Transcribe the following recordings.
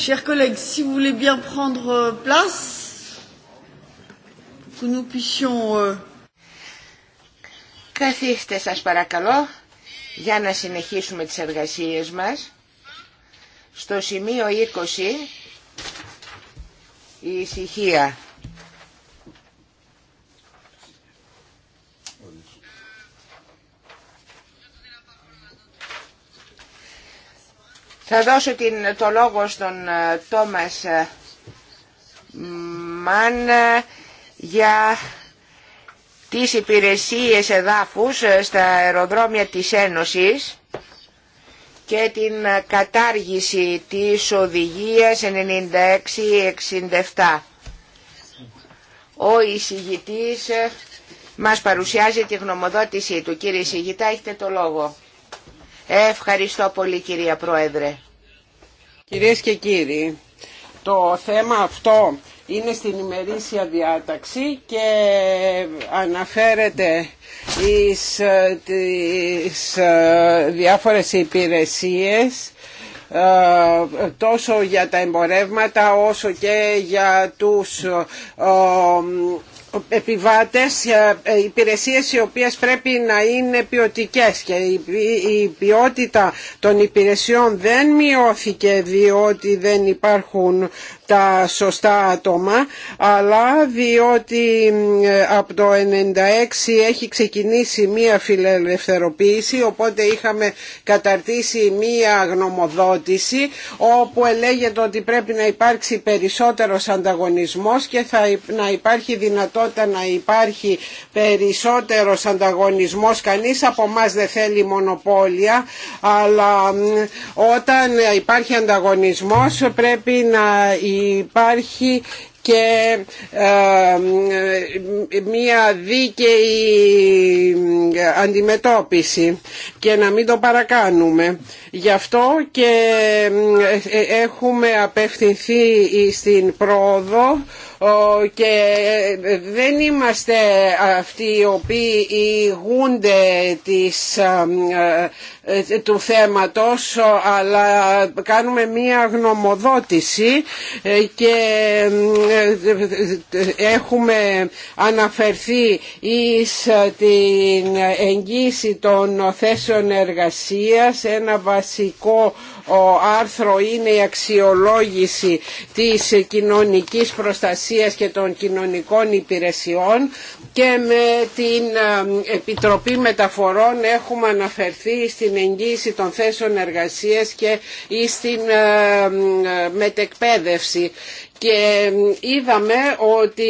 Chers collègues, si vous voulez bien prendre euh, place, que nous puissions... Euh, Καθίστε σας παρακαλώ για να συνεχίσουμε τις εργασίες μας. Στο σημείο 20 η ησυχία. Θα δώσω την, το λόγο στον ε, Τόμας ε, Μαν ε, για τις υπηρεσίες εδάφους στα αεροδρόμια της Ένωσης και την κατάργηση της οδηγίας 96-67. Ο εισηγητής μας παρουσιάζει τη γνωμοδότησή του. Κύριε εισηγητά, έχετε το λόγο. Ευχαριστώ πολύ κυρία Πρόεδρε. Κυρίες και κύριοι, το θέμα αυτό είναι στην ημερήσια διάταξη και αναφέρεται εις ε, τις ε, διάφορες υπηρεσίες ε, τόσο για τα εμπορεύματα όσο και για τους επιβάτες ε, ε, υπηρεσίες οι οποίες πρέπει να είναι ποιοτικέ και η ποιότητα των υπηρεσιών δεν μειώθηκε διότι δεν υπάρχουν τα σωστά άτομα αλλά διότι από το 96 έχει ξεκινήσει μία φιλελευθεροποίηση οπότε είχαμε καταρτήσει μία γνωμοδότηση όπου λέγεται ότι πρέπει να υπάρξει περισσότερος ανταγωνισμός και θα, να υπάρχει δυνατότητα να υπάρχει περισσότερος ανταγωνισμός κανείς από εμά δεν θέλει μονοπόλια αλλά όταν υπάρχει ανταγωνισμός πρέπει να υπάρχει και ε, μία δίκαιη αντιμετώπιση και να μην το παρακάνουμε. Γι' αυτό και ε, ε, έχουμε απευθυνθεί στην πρόοδο και δεν είμαστε αυτοί οι οποίοι ηγούνται της ε, του θέματος αλλά κάνουμε μία γνωμοδότηση ε, και ε, έχουμε αναφερθεί εις την εγγύηση των θέσεων εργασίας ένα βασικό άρθρο είναι η αξιολόγηση της κοινωνικής προστασίας και των κοινωνικών υπηρεσιών και με την Επιτροπή Μεταφορών έχουμε αναφερθεί στην στην εγγύηση των θέσεων εργασίας και στην ε, ε, μετεκπαίδευση. Και είδαμε ότι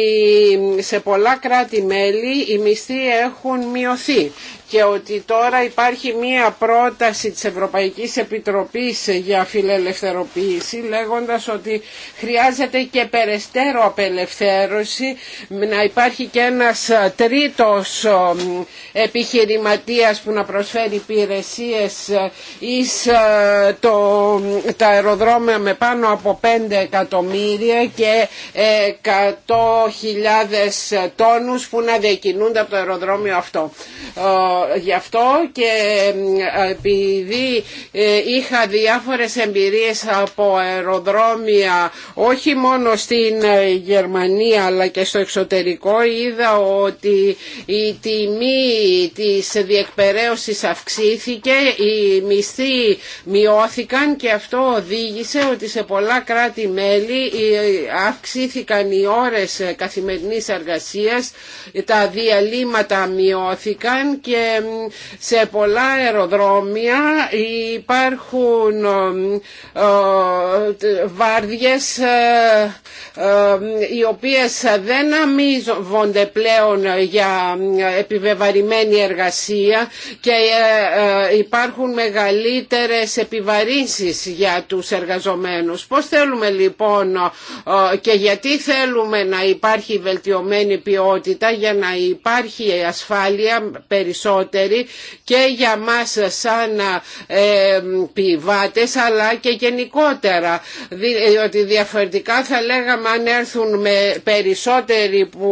σε πολλά κράτη-μέλη οι μισθοί έχουν μειωθεί και ότι τώρα υπάρχει μία πρόταση της Ευρωπαϊκής Επιτροπής για φιλελευθεροποίηση λέγοντας ότι χρειάζεται και περαιστέρω απελευθέρωση να υπάρχει και ένας τρίτος επιχειρηματίας που να προσφέρει υπηρεσίες εις ε, το, τα αεροδρόμια με πάνω από 5 εκατομμύρια και 100.000 ε, τόνους που να διακινούνται από το αεροδρόμιο αυτό γι' αυτό και ε, επειδή ε, είχα διάφορες εμπειρίες από αεροδρόμια όχι μόνο στην ε, Γερμανία αλλά και στο εξωτερικό είδα ότι η τιμή της διεκπαιρέωσης αυξήθηκε, οι μισθοί μειώθηκαν και αυτό οδήγησε ότι σε πολλά κράτη-μέλη αυξήθηκαν οι ώρες καθημερινής εργασίας, τα διαλύματα μειώθηκαν και σε πολλά αεροδρόμια υπάρχουν ε, ε, βάρδιες ε, οι οποίες δεν αμείβονται πλέον για επιβεβαρημένη εργασία και υπάρχουν μεγαλύτερες επιβαρύνσεις για τους εργαζομένους. Πώς θέλουμε λοιπόν και γιατί θέλουμε να υπάρχει βελτιωμένη ποιότητα για να υπάρχει ασφάλεια περισσότερο και για μας σαν ε, πιβάτες αλλά και γενικότερα διότι διαφορετικά θα λέγαμε αν έρθουν με περισσότεροι που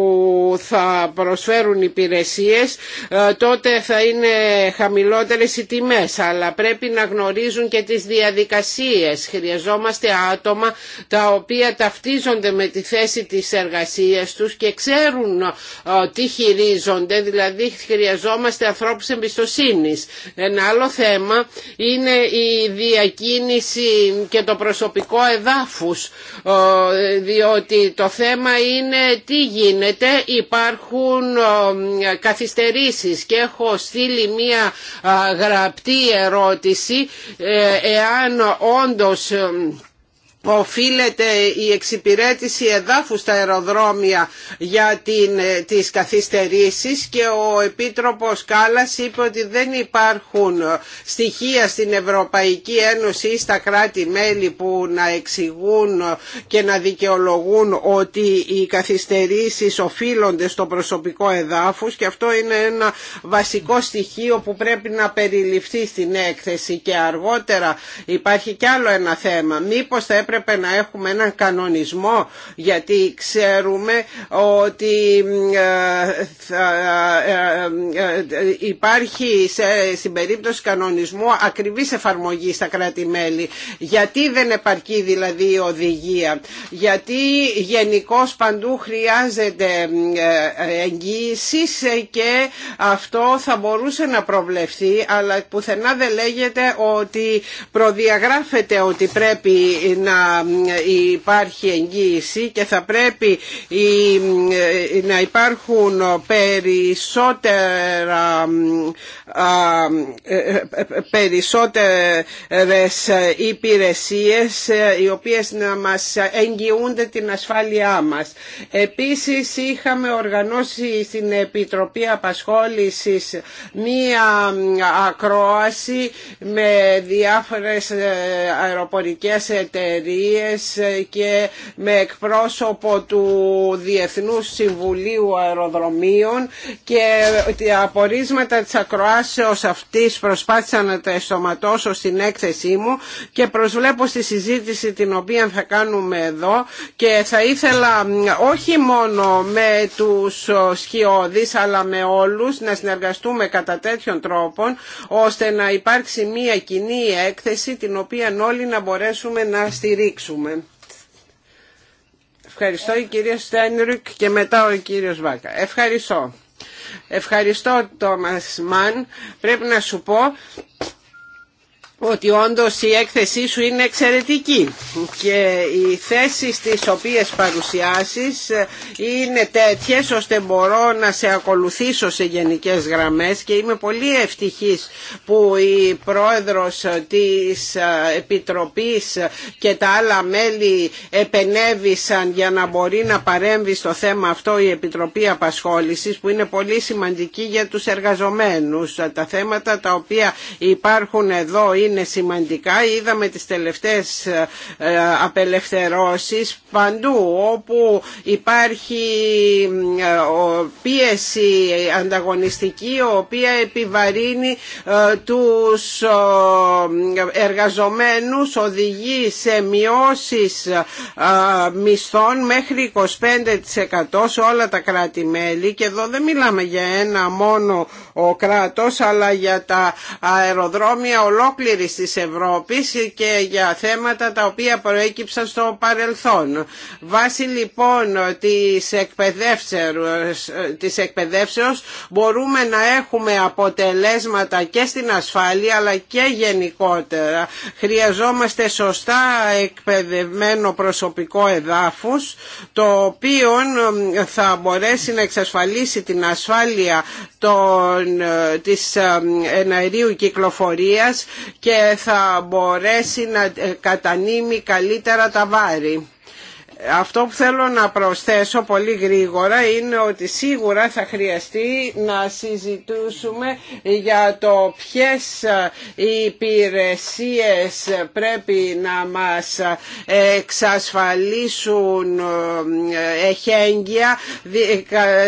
θα προσφέρουν υπηρεσίες ε, τότε θα είναι χαμηλότερες οι τιμές αλλά πρέπει να γνωρίζουν και τις διαδικασίες χρειαζόμαστε άτομα τα οποία ταυτίζονται με τη θέση της εργασίας τους και ξέρουν ε, τι χειρίζονται δηλαδή χρειαζόμαστε ένα άλλο θέμα είναι η διακίνηση και το προσωπικό εδάφους, διότι το θέμα είναι τι γίνεται, υπάρχουν καθυστερήσεις και έχω στείλει μία γραπτή ερώτηση ε, εάν όντως οφείλεται η εξυπηρέτηση εδάφου στα αεροδρόμια για την, ε, τις καθυστερήσεις και ο Επίτροπος Κάλλας είπε ότι δεν υπάρχουν στοιχεία στην Ευρωπαϊκή Ένωση ή στα κράτη-μέλη που να εξηγούν και να δικαιολογούν ότι οι καθυστερήσεις οφείλονται στο προσωπικό εδάφους και αυτό είναι ένα βασικό στοιχείο που πρέπει να περιληφθεί στην έκθεση και αργότερα υπάρχει κι άλλο ένα θέμα. Μήπως θα πρέπει να έχουμε έναν κανονισμό γιατί ξέρουμε ότι ε, ε, ε, υπάρχει σε, στην περίπτωση κανονισμού ακριβής εφαρμογή στα κράτη-μέλη. Γιατί δεν επαρκεί δηλαδή η οδηγία. Γιατί γενικώ παντού χρειάζεται εγγύησης και αυτό θα μπορούσε να προβλεφθεί αλλά πουθενά δεν λέγεται ότι προδιαγράφεται ότι πρέπει να υπάρχει εγγύηση και θα πρέπει να υπάρχουν περισσότερα περισσότερες υπηρεσίες οι οποίες να μας εγγυούνται την ασφάλειά μας. Επίσης είχαμε οργανώσει στην Επιτροπή Απασχόλησης μία ακρόαση με διάφορες ε, αεροπορικές εταιρείες ε, και με εκπρόσωπο του Διεθνούς Συμβουλίου Αεροδρομίων και τα απορίσματα της ακροάσεως αυτής προσπάθησα να τα εσωματώσω στην έκθεσή μου και προσβλέπω στη συζήτηση την οποία θα κάνουμε εδώ και θα ήθελα όχι μόνο με τους ε, σκιώδεις αλλά με όλους να συνεργαστούμε κατά τέτοιον τρόπο ώστε να υπάρξει μια κοινή έκθεση την οποία όλοι να μπορέσουμε να στηρίξουμε στηρίξουμε. Ευχαριστώ η κυρία Στένρουκ και μετά ο κύριος Βάκα. Ευχαριστώ. Ευχαριστώ Τόμας Μαν. Πρέπει να σου πω ότι όντως η έκθεσή σου είναι εξαιρετική και οι θέσεις τις οποίες παρουσιάσεις είναι τέτοιες ώστε μπορώ να σε ακολουθήσω σε γενικές γραμμές και είμαι πολύ ευτυχής που η πρόεδρος της Επιτροπής και τα άλλα μέλη επενέβησαν για να μπορεί να παρέμβει στο θέμα αυτό η Επιτροπή Απασχόλησης που είναι πολύ σημαντική για τους εργαζομένους. Τα θέματα τα οποία υπάρχουν εδώ είναι σημαντικά. Είδαμε τις τελευταίες ε, ε, απελευθερώσεις παντού όπου υπάρχει ε, πίεση ανταγωνιστική η οποία επιβαρύνει τους εργαζομένους οδηγεί σε μειώσεις μισθών μέχρι 25% σε όλα τα κράτη-μέλη και εδώ δεν μιλάμε για ένα μόνο ο κράτος αλλά για τα αεροδρόμια ολόκληρη ολόκληρης της Ευρώπης και για θέματα τα οποία προέκυψαν στο παρελθόν. Βάσει λοιπόν της εκπαιδεύσεως, της εκπαιδεύσεως μπορούμε να έχουμε αποτελέσματα και στην ασφάλεια αλλά και γενικότερα. Χρειαζόμαστε σωστά εκπαιδευμένο προσωπικό εδάφους το οποίο θα μπορέσει να εξασφαλίσει την ασφάλεια των, ε, της ε, εναερίου κυκλοφορίας και και θα μπορέσει να ε, κατανείμει καλύτερα τα βάρη. Αυτό που θέλω να προσθέσω πολύ γρήγορα είναι ότι σίγουρα θα χρειαστεί να συζητούσουμε για το ποιες υπηρεσίες πρέπει να μας εξασφαλίσουν ε, εχέγγυα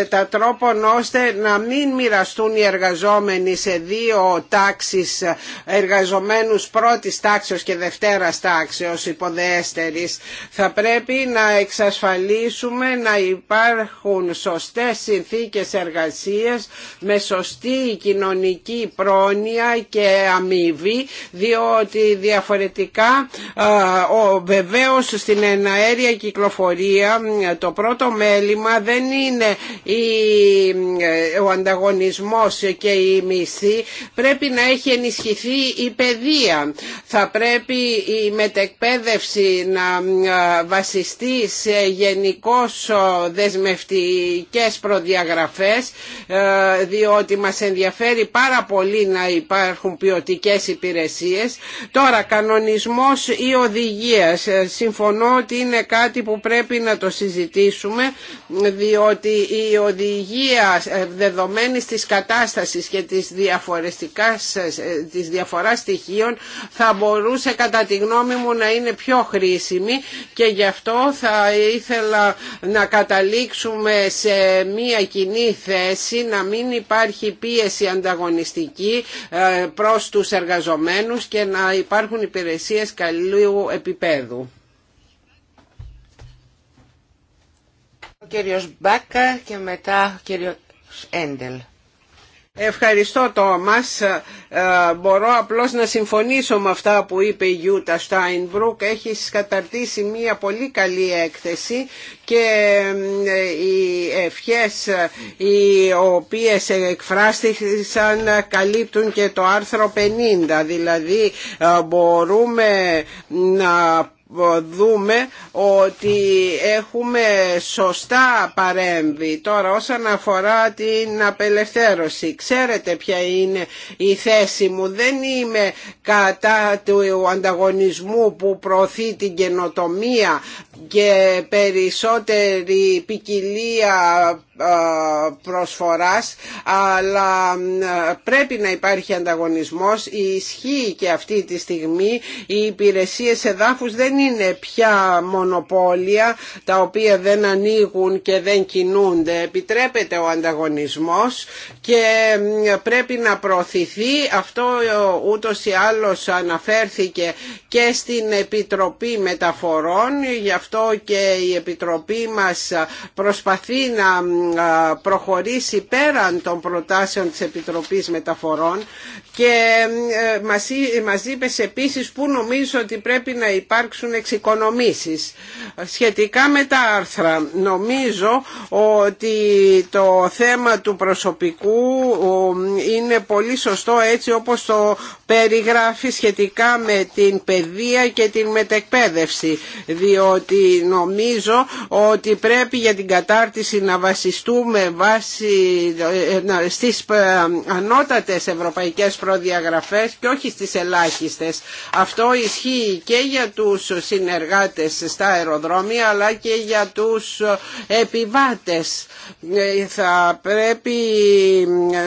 τα τρόπον ώστε να μην μοιραστούν οι εργαζόμενοι σε δύο τάξεις εργαζομένους πρώτης τάξεως και δευτέρας τάξεως υποδέστερης. Θα πρέπει να να εξασφαλίσουμε να υπάρχουν σωστές συνθήκες εργασίας με σωστή κοινωνική πρόνοια και αμοιβή διότι διαφορετικά ο, βεβαίως στην εναέρια κυκλοφορία το πρώτο μέλημα δεν είναι ο ανταγωνισμός και η μισθή πρέπει να έχει ενισχυθεί η παιδεία θα πρέπει η μετεκπαίδευση να βασιστεί σε γενικώς δεσμευτικές προδιαγραφές ε, διότι μας ενδιαφέρει πάρα πολύ να υπάρχουν ποιοτικές υπηρεσίες. Τώρα κανονισμός ή οδηγίας. Ε, συμφωνώ ότι είναι κάτι που πρέπει να το συζητήσουμε διότι η οδηγία ε, δεδομένη της κατάστασης και της, διαφορετικάς, της διαφοράς στοιχείων θα μπορούσε κατά τη γνώμη μου να είναι πιο χρήσιμη και γι' αυτό θα ήθελα να καταλήξουμε σε μία κοινή θέση, να μην υπάρχει πίεση ανταγωνιστική ε, προς τους εργαζομένους και να υπάρχουν υπηρεσίες καλού επίπεδου. Ο κύριος Μπάκα και μετά ο κύριος Έντελ. Ευχαριστώ Τόμας. Ε, ε, μπορώ απλώς να συμφωνήσω με αυτά που είπε η Γιούτα Στάινμπρουκ. Έχεις καταρτήσει μια πολύ καλή έκθεση και ε, οι ευχές οι οποίες εκφράστησαν καλύπτουν και το άρθρο 50. Δηλαδή μπορούμε να δούμε ότι έχουμε σωστά παρέμβει τώρα όσον αφορά την απελευθέρωση ξέρετε ποια είναι η θέση μου δεν είμαι κατά του ανταγωνισμού που προωθεί την καινοτομία και περισσότερη ποικιλία προσφοράς αλλά πρέπει να υπάρχει ανταγωνισμός ισχύει και αυτή τη στιγμή οι υπηρεσίες εδάφους δεν είναι πια μονοπόλια τα οποία δεν ανοίγουν και δεν κινούνται επιτρέπεται ο ανταγωνισμός και πρέπει να προωθηθεί αυτό ούτως ή άλλως αναφέρθηκε και στην Επιτροπή Μεταφορών γι' αυτό και η Επιτροπή μας προσπαθεί να προχωρήσει πέραν των προτάσεων της Επιτροπής Μεταφορών και ε, μας είπε επίσης που νομίζω ότι πρέπει να υπάρξουν εξοικονομήσεις. Σχετικά με τα άρθρα, νομίζω ότι το θέμα του προσωπικού είναι πολύ σωστό έτσι όπως το περιγράφει σχετικά με την παιδεία και την μετεκπαίδευση διότι νομίζω ότι πρέπει για την κατάρτιση να βασιστούμε βάση, ε, στις ε, ανώτατες ευρωπαϊκές προδιαγραφές και όχι στις ελάχιστες. Αυτό ισχύει και για τους συνεργάτες στα αεροδρόμια αλλά και για τους ε, επιβάτες. Θα πρέπει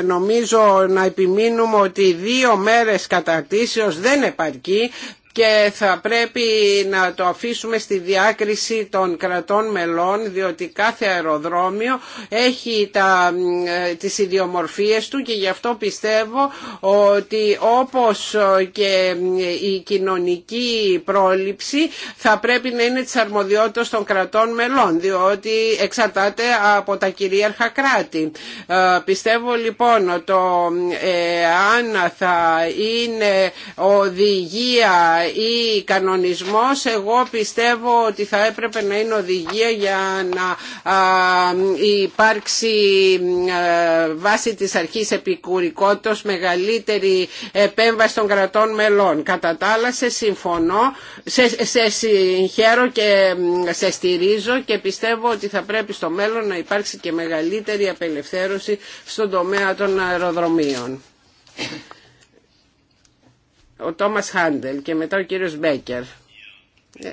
νομίζω να επιμείνουμε ότι δύο μέρες καταρτήσεως δεν επαρκεί και θα πρέπει να το αφήσουμε στη διάκριση των κρατών μελών διότι κάθε αεροδρόμιο έχει τα, ε, τις ιδιομορφίες του και γι' αυτό πιστεύω ότι όπως ε, και η κοινωνική πρόληψη θα πρέπει να είναι της αρμοδιότητας των κρατών μελών διότι εξαρτάται από τα κυρίαρχα κράτη. Ε, πιστεύω λοιπόν το αν θα είναι οδηγία ή κανονισμός εγώ πιστεύω ότι θα έπρεπε να είναι οδηγία για να υπάρξει βάση της αρχής επικουρικότητας μεγαλύτερη επέμβαση των κρατών μελών. Κατά τα άλλα σε συμφωνώ, σε, σε συγχαίρω και σε στηρίζω και πιστεύω ότι θα πρέπει στο μέλλον να υπάρξει και μεγαλύτερη απελευθέρωση στον τομέα των αεροδρομίων ο Τόμας Χάντελ και μετά ο κύριος Μπέκερ. Ε,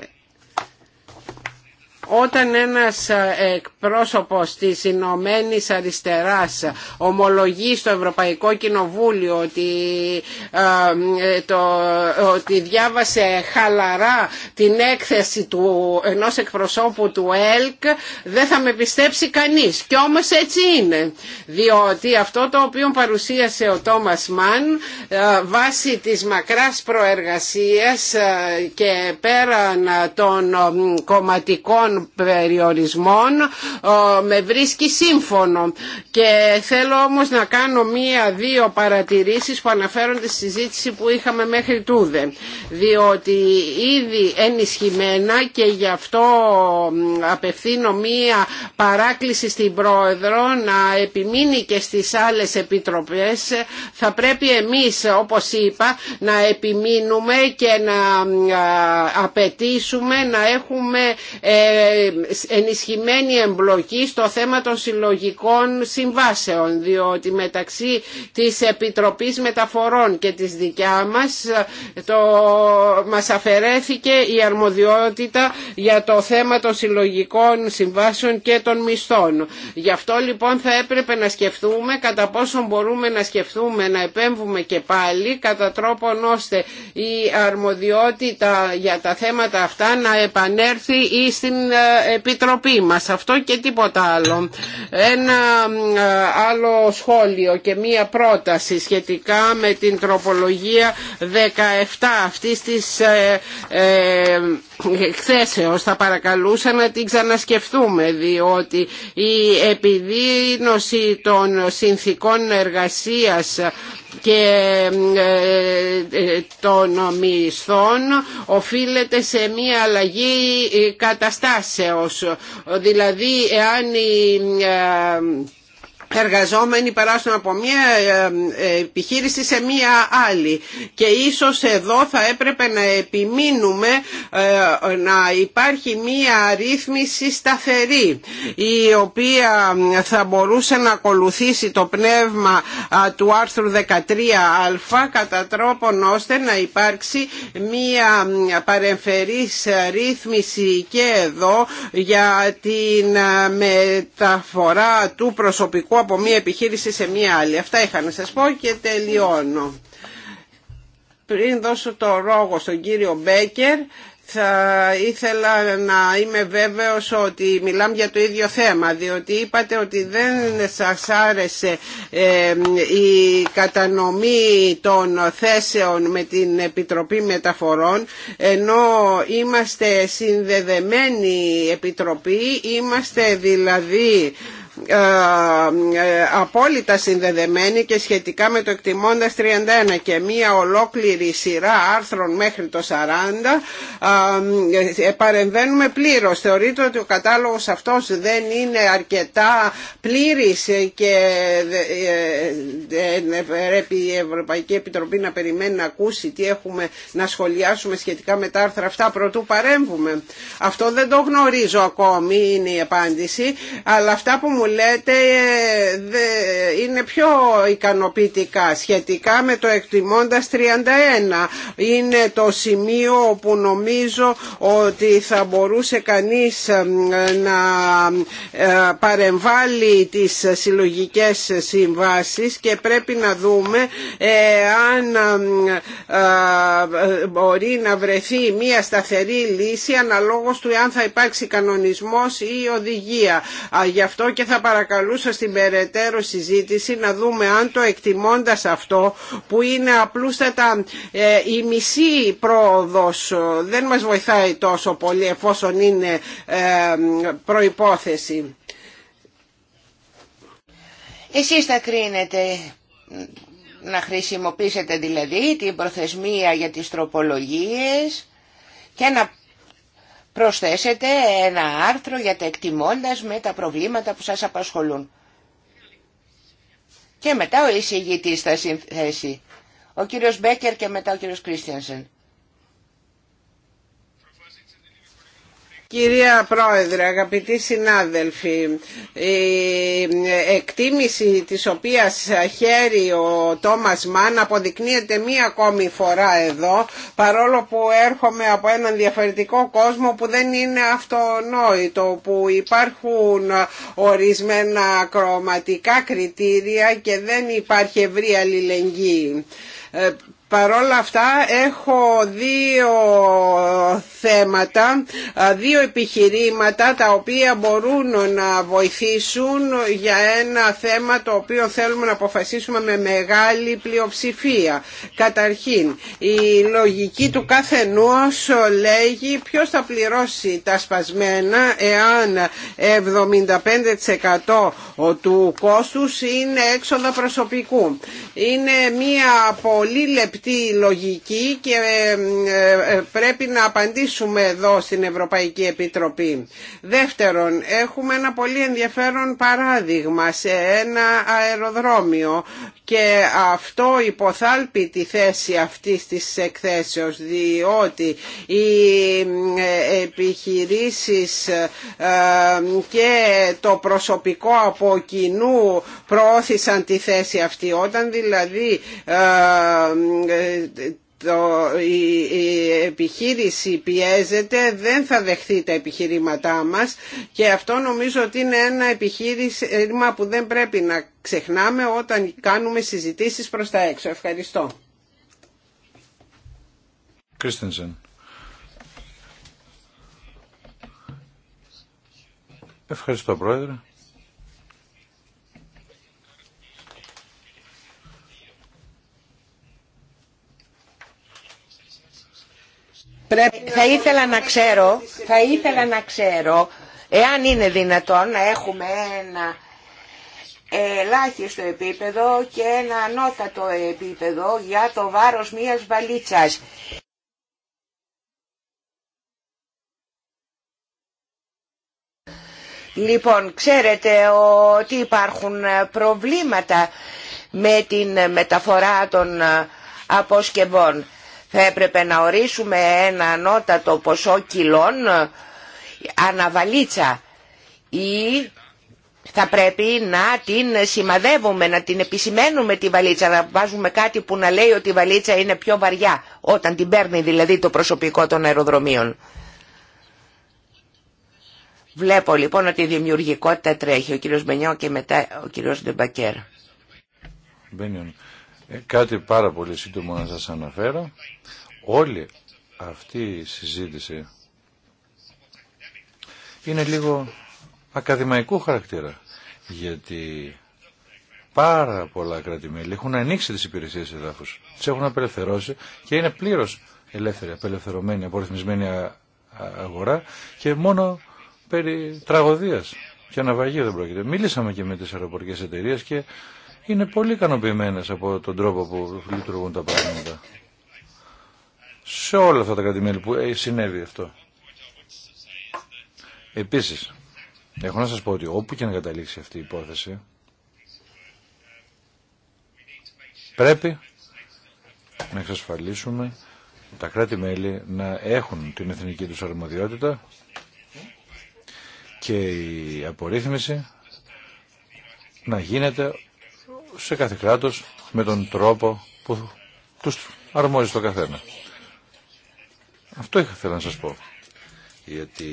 όταν ένας ε, εκπρόσωπος της Ηνωμένη Αριστεράς ομολογεί στο Ευρωπαϊκό Κοινοβούλιο ότι, ε, ε, το, διάβασε χαλαρά την έκθεση του, ενός εκπροσώπου του ΕΛΚ δεν θα με πιστέψει κανείς και όμως έτσι είναι διότι αυτό το οποίο παρουσίασε ο Τόμας Μαν βάσει της μακράς προεργασίας και πέραν των κομματικών περιορισμών με βρίσκει σύμφωνο και θέλω όμως να κάνω μία-δύο παρατηρήσεις που αναφέρονται στη συζήτηση που είχαμε μέχρι τούδε διότι ήδη ενισχυμένα και γι' αυτό απευθύνω μία παράκληση στην Πρόεδρο να επιμείνει και στις άλλες επιτροπές θα πρέπει εμείς όπως είπα να επιμείνουμε και να απαιτήσουμε να έχουμε ε, ενισχυμένη εμπλοκή στο θέμα των συλλογικών συμβάσεων διότι μεταξύ της Επιτροπής Μεταφορών και της δικιά μας το, μας αφαιρέθηκε η αρμοδιότητα για το θέμα των συλλογικών συμβάσεων και των μισθών. Γι' αυτό λοιπόν θα έπρεπε να σκεφτούμε κατά πόσο μπορούμε να σκεφτούμε να επέμβουμε και πάλι κατά τρόπον ώστε η αρμοδιότητα για τα θέματα αυτά να επανέλθει ή στην Επιτροπή μας. Αυτό και τίποτα άλλο. Ένα άλλο σχόλιο και μία πρόταση σχετικά με την τροπολογία 17 αυτής της ε, ε, εκθέσεως. Θα παρακαλούσα να την ξανασκεφτούμε διότι η επιδίνωση των συνθήκων εργασίας και ε, ε, των μισθών οφείλεται σε μια αλλαγή ε, καταστάσεως. Δηλαδή εάν η εργαζόμενοι περάσουν από μια ε, ε, επιχείρηση σε μια άλλη και ίσως εδώ θα έπρεπε να επιμείνουμε ε, να υπάρχει μια ρύθμιση σταθερή η οποία θα μπορούσε να ακολουθήσει το πνεύμα του άρθρου 13α κατά τρόπον ώστε να υπάρξει μια παρεμφερής ρύθμιση και εδώ για την μεταφορά του προσωπικού από μία επιχείρηση σε μία άλλη. Αυτά είχα να σας πω και τελειώνω. Πριν δώσω το ρόγο στον κύριο Μπέκερ, θα ήθελα να είμαι βέβαιος ότι μιλάμε για το ίδιο θέμα διότι είπατε ότι δεν σας άρεσε η κατανομή των θέσεων με την Επιτροπή Μεταφορών ενώ είμαστε συνδεδεμένη Επιτροπή, είμαστε δηλαδή ε, ε, απόλυτα συνδεδεμένη και σχετικά με το εκτιμώντας 31 και μία ολόκληρη σειρά άρθρων μέχρι το 40 ε, παρεμβαίνουμε πλήρως. Θεωρείται ότι ο κατάλογος αυτός δεν είναι αρκετά πλήρης και πρέπει η Ευρωπαϊκή Επιτροπή να περιμένει να ακούσει τι έχουμε να σχολιάσουμε σχετικά με τα άρθρα αυτά πρωτού παρέμβουμε. Αυτό δεν το γνωρίζω ακόμη είναι η απάντηση αλλά αυτά που μου μου λέτε ε, είναι πιο ικανοποιητικά σχετικά με το εκτιμώντας 31. Είναι το σημείο που νομίζω ότι θα μπορούσε κανείς ε, να ε, παρεμβάλλει τις συλλογικές συμβάσεις και πρέπει να δούμε αν μπορεί να βρεθεί μια σταθερή λύση αναλόγως του αν θα υπάρξει κανονισμός ή οδηγία. Γι' αυτό και θα θα παρακαλούσα στην περαιτέρω συζήτηση να δούμε αν το εκτιμώντας αυτό που είναι απλούστατα ε, η μισή πρόοδος δεν μας βοηθάει τόσο πολύ εφόσον είναι ε, προϋπόθεση. Εσείς θα κρίνετε να χρησιμοποιήσετε δηλαδή την προθεσμία για τις τροπολογίες και να προσθέσετε ένα άρθρο για τα εκτιμώντας με τα προβλήματα που σας απασχολούν. Και μετά ο εισηγητής θα συνθέσει. Ο κύριος Μπέκερ και μετά ο κύριος Κρίστιανσεν. Κυρία Πρόεδρε, αγαπητοί συνάδελφοι, η εκτίμηση της οποίας χαίρει ο Τόμας Μαν αποδεικνύεται μία ακόμη φορά εδώ, παρόλο που έρχομαι από έναν διαφορετικό κόσμο που δεν είναι αυτονόητο, που υπάρχουν ορισμένα κροματικά κριτήρια και δεν υπάρχει ευρύ αλληλεγγύη ε, Παρόλα αυτά έχω δύο θέματα, δύο επιχειρήματα τα οποία μπορούν να βοηθήσουν για ένα θέμα το οποίο θέλουμε να αποφασίσουμε με μεγάλη πλειοψηφία. Καταρχήν, η λογική του κάθε λέγει ποιος θα πληρώσει τα σπασμένα εάν 75% του κόστους είναι έξοδα προσωπικού. Είναι μια πολύ λεπτή τη λογική και ε, ε, πρέπει να απαντήσουμε εδώ στην Ευρωπαϊκή Επιτροπή. Δεύτερον, έχουμε ένα πολύ ενδιαφέρον παράδειγμα σε ένα αεροδρόμιο και αυτό υποθάλπει τη θέση αυτής της εκθέσεως διότι οι ε, επιχειρήσεις και το προσωπικό από κοινού προώθησαν τη θέση αυτή. Όταν δηλαδή ε, το, η, επιχείρηση πιέζεται, δεν θα δεχθεί τα επιχειρήματά μας και αυτό νομίζω ότι είναι ένα επιχείρημα που δεν πρέπει να ξεχνάμε όταν κάνουμε συζητήσεις προς τα έξω. Ευχαριστώ. Ευχαριστώ Πρόεδρε. Θα ήθελα να ξέρω, θα ήθελα να ξέρω, εάν είναι δυνατόν να έχουμε ένα ελάχιστο επίπεδο και ένα ανώτατο επίπεδο για το βάρος μιας βαλίτσας. Λοιπόν, ξέρετε ότι υπάρχουν προβλήματα με την μεταφορά των αποσκευών θα έπρεπε να ορίσουμε ένα ανώτατο ποσό κιλών ε, αναβαλίτσα ή θα πρέπει να την σημαδεύουμε, να την επισημαίνουμε τη βαλίτσα, να βάζουμε κάτι που να λέει ότι η βαλίτσα είναι πιο βαριά, όταν την παίρνει δηλαδή το προσωπικό των αεροδρομίων. Βλέπω λοιπόν ότι η δημιουργικότητα τρέχει. Ο κύριος Μπενιό και μετά ο κύριος Ντεμπακέρ. Ε, κάτι πάρα πολύ σύντομο να σας αναφέρω. Όλη αυτή η συζήτηση είναι λίγο ακαδημαϊκού χαρακτήρα, γιατί πάρα πολλά έχουν ανοίξει τις υπηρεσίες εδάφους, τις έχουν απελευθερώσει και είναι πλήρως ελεύθερη, απελευθερωμένη, απορριθμισμένη αγορά και μόνο περί τραγωδίας και αναβαγή δεν πρόκειται. Μίλησαμε και με τις αεροπορικές εταιρείες και είναι πολύ ικανοποιημένε από τον τρόπο που λειτουργούν τα πράγματα. Σε όλα αυτά τα κρατημέλη που ε, συνέβη αυτό. Επίση, έχω να σας πω ότι όπου και να καταλήξει αυτή η υπόθεση, πρέπει να εξασφαλίσουμε τα κράτη-μέλη να έχουν την εθνική τους αρμοδιότητα και η απορρίθμιση να γίνεται σε κάθε κράτος με τον τρόπο που τους αρμόζει το καθένα. Αυτό ήθελα να σας πω. Γιατί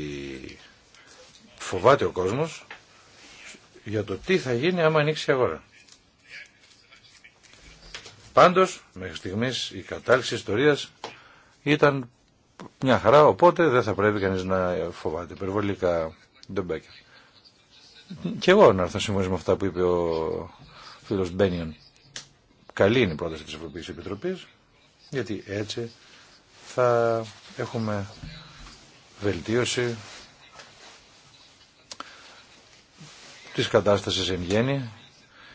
φοβάται ο κόσμος για το τι θα γίνει άμα ανοίξει η αγορά. Πάντως, μέχρι στιγμής η κατάληξη ιστορίας ήταν μια χαρά, οπότε δεν θα πρέπει κανείς να φοβάται υπερβολικά τον Μπέκερ. Και εγώ να έρθω με αυτά που είπε ο φίλο Μπένιον. Καλή είναι η πρόταση της Ευρωπαϊκή Επιτροπής, γιατί έτσι θα έχουμε βελτίωση τη κατάσταση εν γέννη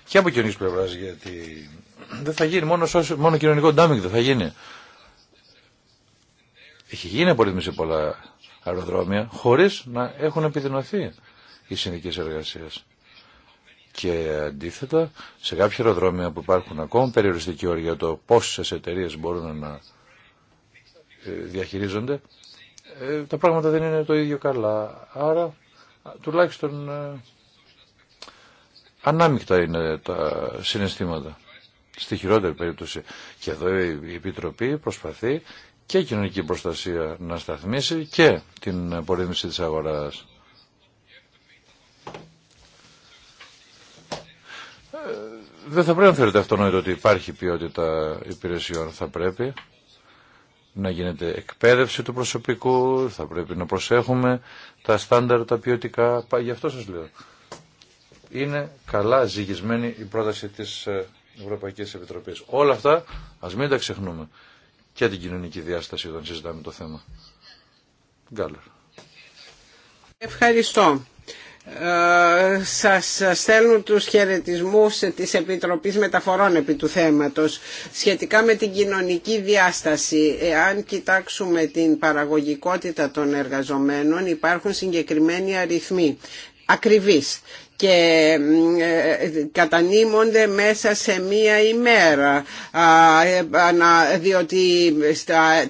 και από κοινωνική πλευρά γιατί δεν θα γίνει μόνο, μόνο κοινωνικό ντάμιγκ δεν θα γίνει. Έχει γίνει πολύ σε πολλά αεροδρόμια χωρίς να έχουν επιδεινωθεί οι συνδικές εργασίες. Και αντίθετα, σε κάποια αεροδρόμια που υπάρχουν ακόμα περιοριστικοί όρια για το πόσες εταιρείε μπορούν να ε, διαχειρίζονται, ε, τα πράγματα δεν είναι το ίδιο καλά. Άρα, τουλάχιστον ε, ανάμεικτα είναι τα συναισθήματα. Στη χειρότερη περίπτωση. Και εδώ η Επιτροπή προσπαθεί και η κοινωνική προστασία να σταθμίσει και την απορρίθμιση της αγοράς. δεν θα πρέπει να θεωρείται αυτονόητο ότι υπάρχει ποιότητα υπηρεσιών. Θα πρέπει να γίνεται εκπαίδευση του προσωπικού, θα πρέπει να προσέχουμε τα στάνταρ, τα ποιοτικά. Γι' αυτό σας λέω. Είναι καλά ζυγισμένη η πρόταση της ε, Ευρωπαϊκής Επιτροπής. Όλα αυτά ας μην τα ξεχνούμε. Και την κοινωνική διάσταση όταν συζητάμε το θέμα. Γκάλερ. Ευχαριστώ. Ε, σας στέλνω τους χαιρετισμούς της Επιτροπής Μεταφορών επί του θέματος σχετικά με την κοινωνική διάσταση εάν κοιτάξουμε την παραγωγικότητα των εργαζομένων υπάρχουν συγκεκριμένοι αριθμοί ακριβείς και ε, κατανείμονται μέσα σε μία ημέρα ε, διότι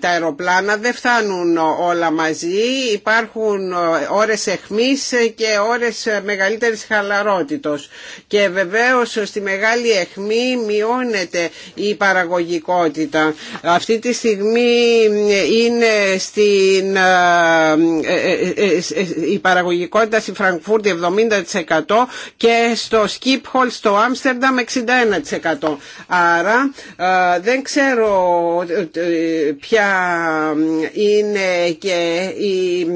τα αεροπλάνα δεν φτάνουν όλα μαζί υπάρχουν ώρες εχμής και ώρες μεγαλύτερης χαλαρότητος και βεβαίως στη μεγάλη εχμή μειώνεται η παραγωγικότητα αυτή τη στιγμή είναι στην ε, η παραγωγικότητα στη Φραγκφούρτη 70% και στο Skip Hall στο Άμστερνταμ 61%. Άρα ε, δεν ξέρω ε, ε, ποια είναι και η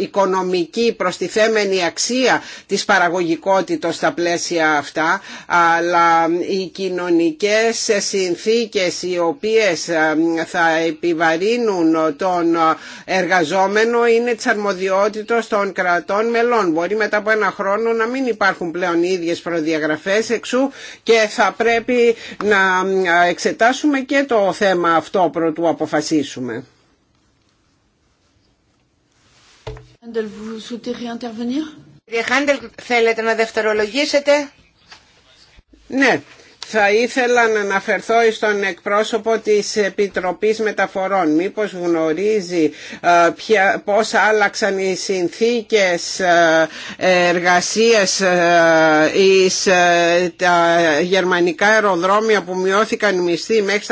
οικονομική προστιθέμενη αξία της παραγωγικότητας στα πλαίσια αυτά, αλλά οι κοινωνικές συνθήκες οι οποίες θα επιβαρύνουν τον εργαζόμενο είναι της αρμοδιότητας των κρατών μελών. Μπορεί μετά από ένα χρόνο να μην υπάρχουν πλέον οι ίδιες προδιαγραφές εξού και θα πρέπει να ε, εξετάσουμε και το θέμα αυτό πρώτου αποφασίσουμε. Κύριε Χάντελ, θέλετε να δευτερολογήσετε. Ναι, θα ήθελα να αναφερθώ στον εκπρόσωπο της Επιτροπής Μεταφορών. Μήπως γνωρίζει ε, ποια, πώς άλλαξαν οι συνθήκες ε, εργασίας ε, εις τα γερμανικά αεροδρόμια που μειώθηκαν μισθοί μέχρι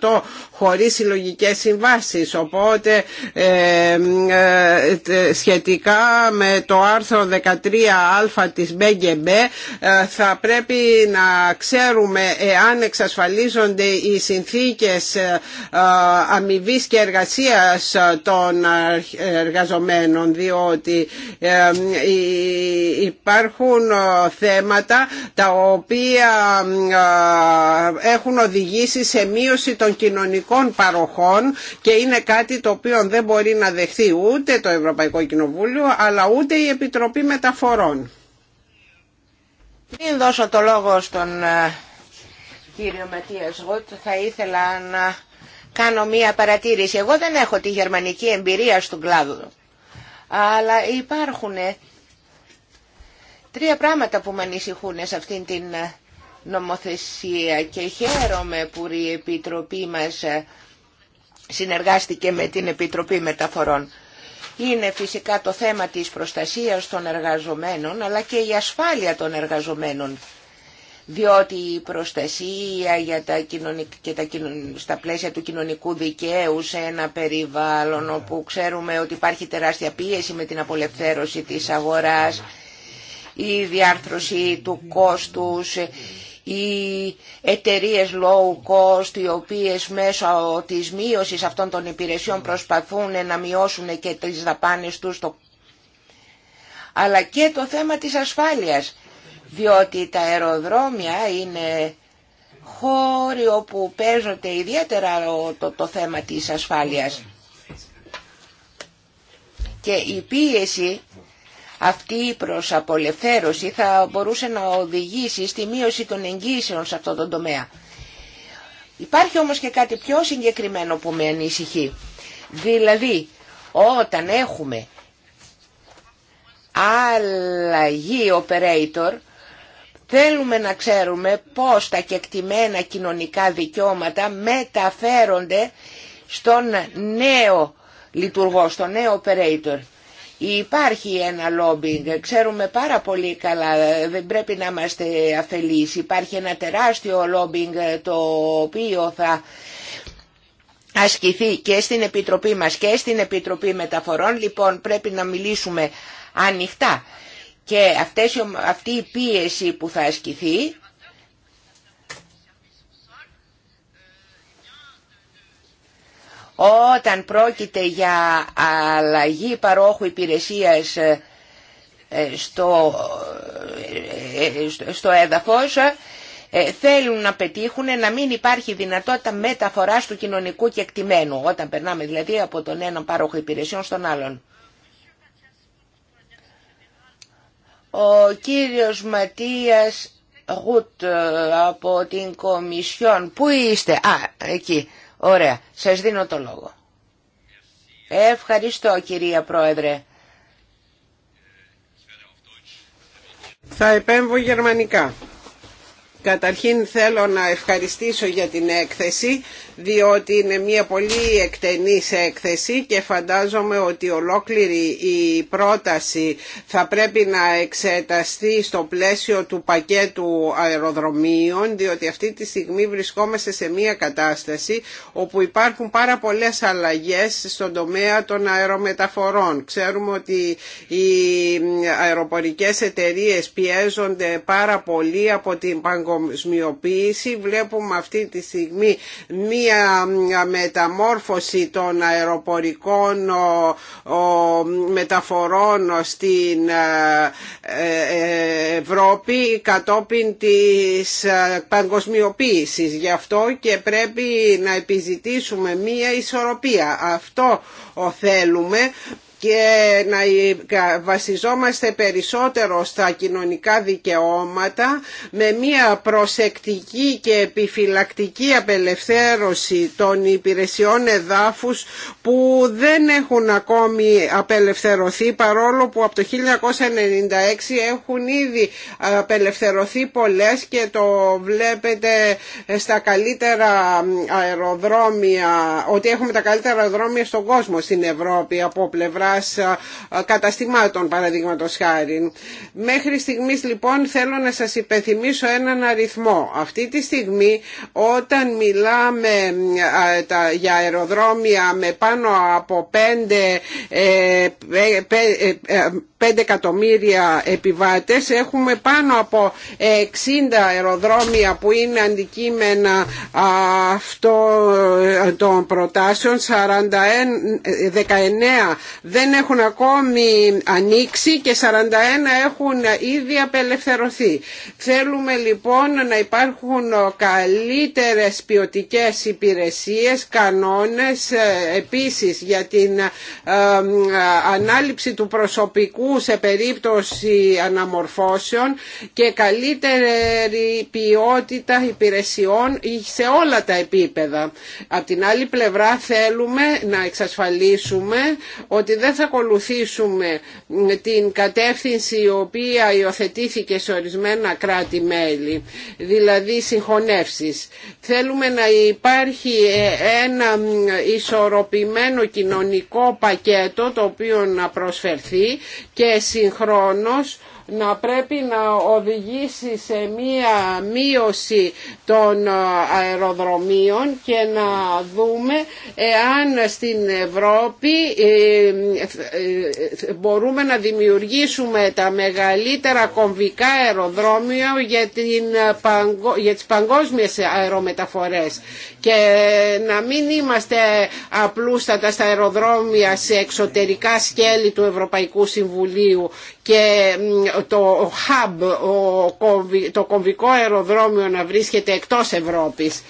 48% χωρίς συλλογικέ συμβάσεις. Οπότε σχετικά με το άρθρο 13α της BGB θα πρέπει να ξέρουμε εάν εξασφαλίζονται οι συνθήκες ε, ε, αμοιβή και εργασίας ε, των εργαζομένων διότι υπάρχουν θέματα τα οποία έχουν οδηγήσει σε μείωση των κοινωνικών παροχών και είναι κάτι το οποίο δεν μπορεί να δεχθεί ούτε το Ευρωπαϊκό Κοινοβούλιο αλλά ούτε η Επιτροπή Μεταφορών. Μην δώσω το λόγο στον ε, κύριο Ματίας Γουτ, θα ήθελα να κάνω μία παρατήρηση. Εγώ δεν έχω τη γερμανική εμπειρία στον κλάδο, αλλά υπάρχουν ε, τρία πράγματα που με ανησυχούν σε αυτήν την ε, νομοθεσία και χαίρομαι που η Επιτροπή μας συνεργάστηκε με την Επιτροπή Μεταφορών είναι φυσικά το θέμα της προστασίας των εργαζομένων αλλά και η ασφάλεια των εργαζομένων διότι η προστασία για τα κοινωνικ... τα στα πλαίσια του κοινωνικού δικαίου σε ένα περιβάλλον όπου ξέρουμε ότι υπάρχει τεράστια πίεση με την απολευθέρωση της αγοράς, η διάρθρωση του κόστους, οι εταιρείε low cost οι οποίες μέσω της μείωσης αυτών των υπηρεσιών προσπαθούν να μειώσουν και τις δαπάνες τους αλλά και το θέμα της ασφάλειας διότι τα αεροδρόμια είναι χώροι όπου παίζονται ιδιαίτερα το, το θέμα της ασφάλειας και η πίεση αυτή η προσαπολευθέρωση θα μπορούσε να οδηγήσει στη μείωση των εγγύσεων σε αυτό τον τομέα. Υπάρχει όμως και κάτι πιο συγκεκριμένο που με ανησυχεί. Δηλαδή, όταν έχουμε αλλαγή operator, θέλουμε να ξέρουμε πώς τα κεκτημένα κοινωνικά δικαιώματα μεταφέρονται στον νέο λειτουργό, στον νέο operator. Υπάρχει ένα λόμπινγκ, ξέρουμε πάρα πολύ καλά, δεν πρέπει να είμαστε αφελείς. Υπάρχει ένα τεράστιο λόμπινγκ το οποίο θα ασκηθεί και στην Επιτροπή μας και στην Επιτροπή Μεταφορών. Λοιπόν πρέπει να μιλήσουμε ανοιχτά και αυτές, αυτή η πίεση που θα ασκηθεί Όταν πρόκειται για αλλαγή παρόχου υπηρεσίας ε, ε, στο, ε, στο έδαφος, θέλουν να πετύχουν να μην υπάρχει δυνατότητα μεταφοράς του κοινωνικού κεκτημένου, όταν περνάμε δηλαδή από τον έναν πάροχο υπηρεσιών στον άλλον. Ο κύριος Ματίας Γουτ από την Κομισιόν. Πού είστε? Α, εκεί. Ωραία, σας δίνω το λόγο. Ευχαριστώ κυρία Πρόεδρε. Θα επέμβω γερμανικά. Καταρχήν θέλω να ευχαριστήσω για την έκθεση διότι είναι μια πολύ εκτενής έκθεση και φαντάζομαι ότι ολόκληρη η πρόταση θα πρέπει να εξεταστεί στο πλαίσιο του πακέτου αεροδρομίων διότι αυτή τη στιγμή βρισκόμαστε σε μια κατάσταση όπου υπάρχουν πάρα πολλές αλλαγές στον τομέα των αερομεταφορών. Ξέρουμε ότι οι αεροπορικές εταιρείες πιέζονται πάρα πολύ από την παγκοσμιοποίηση. Βλέπουμε αυτή τη στιγμή μία μία μεταμόρφωση των αεροπορικών μεταφορών στην ε, ε, Ευρώπη κατόπιν της ε, παγκοσμιοποίησης. Γι' αυτό και πρέπει να επιζητήσουμε μία ισορροπία. Αυτό θέλουμε και να ε, βασιζόμαστε περισσότερο στα κοινωνικά δικαιώματα με μια προσεκτική και επιφυλακτική απελευθέρωση των υπηρεσιών εδάφους που δεν έχουν ακόμη απελευθερωθεί παρόλο που από το 1996 έχουν ήδη απελευθερωθεί πολλές και το βλέπετε στα καλύτερα αεροδρόμια ότι έχουμε τα καλύτερα αεροδρόμια στον κόσμο στην Ευρώπη από πλευρά αγοράς καταστημάτων παραδείγματος χάρη. Μέχρι στιγμής λοιπόν θέλω να σας υπενθυμίσω έναν αριθμό. Αυτή τη στιγμή όταν μιλάμε για αεροδρόμια με πάνω από πέντε ε, ε, ε, 5 εκατομμύρια επιβάτες έχουμε πάνω από 60 αεροδρόμια που είναι αντικείμενα αυτό ε, των προτάσεων 41, 19 ε, δεν έχουν ακόμη ανοίξει και 41 έχουν ήδη απελευθερωθεί θέλουμε λοιπόν να υπάρχουν καλύτερες ποιοτικέ υπηρεσίες κανόνες ε, επίσης για την ανάληψη του προσωπικού σε περίπτωση αναμορφώσεων και καλύτερη ποιότητα υπηρεσιών σε όλα τα επίπεδα. Απ' την άλλη πλευρά θέλουμε να εξασφαλίσουμε ότι δεν θα ακολουθήσουμε την κατεύθυνση η οποία υιοθετήθηκε σε ορισμένα κράτη-μέλη, δηλαδή συγχωνεύσεις. Θέλουμε να υπάρχει ένα ισορροπημένο κοινωνικό πακέτο το οποίο να προσφερθεί και συγχρόνως να πρέπει να οδηγήσει σε μία μείωση των αεροδρομίων και να δούμε εάν στην Ευρώπη ε, ε, μπορούμε να δημιουργήσουμε τα μεγαλύτερα κομβικά αεροδρόμια για, την, για τις παγκόσμιες αερομεταφορές και να μην είμαστε απλούστατα στα αεροδρόμια σε εξωτερικά σκέλη του Ευρωπαϊκού Συμβουλίου και το hub, το κομβικό αεροδρόμιο να βρίσκεται εκτός Ευρώπης.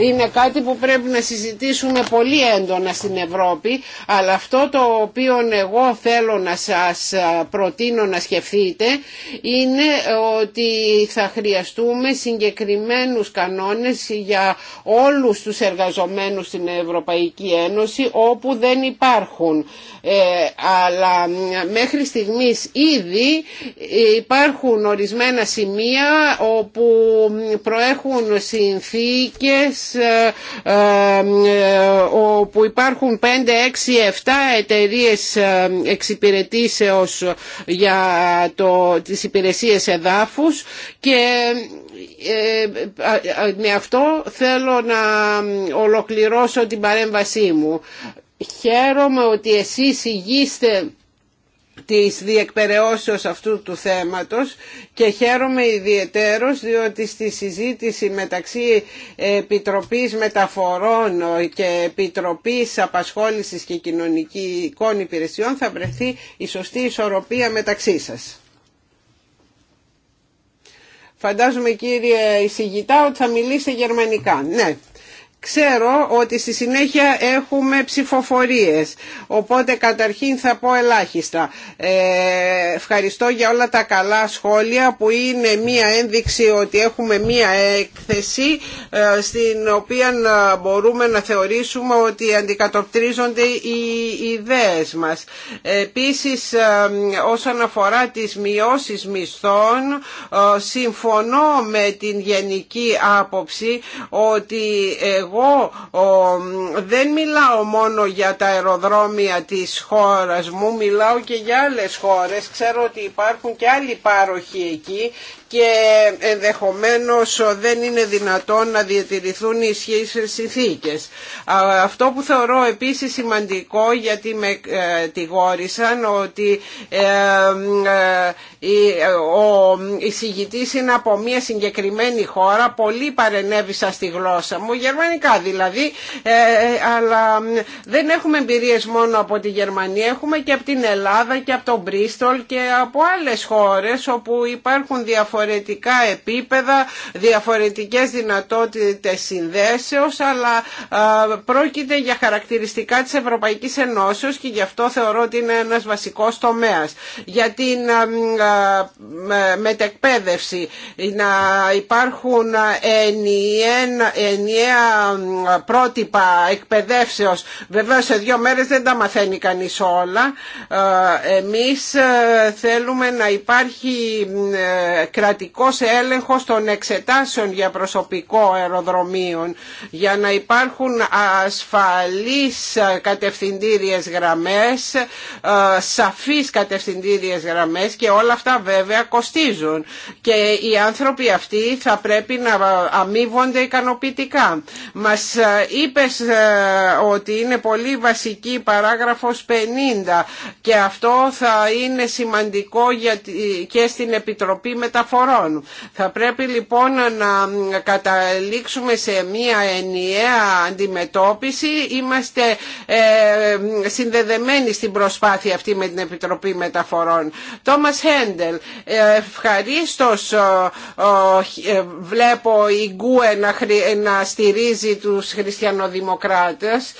Είναι κάτι που πρέπει να συζητήσουμε πολύ έντονα στην Ευρώπη, αλλά αυτό το οποίο εγώ θέλω να σας προτείνω να σκεφτείτε είναι ότι θα χρειαστούμε συγκεκριμένους κανόνες για όλους τους εργαζομένους στην Ευρωπαϊκή Ένωση όπου δεν υπάρχουν. Ε, αλλά μέχρι στιγμής ήδη υπάρχουν ορισμένα σημεία όπου προέχουν συνθήκες ε, ε, όπου υπάρχουν 5, 6, 7 εταιρείες ε, εξυπηρετήσεως για το, τις υπηρεσίες εδάφους και με αυτό θέλω να ολοκληρώσω την παρέμβασή μου. Χαίρομαι ότι εσείς υγείστε της διεκπαιρεώσεως αυτού του θέματος και χαίρομαι ιδιαιτέρως διότι στη συζήτηση μεταξύ Επιτροπής Μεταφορών και Επιτροπής Απασχόλησης και Κοινωνικών Υπηρεσιών θα βρεθεί η σωστή ισορροπία μεταξύ σας. Φαντάζομαι κύριε εισηγητά ότι θα μιλήσει γερμανικά. Ναι, Ξέρω ότι στη συνέχεια έχουμε ψηφοφορίες, οπότε καταρχήν θα πω ελάχιστα. Ε, ευχαριστώ για όλα τα καλά σχόλια που είναι μία ένδειξη ότι έχουμε μία έκθεση ε, στην οποία ε, μπορούμε να θεωρήσουμε ότι αντικατοπτρίζονται οι ιδέες μας. Επίσης όσον αφορά τις μειώσεις μισθών συμφωνώ με την γενική άποψη ότι εγώ δεν μιλάω μόνο για τα αεροδρόμια της χώρας μου, μιλάω και για άλλες χώρες. Ξέρω ότι υπάρχουν και άλλοι πάροχοι εκεί και ενδεχομένως δεν είναι δυνατόν να διατηρηθούν οι ισχύσεις συνθήκες. Αυτό που θεωρώ επίσης σημαντικό γιατί με ε, τηγόρησαν ότι ε, ε, ο εισηγητής είναι από μια συγκεκριμένη χώρα, πολύ παρενέβησα στη γλώσσα μου, γερμανικά δηλαδή, αλλά δεν έχουμε εμπειρίες μόνο από τη Γερμανία, έχουμε και από την Ελλάδα και από τον Μπρίστολ και από άλλες χώρες όπου υπάρχουν διαφορετικές διαφορετικά επίπεδα, διαφορετικές δυνατότητες συνδέσεως, αλλά πρόκειται για χαρακτηριστικά της Ευρωπαϊκής Ενώσεως και γι' αυτό θεωρώ ότι είναι ένας βασικός τομέας. Για την μετεκπαίδευση, να υπάρχουν ενιαία πρότυπα εκπαιδεύσεως. βέβαια σε δύο μέρες δεν τα μαθαίνει κανείς όλα. Εμείς ε, θέλουμε να υπάρχει ε, κρατικός έλεγχος των εξετάσεων για προσωπικό αεροδρομίων για να υπάρχουν ασφαλείς ε, κατευθυντήριες γραμμές, ε, σαφείς κατευθυντήριες γραμμές και όλα αυτά βέβαια κοστίζουν και οι άνθρωποι αυτοί θα πρέπει να αμείβονται ικανοποιητικά. Μας ε, είπες ότι είναι πολύ βασική παράγραφος 50 και αυτό θα είναι σημαντικό και στην Επιτροπή μεταφορά. Θα πρέπει λοιπόν να καταλήξουμε σε μία ενιαία αντιμετώπιση. Είμαστε ε, συνδεδεμένοι στην προσπάθεια αυτή με την Επιτροπή Μεταφορών. Τόμας Χέντελ, ε, ευχαρίστως ε, βλέπω η Γκούε να στηρίζει τους χριστιανοδημοκράτες.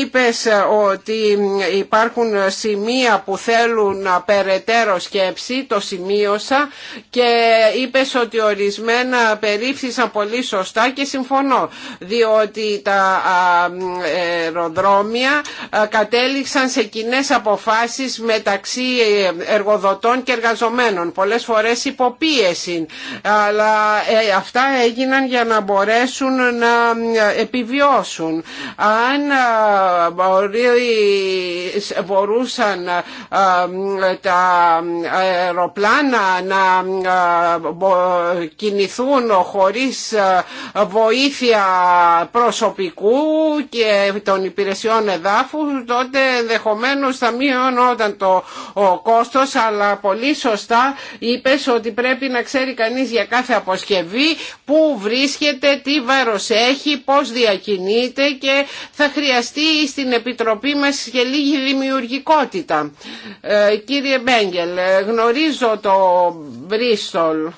Είπες ότι υπάρχουν σημεία που θέλουν περαιτέρω σκέψη, το σημείωσα και και είπες ότι ορισμένα περίφθησαν πολύ σωστά και συμφωνώ διότι τα αεροδρόμια κατέληξαν σε κοινέ αποφάσεις μεταξύ ε, εργοδοτών και εργαζομένων πολλές φορές υποπίεση αλλά ε, αυτά έγιναν για να μπορέσουν να ε, επιβιώσουν αν μπορούσαν τα αεροπλάνα να κινηθούν χωρίς ε, βοήθεια προσωπικού και των υπηρεσιών εδάφου τότε ενδεχομένω θα μειωνόταν το κόστο, κόστος αλλά πολύ σωστά είπες ότι πρέπει να ξέρει κανείς για κάθε αποσκευή που βρίσκεται, τι βάρος έχει, πώς διακινείται και θα χρειαστεί στην Επιτροπή μας και λίγη δημιουργικότητα. Ε, κύριε Μπέγγελ, ε, γνωρίζω το βρίσκο Μπρίστολ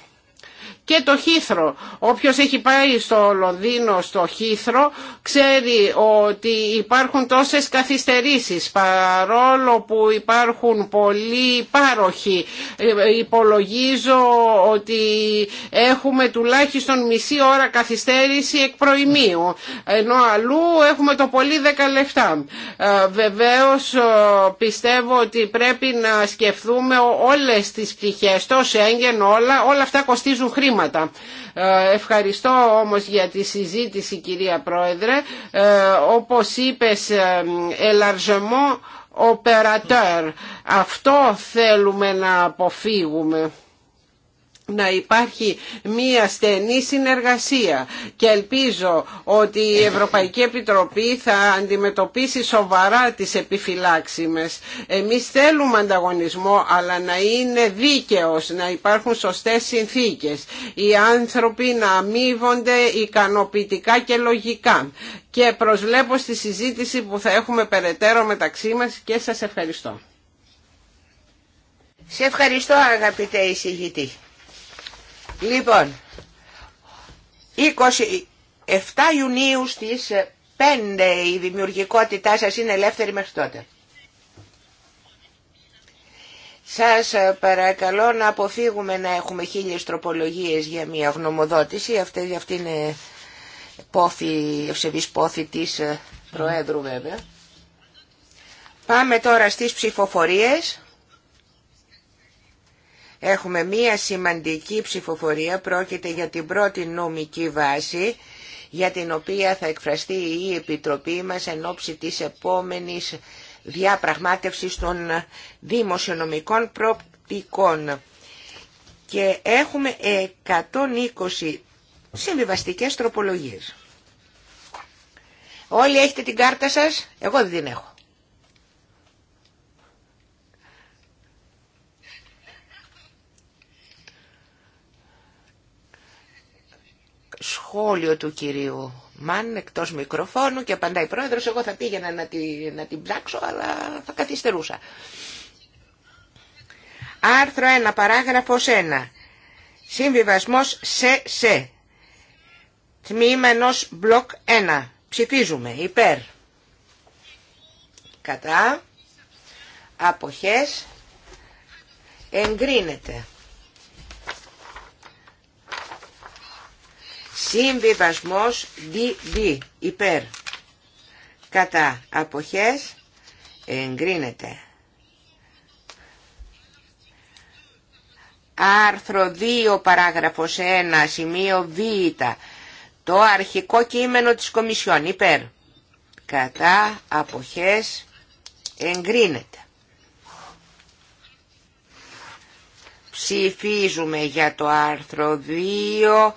και το Χήθρο. Όποιος έχει πάει στο Λονδίνο στο Χήθρο ξέρει ότι υπάρχουν τόσες καθυστερήσεις παρόλο που υπάρχουν πολλοί πάροχοι. Ε, υπολογίζω ότι έχουμε τουλάχιστον μισή ώρα καθυστέρηση εκ προημίου ενώ αλλού έχουμε το πολύ 10 λεπτά. Ε, βεβαίως ε, πιστεύω ότι πρέπει να σκεφτούμε όλες τις πτυχές, τόσο Σέγγεν, όλα, όλα αυτά κοστίζουν χρήματα ε, ευχαριστώ όμως για τη συζήτηση κυρία Πρόεδρε. Ε, όπως είπες, ε, ελαρζεμό opérateur. Αυτό θέλουμε να αποφύγουμε να υπάρχει μία στενή συνεργασία και ελπίζω ότι η Ευρωπαϊκή Επιτροπή θα αντιμετωπίσει σοβαρά τις επιφυλάξιμες. Εμείς θέλουμε ανταγωνισμό αλλά να είναι δίκαιος, να υπάρχουν σωστές συνθήκες. Οι άνθρωποι να αμείβονται ικανοποιητικά και λογικά. Και προσβλέπω στη συζήτηση που θα έχουμε περαιτέρω μεταξύ μας και σας ευχαριστώ. Σε ευχαριστώ αγαπητέ εισηγητή. Λοιπόν, 27 Ιουνίου στις 5 ε, η δημιουργικότητά σας είναι ελεύθερη μέχρι τότε. Σας ε, παρακαλώ να αποφύγουμε να έχουμε χίλιες τροπολογίες για μια γνωμοδότηση. Αυτή, αυτή είναι πόθη, ευσεβής πόθη της ε, Προέδρου βέβαια. Πάμε τώρα στις ψηφοφορίες. Έχουμε μία σημαντική ψηφοφορία, πρόκειται για την πρώτη νομική βάση για την οποία θα εκφραστεί η Επιτροπή μας εν ώψη της επόμενης διαπραγμάτευσης των δημοσιονομικών προπτικών. Και έχουμε 120 συμβιβαστικές τροπολογίες. Όλοι έχετε την κάρτα σας, εγώ δεν την έχω. σχόλιο του κυρίου Μαν εκτός μικροφώνου και απαντάει πρόεδρος, εγώ θα πήγαινα να, τη, να την ψάξω αλλά θα καθυστερούσα. Άρθρο 1, παράγραφος 1. Συμβιβασμός σε σε. Τμήμα ενός μπλοκ 1. Ψηφίζουμε υπέρ. Κατά. Αποχές. Εγκρίνεται. Συμβιβασμός DD υπέρ κατά αποχές εγκρίνεται. Άρθρο 2 παράγραφος 1 σημείο Β το αρχικό κείμενο της Κομισιόν υπέρ κατά αποχές εγκρίνεται. Ψηφίζουμε για το άρθρο 2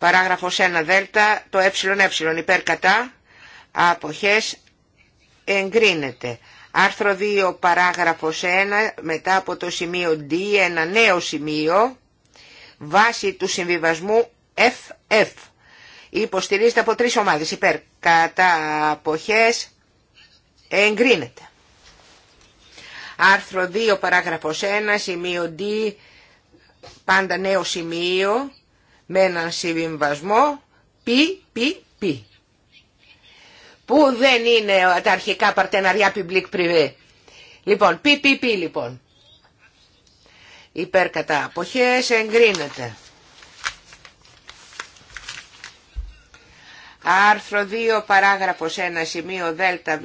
Παράγραφος 1 δέλτα, το ε ε υπέρ κατά, αποχές εγκρίνεται. Άρθρο 2 παράγραφος 1 μετά από το σημείο D ένα νέο σημείο βάση του συμβιβασμού FF. Υποστηρίζεται από τρεις ομάδες υπέρ κατά αποχές εγκρίνεται. Άρθρο 2 παράγραφος 1 σημείο D πάντα νέο σημείο με έναν συμβιβασμό πι, πι, πι. Που δεν είναι τα αρχικά παρτεναριά public Πριβέ. Λοιπόν, πι, πι, πι λοιπόν. Υπέρ κατά αποχές εγκρίνεται. Άρθρο 2, παράγραφος 1, σημείο δέλτα β,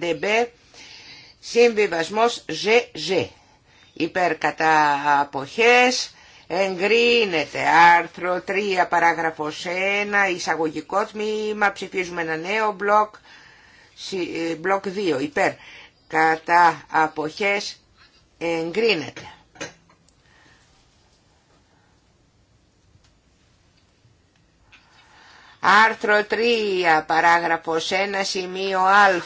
ΔΜΠ, συμβιβασμός ΖΖ. Υπέρ κατά αποχές Εγκρίνεται άρθρο 3 παράγραφος 1 εισαγωγικό τμήμα ψηφίζουμε ένα νέο μπλοκ, ε, μπλοκ 2 υπέρ κατά αποχές εγκρίνεται. Άρθρο 3 παράγραφος 1 σημείο α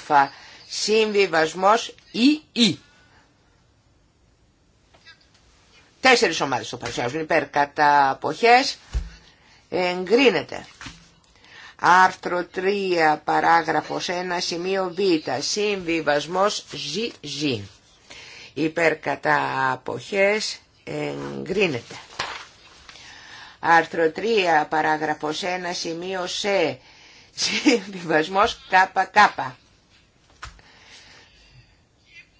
συμβιβασμός ή ή. Τέσσερις ομάδες το παρουσιάζουν υπέρ κατά αποχές. Εγκρίνεται. Άρθρο 3, παράγραφος 1, σημείο Β, συμβιβασμός ζ. Υπέρ κατά αποχές εγκρίνεται. Άρθρο 3, παράγραφος 1, σημείο σ. συμβιβασμός κ.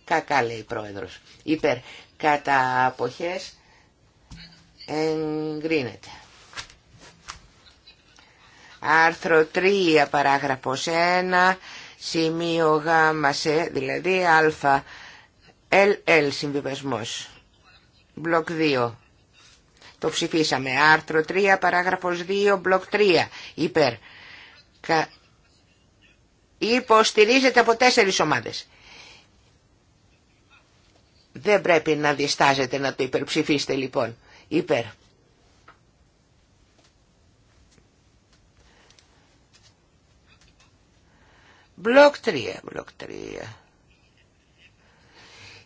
Κακά λέει η πρόεδρος. Υπέρ κατά αποχές εγκρίνεται. Άρθρο 3 παράγραφος 1 σημείο γ, σε δηλαδή α λ λ συμβιβασμός μπλοκ 2 το ψηφίσαμε άρθρο 3 παράγραφος 2 μπλοκ 3 υπέρ υποστηρίζεται από τέσσερις ομάδες δεν πρέπει να διστάζετε να το υπερψηφίσετε λοιπόν. Υπέρ. Μπλοκ 3, μπλοκ 3.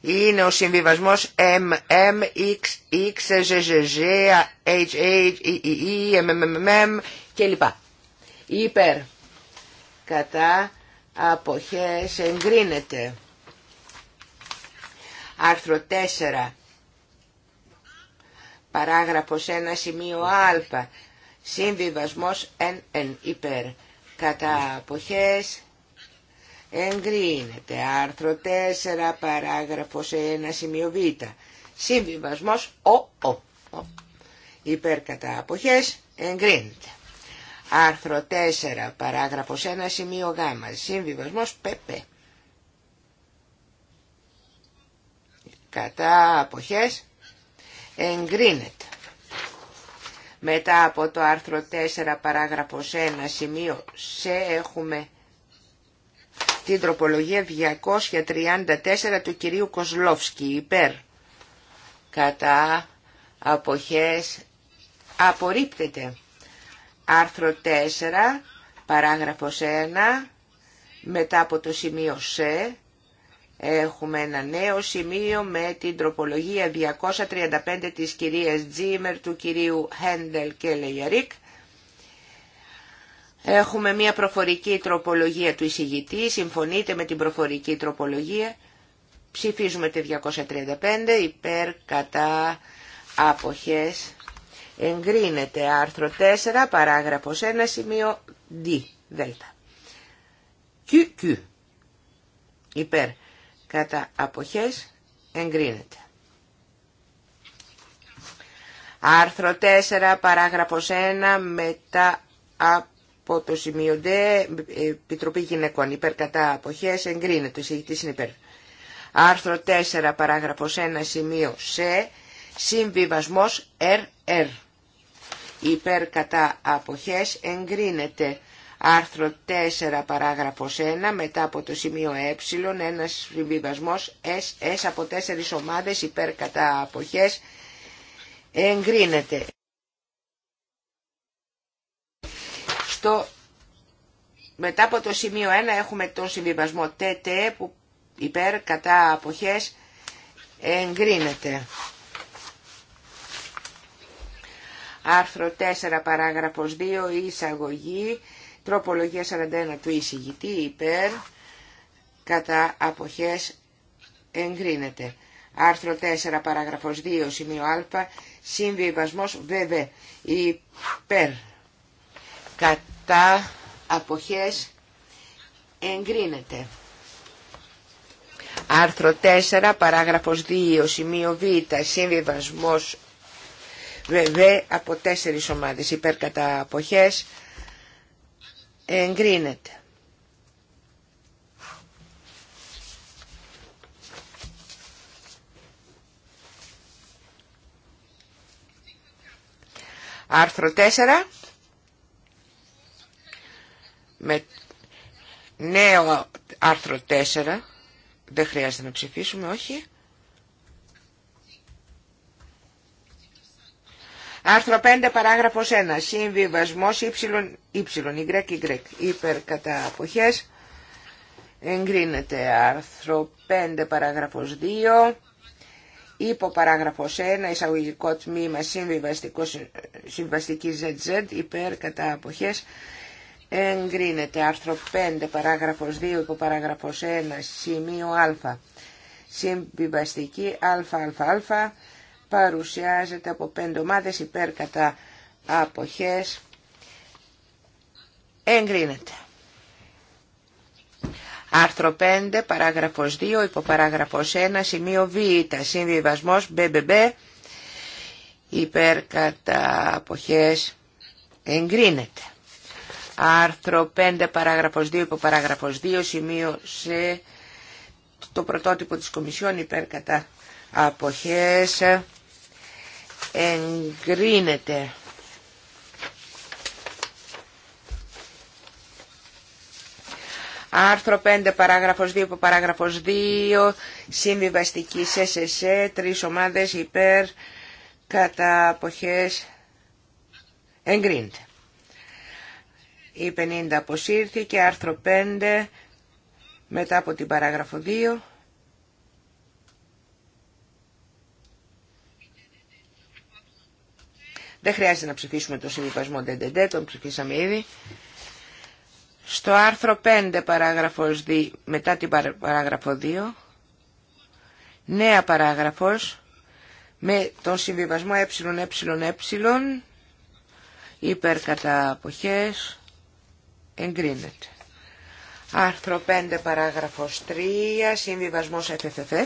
Είναι ο συμβιβασμό M, M, X, X, H, H, e, e, κλπ. Υπέρ. Κατά αποχές εγκρίνεται. Άρθρο 4. Παράγραφος 1 σημείο α. Συμβιβασμός εν εν υπέρ. Κατά αποχές εγκρίνεται. Άρθρο 4 παράγραφος 1 σημείο β. Συμβιβασμός ο, ο, ο. Υπέρ κατά αποχές εγκρίνεται. Άρθρο 4 παράγραφος 1 σημείο γ. Συμβιβασμός π, π. κατά αποχές εγκρίνεται. Μετά από το άρθρο 4 παράγραφος 1 σημείο σε έχουμε την τροπολογία 234 του κυρίου Κοσλόφσκι υπέρ κατά αποχές απορρίπτεται. Άρθρο 4 παράγραφος 1 μετά από το σημείο σε Έχουμε ένα νέο σημείο με την τροπολογία 235 της κυρίας Τζίμερ, του κυρίου Χέντελ και Λεγιαρίκ. Έχουμε μια προφορική τροπολογία του εισηγητή, συμφωνείτε με την προφορική τροπολογία. Ψηφίζουμε τη 235, υπέρ, κατά, άποχες. Εγκρίνεται άρθρο 4, παράγραφος 1, σημείο D, δέλτα. Κι κι Υπέρ κατά αποχές εγκρίνεται. Άρθρο 4, παράγραφος 1, μετά από το σημείο D, Επιτροπή Γυναικών, υπέρ κατά αποχές, εγκρίνεται, εισηγητής είναι υπέρ. Άρθρο 4, παράγραφος 1, σημείο C, συμβιβασμός RR. Υπέρ κατά αποχές εγκρίνεται. Άρθρο 4 παράγραφος 1 μετά από το σημείο ε ένας συμβιβασμός S, S από τέσσερις ομάδες υπέρ κατά αποχές εγκρίνεται. μετά από το σημείο 1 έχουμε τον συμβιβασμό TT που υπέρ κατά αποχές εγκρίνεται. Άρθρο 4 παράγραφος 2 εισαγωγή Τροπολογία 41 του εισηγητή υπέρ κατά αποχές εγκρίνεται. Άρθρο 4 παράγραφος 2 σημείο α συμβιβασμός βέβαια υπέρ κατά αποχές εγκρίνεται. Άρθρο 4 παράγραφος 2 σημείο β συμβιβασμός βέβαια από τέσσερις ομάδες υπέρ κατά αποχές εγκρίνεται. Άρθρο 4. Με νέο άρθρο 4. Δεν χρειάζεται να ψηφίσουμε, όχι. Άρθρο 5 παράγραφος 1. Συμβιβασμός Y, Y, Y, Υπερκαταποχές. Εγκρίνεται άρθρο 5 παράγραφος 2. Υπό παράγραφο 1 εισαγωγικό τμήμα συμβιβαστική ZZ υπέρ κατά εγκρίνεται άρθρο 5 παράγραφο 2 υπό παράγραφο 1 σημείο α συμβιβαστική ΑΑΑ παρουσιάζεται από πέντε ομάδες υπέρ κατά αποχές εγκρίνεται. Άρθρο 5, παράγραφος 2, υποπαράγραφος 1, σημείο Β, συμβιβασμός BBB, υπέρ κατά αποχές εγκρίνεται. Άρθρο 5, παράγραφος 2, υποπαράγραφος 2, σημείο C, το πρωτότυπο της Κομισιόν υπέρ κατά αποχές εγκρίνεται εγκρίνεται. Άρθρο 5, παράγραφος 2, παράγραφος 2, συμβιβαστική ΣΣΕ, τρεις ομάδες υπέρ, κατά αποχές, εγκρίνεται. Η 50 αποσύρθηκε, άρθρο 5, μετά από την παράγραφο 2. Δεν χρειάζεται να ψηφίσουμε τον συμβιβασμό DDD, τον ψηφίσαμε ήδη. Στο άρθρο 5 παράγραφος 2, μετά την παράγραφο 2, νέα παράγραφος με τον συμβιβασμό εεε ε ε, υπερκαταποχές εγκρίνεται. Άρθρο 5 παράγραφος 3 συμβιβασμός FFF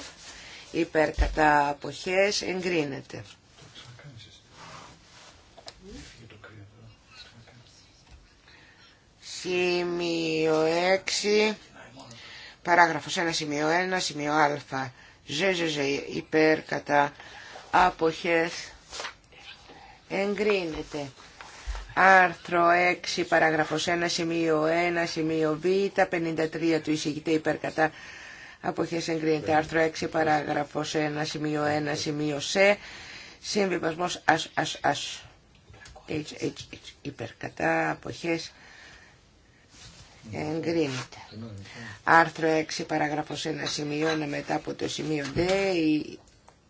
υπερκαταποχές εγκρίνεται. Σημείο 6. Παράγραφος 1, σημείο 1, σημείο α. ΖΖΖ υπέρ κατά αποχές εγκρίνεται. Άρθρο 6, παράγραφος 1, σημείο 1, σημείο β, 53 του εισηγητή υπέρ κατά αποχές εγκρίνεται. Άρθρο 6, παράγραφος 1, σημείο 1, σημείο σ, συμβιβασμός ας, ας, ας, h, αποχές εγκρίνεται. Άρθρο 6 παράγραφος 1 σημειώνε μετά από το σημείο D η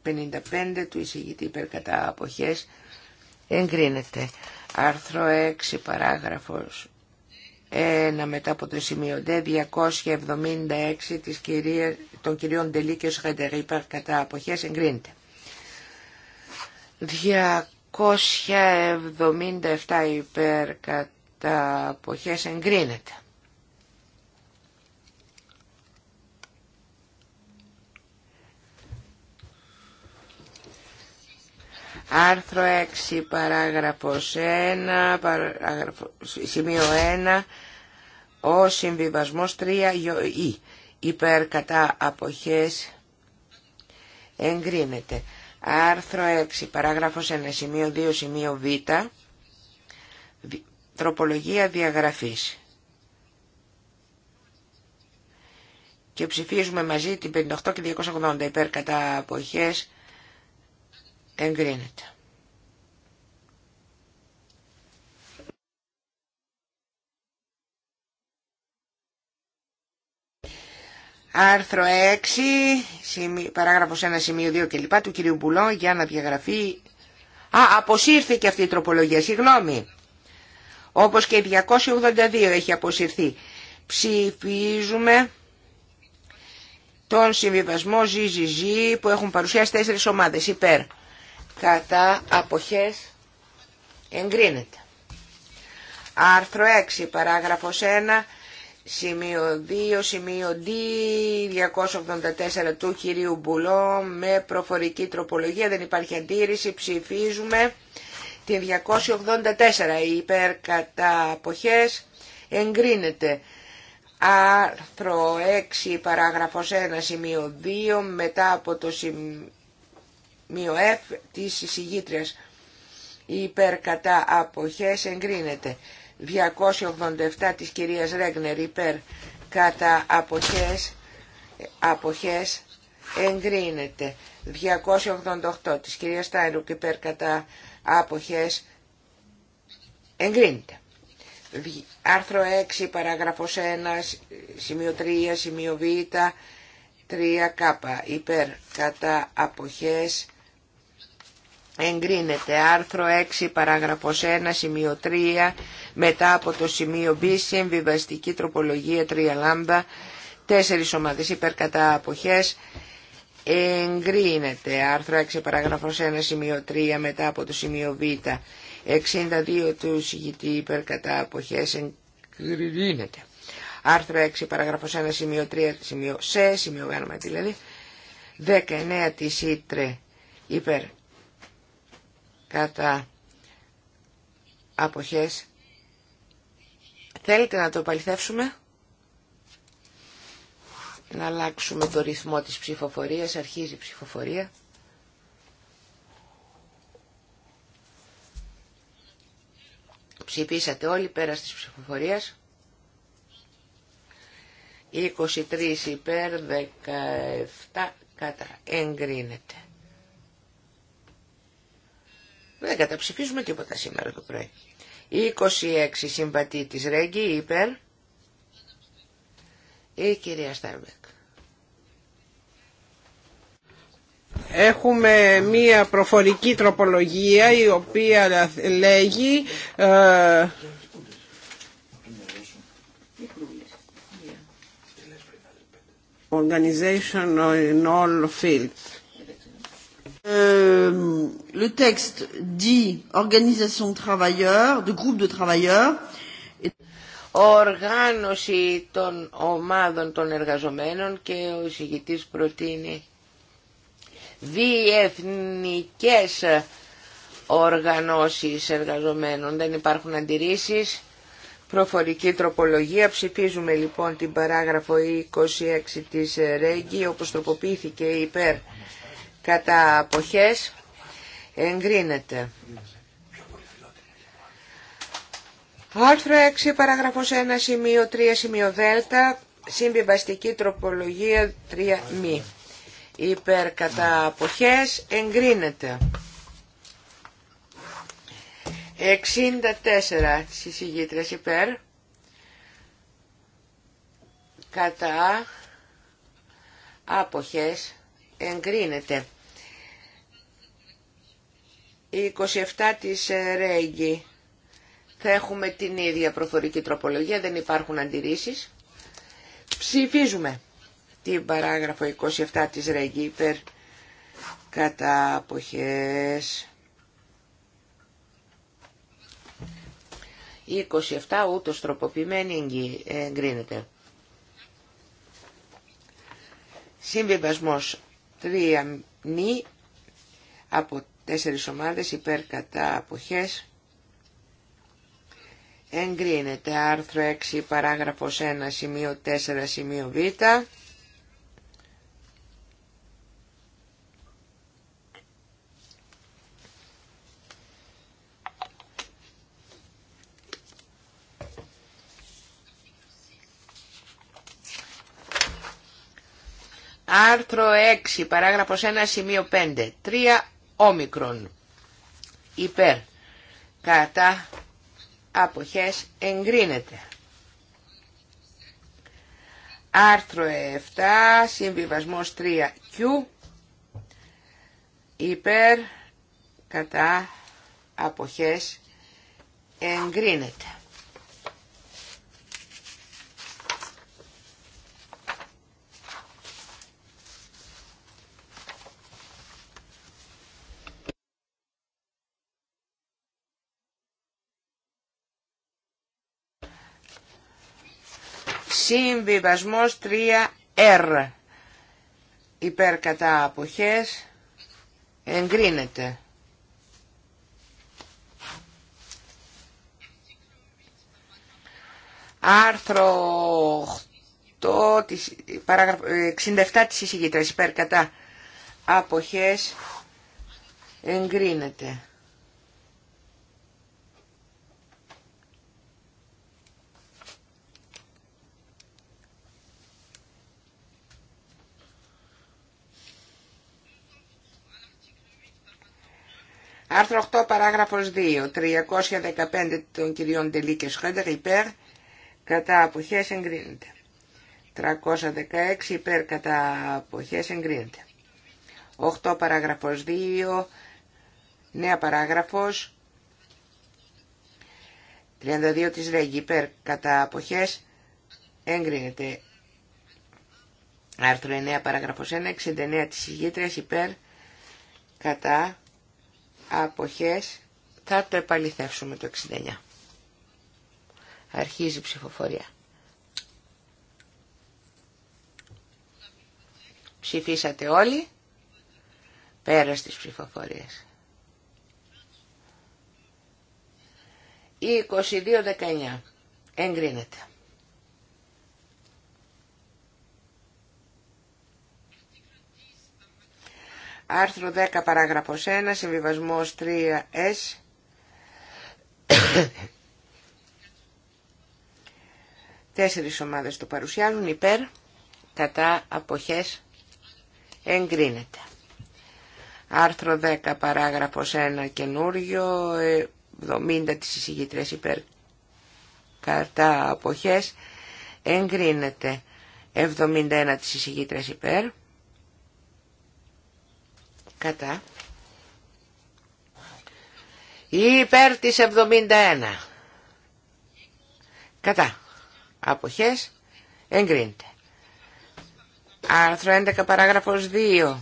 55 του εισηγητή κατά αποχές εγκρίνεται. Άρθρο 6 παράγραφος 1 μετά από το σημείο D 276 της κυρία, των κυρίων Ντελή και υπέρ κατά αποχές εγκρίνεται. 277 κατά αποχές εγκρίνεται. Άρθρο 6 παράγραφος 1, σημείο 1, ο συμβιβασμός 3 ή υπέρ κατά αποχές εγκρίνεται. Άρθρο 6 παράγραφος 1 σημείο 2 σημείο β, τροπολογία διαγραφής. Και ψηφίζουμε μαζί την 58 και 280 υπέρ κατά αποχές Εγκρίνεται. Άρθρο 6, παράγραφος 1, σημείο 2 κλπ. του κυρίου Μπουλό για να διαγραφεί... Α, αποσύρθηκε αυτή η τροπολογία, συγγνώμη. Όπως και η 282 έχει αποσυρθεί. Ψηφίζουμε τον συμβιβασμό ZZZ που έχουν παρουσιάσει τέσσερις ομάδες υπέρ κατά αποχές εγκρίνεται. Άρθρο 6, παράγραφος 1, σημείο 2, σημείο D, 284 του κυρίου Μπουλό με προφορική τροπολογία, δεν υπάρχει αντίρρηση, ψηφίζουμε την 284 υπέρ κατά αποχές εγκρίνεται. Άρθρο 6, παράγραφος 1, σημείο 2, μετά από το σημείο ΜΙΟΕΦ της εισηγήτριας υπέρ κατά αποχές εγκρίνεται 287 της κυρίας Ρέγνερ υπέρ κατά αποχές αποχές εγκρίνεται 288 της κυρίας Στάιρουκ υπέρ κατά αποχές εγκρίνεται άρθρο 6 παράγραφος 1 σημείο 3 σημείο β 3 κ υπέρ κατά αποχές εγκρίνεται. Άρθρο 6 παράγραφος 1 σημείο 3 μετά από το σημείο B συμβιβαστική τροπολογία 3 λάμδα 4 ομάδες υπερκατά αποχές εγκρίνεται. Άρθρο 6 παράγραφος 1 σημείο 3 μετά από το σημείο Β 62 του συγητή υπερκατά αποχές εγκρίνεται. Άρθρο 6 παράγραφος 1 σημείο 3 σημείο C σημείο γάνομα δηλαδή 19 της Ήτρε υπερ κατά αποχές. Θέλετε να το παληθεύσουμε. Να αλλάξουμε το ρυθμό της ψηφοφορίας. Αρχίζει η ψηφοφορία. Ψηφίσατε όλοι πέρα της ψηφοφορίας. 23 υπέρ 17 κατά. Εγκρίνεται. Δεν καταψηφίζουμε τίποτα σήμερα το πρωί. 26 συμβατή της Ρέγγι υπέρ η κυρία Στάρμπεκ. Έχουμε μία προφορική τροπολογία η οποία λέγει... Ε, organization in all fields. Euh, le texte dit organisation de travailleurs, de groupes Οργάνωση των ομάδων των εργαζομένων και ο εισηγητής προτείνει διεθνικές οργανώσεις εργαζομένων. Δεν υπάρχουν αντιρρήσεις. Προφορική τροπολογία. Ψηφίζουμε λοιπόν την παράγραφο 26 της ΡΕΓΚΙ όπως τροποποιήθηκε υπέρ κατά αποχές εγκρίνεται. Άρθρο 6, παράγραφος 1, σημείο 3, σημείο δέλτα, συμβιβαστική τροπολογία 3 μη. Υπέρ κατά αποχές εγκρίνεται. 64 συσυγήτρες υπέρ. Κατά αποχές εγκρίνεται. Η 27 της Ρέγγι θα έχουμε την ίδια προφορική τροπολογία, δεν υπάρχουν αντιρρήσεις. Ψηφίζουμε την παράγραφο 27 της Ρέγγι υπέρ κατά 27 ούτως τροποποιημένη εγκρίνεται. Συμβιβασμός Τρία νη από 4 ομάδες υπέρ κατά αποχές εγκρίνεται άρθρο 6 παράγραφος 1 σημείο 4 σημείο β Άρθρο 6, παράγραφος 1, σημείο 5. 3 όμικρον. Υπέρ. Κατά αποχές εγκρίνεται. Άρθρο 7, συμβιβασμός 3Q. Υπέρ. Κατά αποχές εγκρίνεται. Συμβιβασμός 3R. Υπέρ κατά αποχές εγκρίνεται. Άρθρο 8, 67 της ε, εισηγήτρας υπέρ κατά αποχές εγκρίνεται. Άρθρο 8 παράγραφος 2, 315 των κυρίων Ντελή και υπέρ κατά αποχέ εγκρίνεται. 316 υπέρ κατά αποχέ εγκρίνεται. 8 παράγραφος 2, νέα παράγραφος, 32 της Ρέγγι υπέρ κατά αποχές εγκρίνεται. Άρθρο 9 παράγραφος 1, 69 της ηγήτριας υπέρ κατά αποχές θα το επαληθεύσουμε το 69. Αρχίζει η ψηφοφορία. Ψηφίσατε όλοι πέρα στις ψηφοφορίες. 22-19. Εγκρίνεται. Άρθρο 10 παράγραφος 1, συμβιβασμός 3S. Τέσσερις ομάδες το παρουσιάζουν, υπέρ, κατά, αποχές, εγκρίνεται. Άρθρο 10 παράγραφος 1 καινούριο, 70 της εισηγήτρες υπέρ, κατά, αποχές, εγκρίνεται. 71 της εισηγήτρες υπέρ, Κατά. Υπέρ της 71. Κατά. Αποχές. Εγκρίνεται. Άρθρο 11 παράγραφος 2.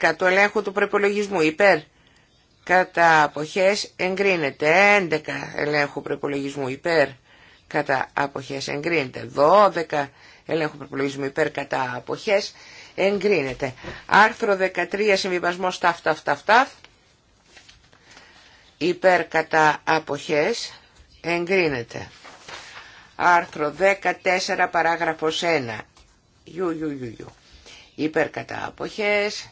10 του ελέγχου του προπολογισμού. Υπέρ. Κατά αποχές εγκρίνεται. 11 ελέγχου προπολογισμού. Υπέρ. Κατά αποχές εγκρίνεται. 12 ελέγχου προπολογισμού. Υπέρ. Κατά αποχές εγκρίνεται. Άρθρο 13 συμβιβασμό ταφ ταφ ταφ ταφ υπέρ κατά αποχές εγκρίνεται. Άρθρο 14 παράγραφος 1 γιου γιου γιου γιου υπέρ κατά αποχές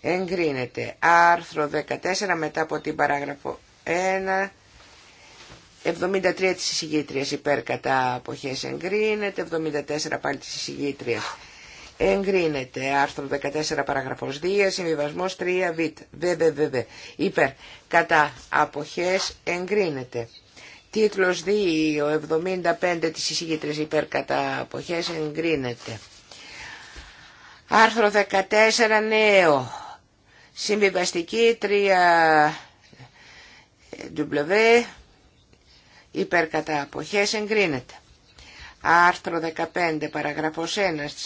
εγκρίνεται. Άρθρο 14 μετά από την παράγραφο 1 73 της εισηγήτριας υπέρ κατά αποχές εγκρίνεται, 74 πάλι της εισηγήτριας εγκρίνεται. Άρθρο 14 παραγραφός 2, συμβιβασμός 3 βιτ, Β. υπέρ, κατά, αποχές, εγκρίνεται. Τίτλος 2, 75 της εισηγήτρες υπέρ, κατά, αποχές, εγκρίνεται. Άρθρο 14 νέο, συμβιβαστική 3 W, υπέρ κατά αποχές εγκρίνεται. Άρθρο 15, παραγραφός 1,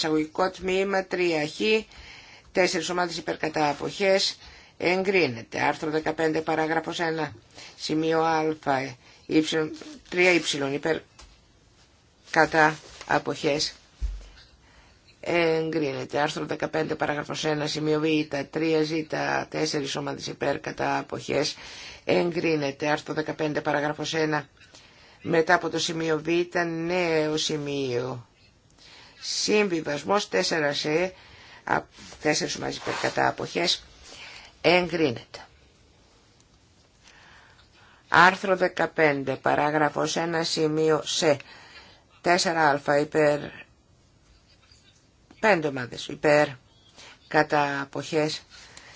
αγωγικό τμήμα 3, χ, 4 ομάδες υπερκατάποχες εγκρίνεται. Άρθρο 15, παράγραφος 1, σημείο α, 3 ε, υπερ κατά εγκρίνεται. Άρθρο 15, παράγραφος 1, σημείο β, 3 ζ, 4 ομάδες υπερ κατά εγκρίνεται. Άρθρο 15, παράγραφος 1, μετά από το σημείο Β ήταν νέο σημείο. Συμβιβασμός 4 σε 4 μαζί κατά αποχές εγκρίνεται. Άρθρο 15, παράγραφος 1, σημείο σε 4α υπέρ 5 ομάδες υπέρ κατά αποχές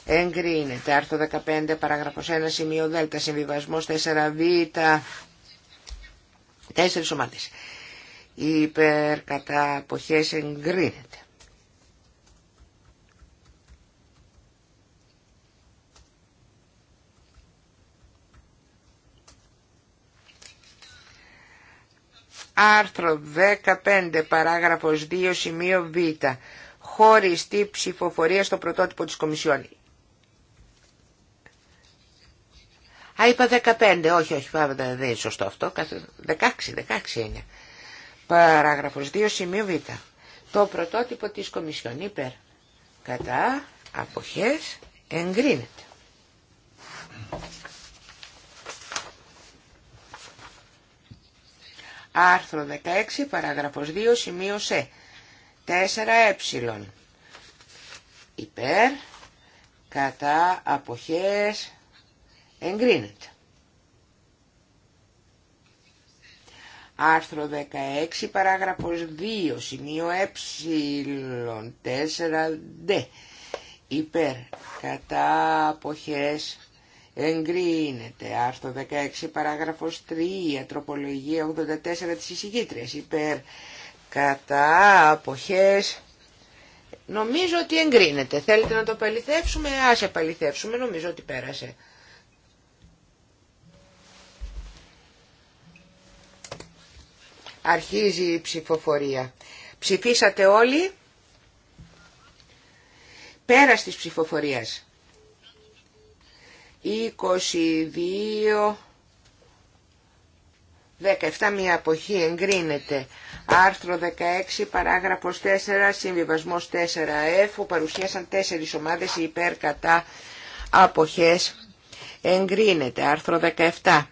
εγκρίνεται. Άρθρο 15, παράγραφος 1, σημείο Δ, συμβιβασμός 4β, Τέσσερις ομάδες. Η υπερκαταποχές εγκρίνεται. Άρθρο 15 παράγραφος 2 σημείο β. Χωριστή ψηφοφορία στο πρωτότυπο της Κομισιόν. Α, είπα 15, όχι, όχι, πάμε, δεν είναι σωστό αυτό, 16, 16 είναι. Παράγραφος 2, σημείο Β. Το πρωτότυπο τη Κομισιόν υπέρ κατά απόχέ εγκρίνεται. Άρθρο 16, παράγραφος 2, σημείο σε. 4 ε. Υπέρ, κατά, αποχές, Εγκρίνεται. Άρθρο 16, παράγραφος 2, σημείο ε, 4D. Υπέρ, κατά, αποχές, εγκρίνεται. Άρθρο 16, παράγραφος 3, τροπολογία 84 της εισηγήτριας. Υπέρ, κατά, αποχές, νομίζω ότι εγκρίνεται. Θέλετε να το παληθεύσουμε, ας επαληθεύσουμε, νομίζω ότι πέρασε. Αρχίζει η ψηφοφορία. Ψηφίσατε όλοι. Πέρας της ψηφοφορίας. 22... 17 μια αποχή εγκρίνεται. Άρθρο 16 παράγραφος 4 συμβιβασμός 4F που παρουσίασαν τέσσερις ομάδες υπέρ κατά αποχές εγκρίνεται. Άρθρο 17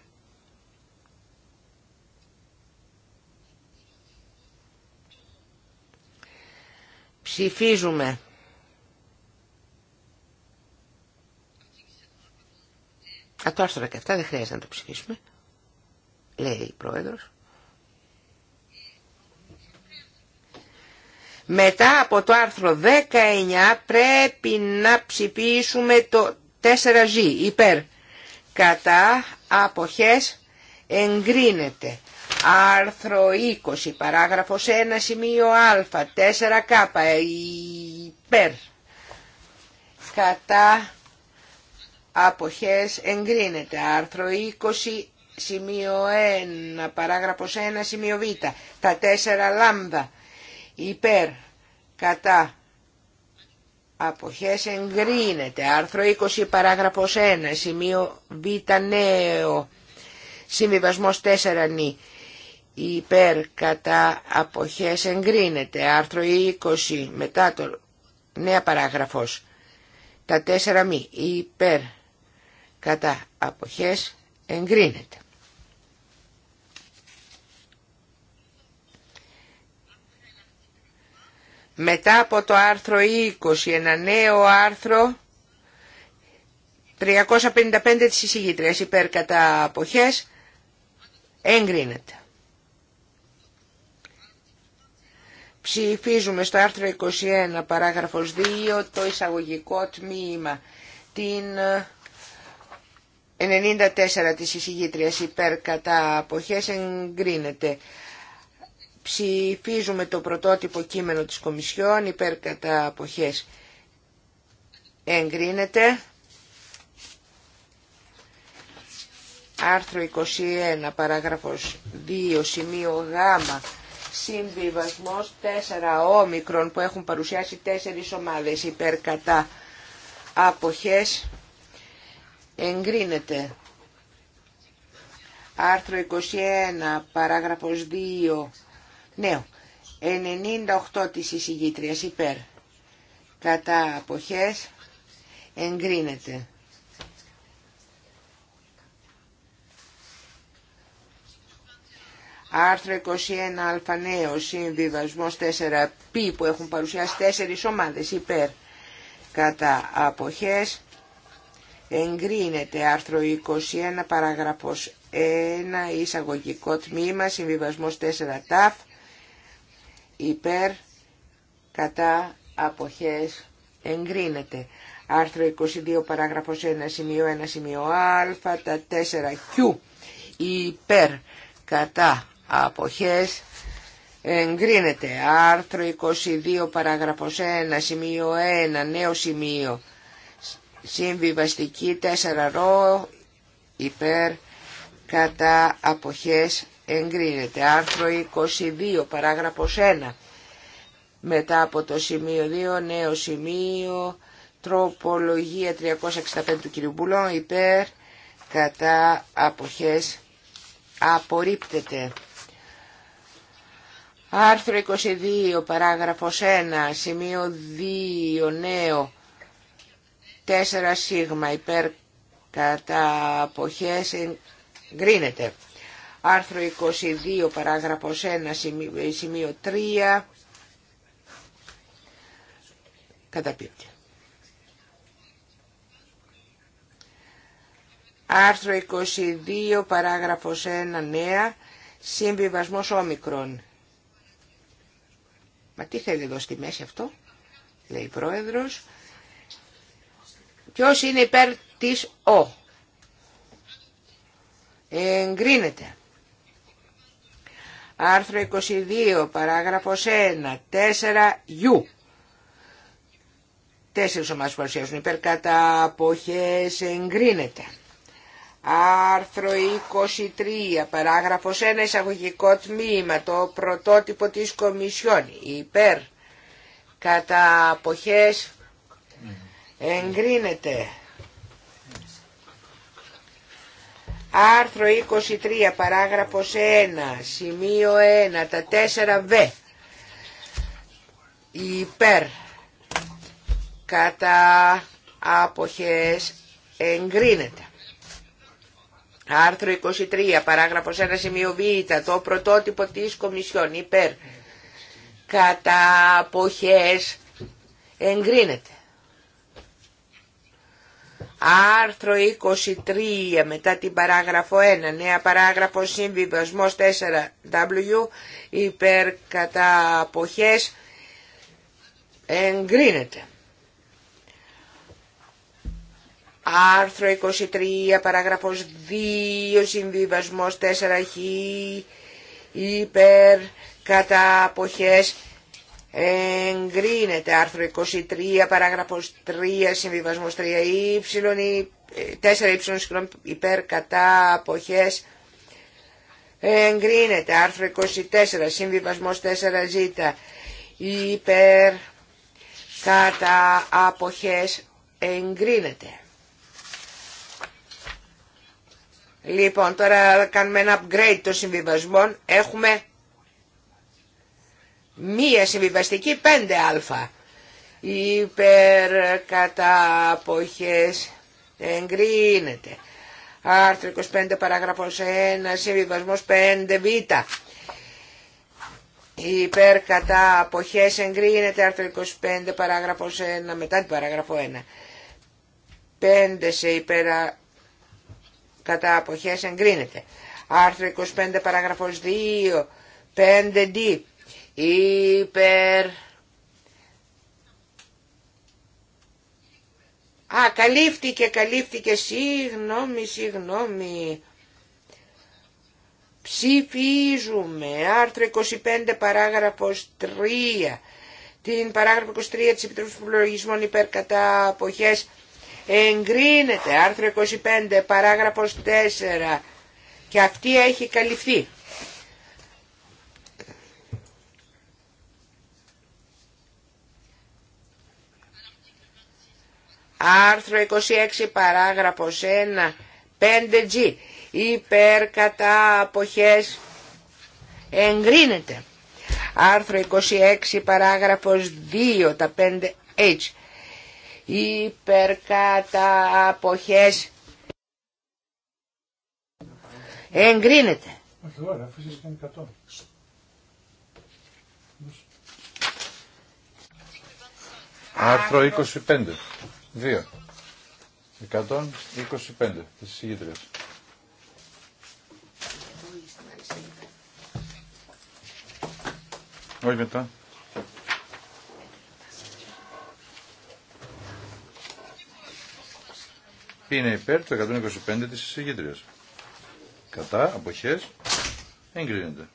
Ψηφίζουμε. Α, το άρθρο 17 δεν χρειάζεται να το ψηφίσουμε, λέει η Πρόεδρος. Μετά από το άρθρο 19 πρέπει να ψηφίσουμε το 4G υπέρ. Κατά αποχές εγκρίνεται. Άρθρο 20, παράγραφος 1, σημείο α, 4K, υπέρ, κατά, αποχές, εγκρίνεται. Άρθρο 20, σημείο 1, παράγραφος 1, σημείο β, τα 4 λάμδα, υπέρ, κατά, αποχές, εγκρίνεται. Άρθρο 20, παράγραφος 1, σημείο β, νέο, συμβιβασμός 4, νη υπέρ κατά αποχές εγκρίνεται. Άρθρο 20 μετά το νέα παράγραφος. Τα τέσσερα μη υπέρ κατά αποχές εγκρίνεται. Μετά από το άρθρο 20, ένα νέο άρθρο 355 της εισηγήτριας υπέρ κατά αποχές εγκρίνεται. Ψηφίζουμε στο άρθρο 21 παράγραφος 2 το εισαγωγικό τμήμα. Την 94 ε, της εισηγήτριας υπέρ κατά αποχές εγκρίνεται. Ψηφίζουμε το πρωτότυπο κείμενο της Κομισιόν υπέρ κατά αποχές εγκρίνεται. Άρθρο 21 παράγραφος 2 σημείο γάμα Συμβιβασμός 4 όμικρον που έχουν παρουσιάσει τέσσερις ομάδες υπέρ κατά αποχές εγκρίνεται. Άρθρο 21, παράγραφος 2, νέο, 98 της εισηγήτριας υπέρ. Κατά αποχές εγκρίνεται. Άρθρο 21α νέο συμβιβασμός 4π που έχουν παρουσιάσει τέσσερις ομάδες υπέρ κατά αποχές εγκρίνεται άρθρο 21 παράγραφος 1 εισαγωγικό τμήμα συμβιβασμός 4 ταφ υπέρ κατά αποχές εγκρίνεται άρθρο 22 παράγραφος 1 σημείο 1 σημείο α τα 4 Q υπέρ κατά αποχές εγκρίνεται άρθρο 22 παράγραφος 1 σημείο 1 νέο σημείο συμβιβαστική 4 ρο υπέρ κατά αποχές εγκρίνεται άρθρο 22 παράγραφος 1 μετά από το σημείο 2 νέο σημείο τροπολογία 365 του κ. Μπουλόν υπέρ κατά αποχές απορρίπτεται Άρθρο 22, παράγραφος 1, σημείο 2, νέο, 4 σίγμα υπέρ κατά αποχές εγκρίνεται. Άρθρο 22, παράγραφος 1, σημείο 3, καταπίπτει. Άρθρο 22, παράγραφος 1, νέα, συμβιβασμός όμικρον. Μα τι θέλει εδώ στη μέση αυτό, λέει η πρόεδρος. Ποιος είναι υπέρ της ο. Εγκρίνεται. Άρθρο 22, παράγραφος 1, 4, γιου. Τέσσερις ομάδες παρουσιάζουν υπέρ κατά αποχές εγκρίνεται. Άρθρο 23, παράγραφος 1, εισαγωγικό τμήμα, το πρωτότυπο της Κομισιόν, υπέρ, κατά αποχές, εγκρίνεται. Άρθρο 23, παράγραφος 1, σημείο 1, τα 4 β, υπέρ, κατά αποχές, εγκρίνεται. Άρθρο 23, παράγραφος 1 σημείο β, το πρωτότυπο της Κομισιόν υπέρ κατά εγκρίνεται. Άρθρο 23 μετά την παράγραφο 1, νέα παράγραφο συμβιβασμός 4W υπέρ κατά εγκρίνεται. Άρθρο 23, παράγραφος 2, συμβιβασμός 4χ, υπερ, κατά αποχές, εγκρίνεται. Άρθρο 23, παράγραφος 3, συμβιβασμός 3y, 4y, ε, ε, συγγνώμη, υπερ, κατά αποχές, εγκρίνεται. Άρθρο 24, συμβιβασμός ζήτα, υπερ, κατά αποχές, εγκρίνεται. Λοιπόν, τώρα κάνουμε ένα upgrade των συμβιβασμών. Έχουμε μία συμβιβαστική 5α. Υπερκαταποχές εγκρίνεται. Άρθρο 25 παράγραφος 1 συμβιβασμός 5β. Υπερκαταποχές εγκρίνεται άρθρο 25 παράγραφος 1 μετά την παράγραφο 1. 5 σε υπερα κατά αποχές εγκρίνεται. Άρθρο 25 παράγραφος 2, 5D, υπερ... Α, καλύφθηκε, καλύφθηκε, συγγνώμη, συγγνώμη. Ψηφίζουμε, άρθρο 25 παράγραφος 3, την παράγραφο 23 της Επιτροπής Προλογισμών υπερ κατά αποχές εγκρίνεται άρθρο 25 παράγραφος 4 και αυτή έχει καλυφθεί. Άρθρο 26 παράγραφος 1 5G υπέρ αποχές εγκρίνεται. Άρθρο 26 παράγραφος 2 τα 5H υπερκάτα αποχές εγκρίνεται. Όχι 25, αφού 100. Άρθρο 25. 2. 125 της Όχι μετά. είναι υπέρ του 125 της εισηγήτριας. Κατά, αποχές, εγκρίνεται.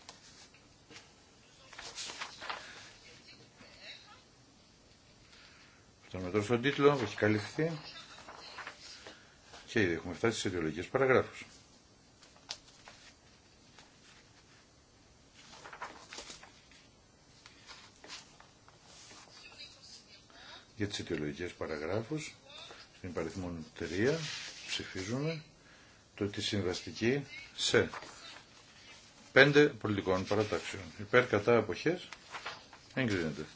Φτάνουμε στον τίτλο που έχει καλυφθεί και ήδη έχουμε φτάσει στις ιδεολογικές παραγράφους. για τις αιτιολογικές παραγράφους στην παριθμόν 3 ψηφίζουμε το τη συμβαστική σε πέντε πολιτικών παρατάξεων. Υπέρ κατά αποχές εγκρίνεται.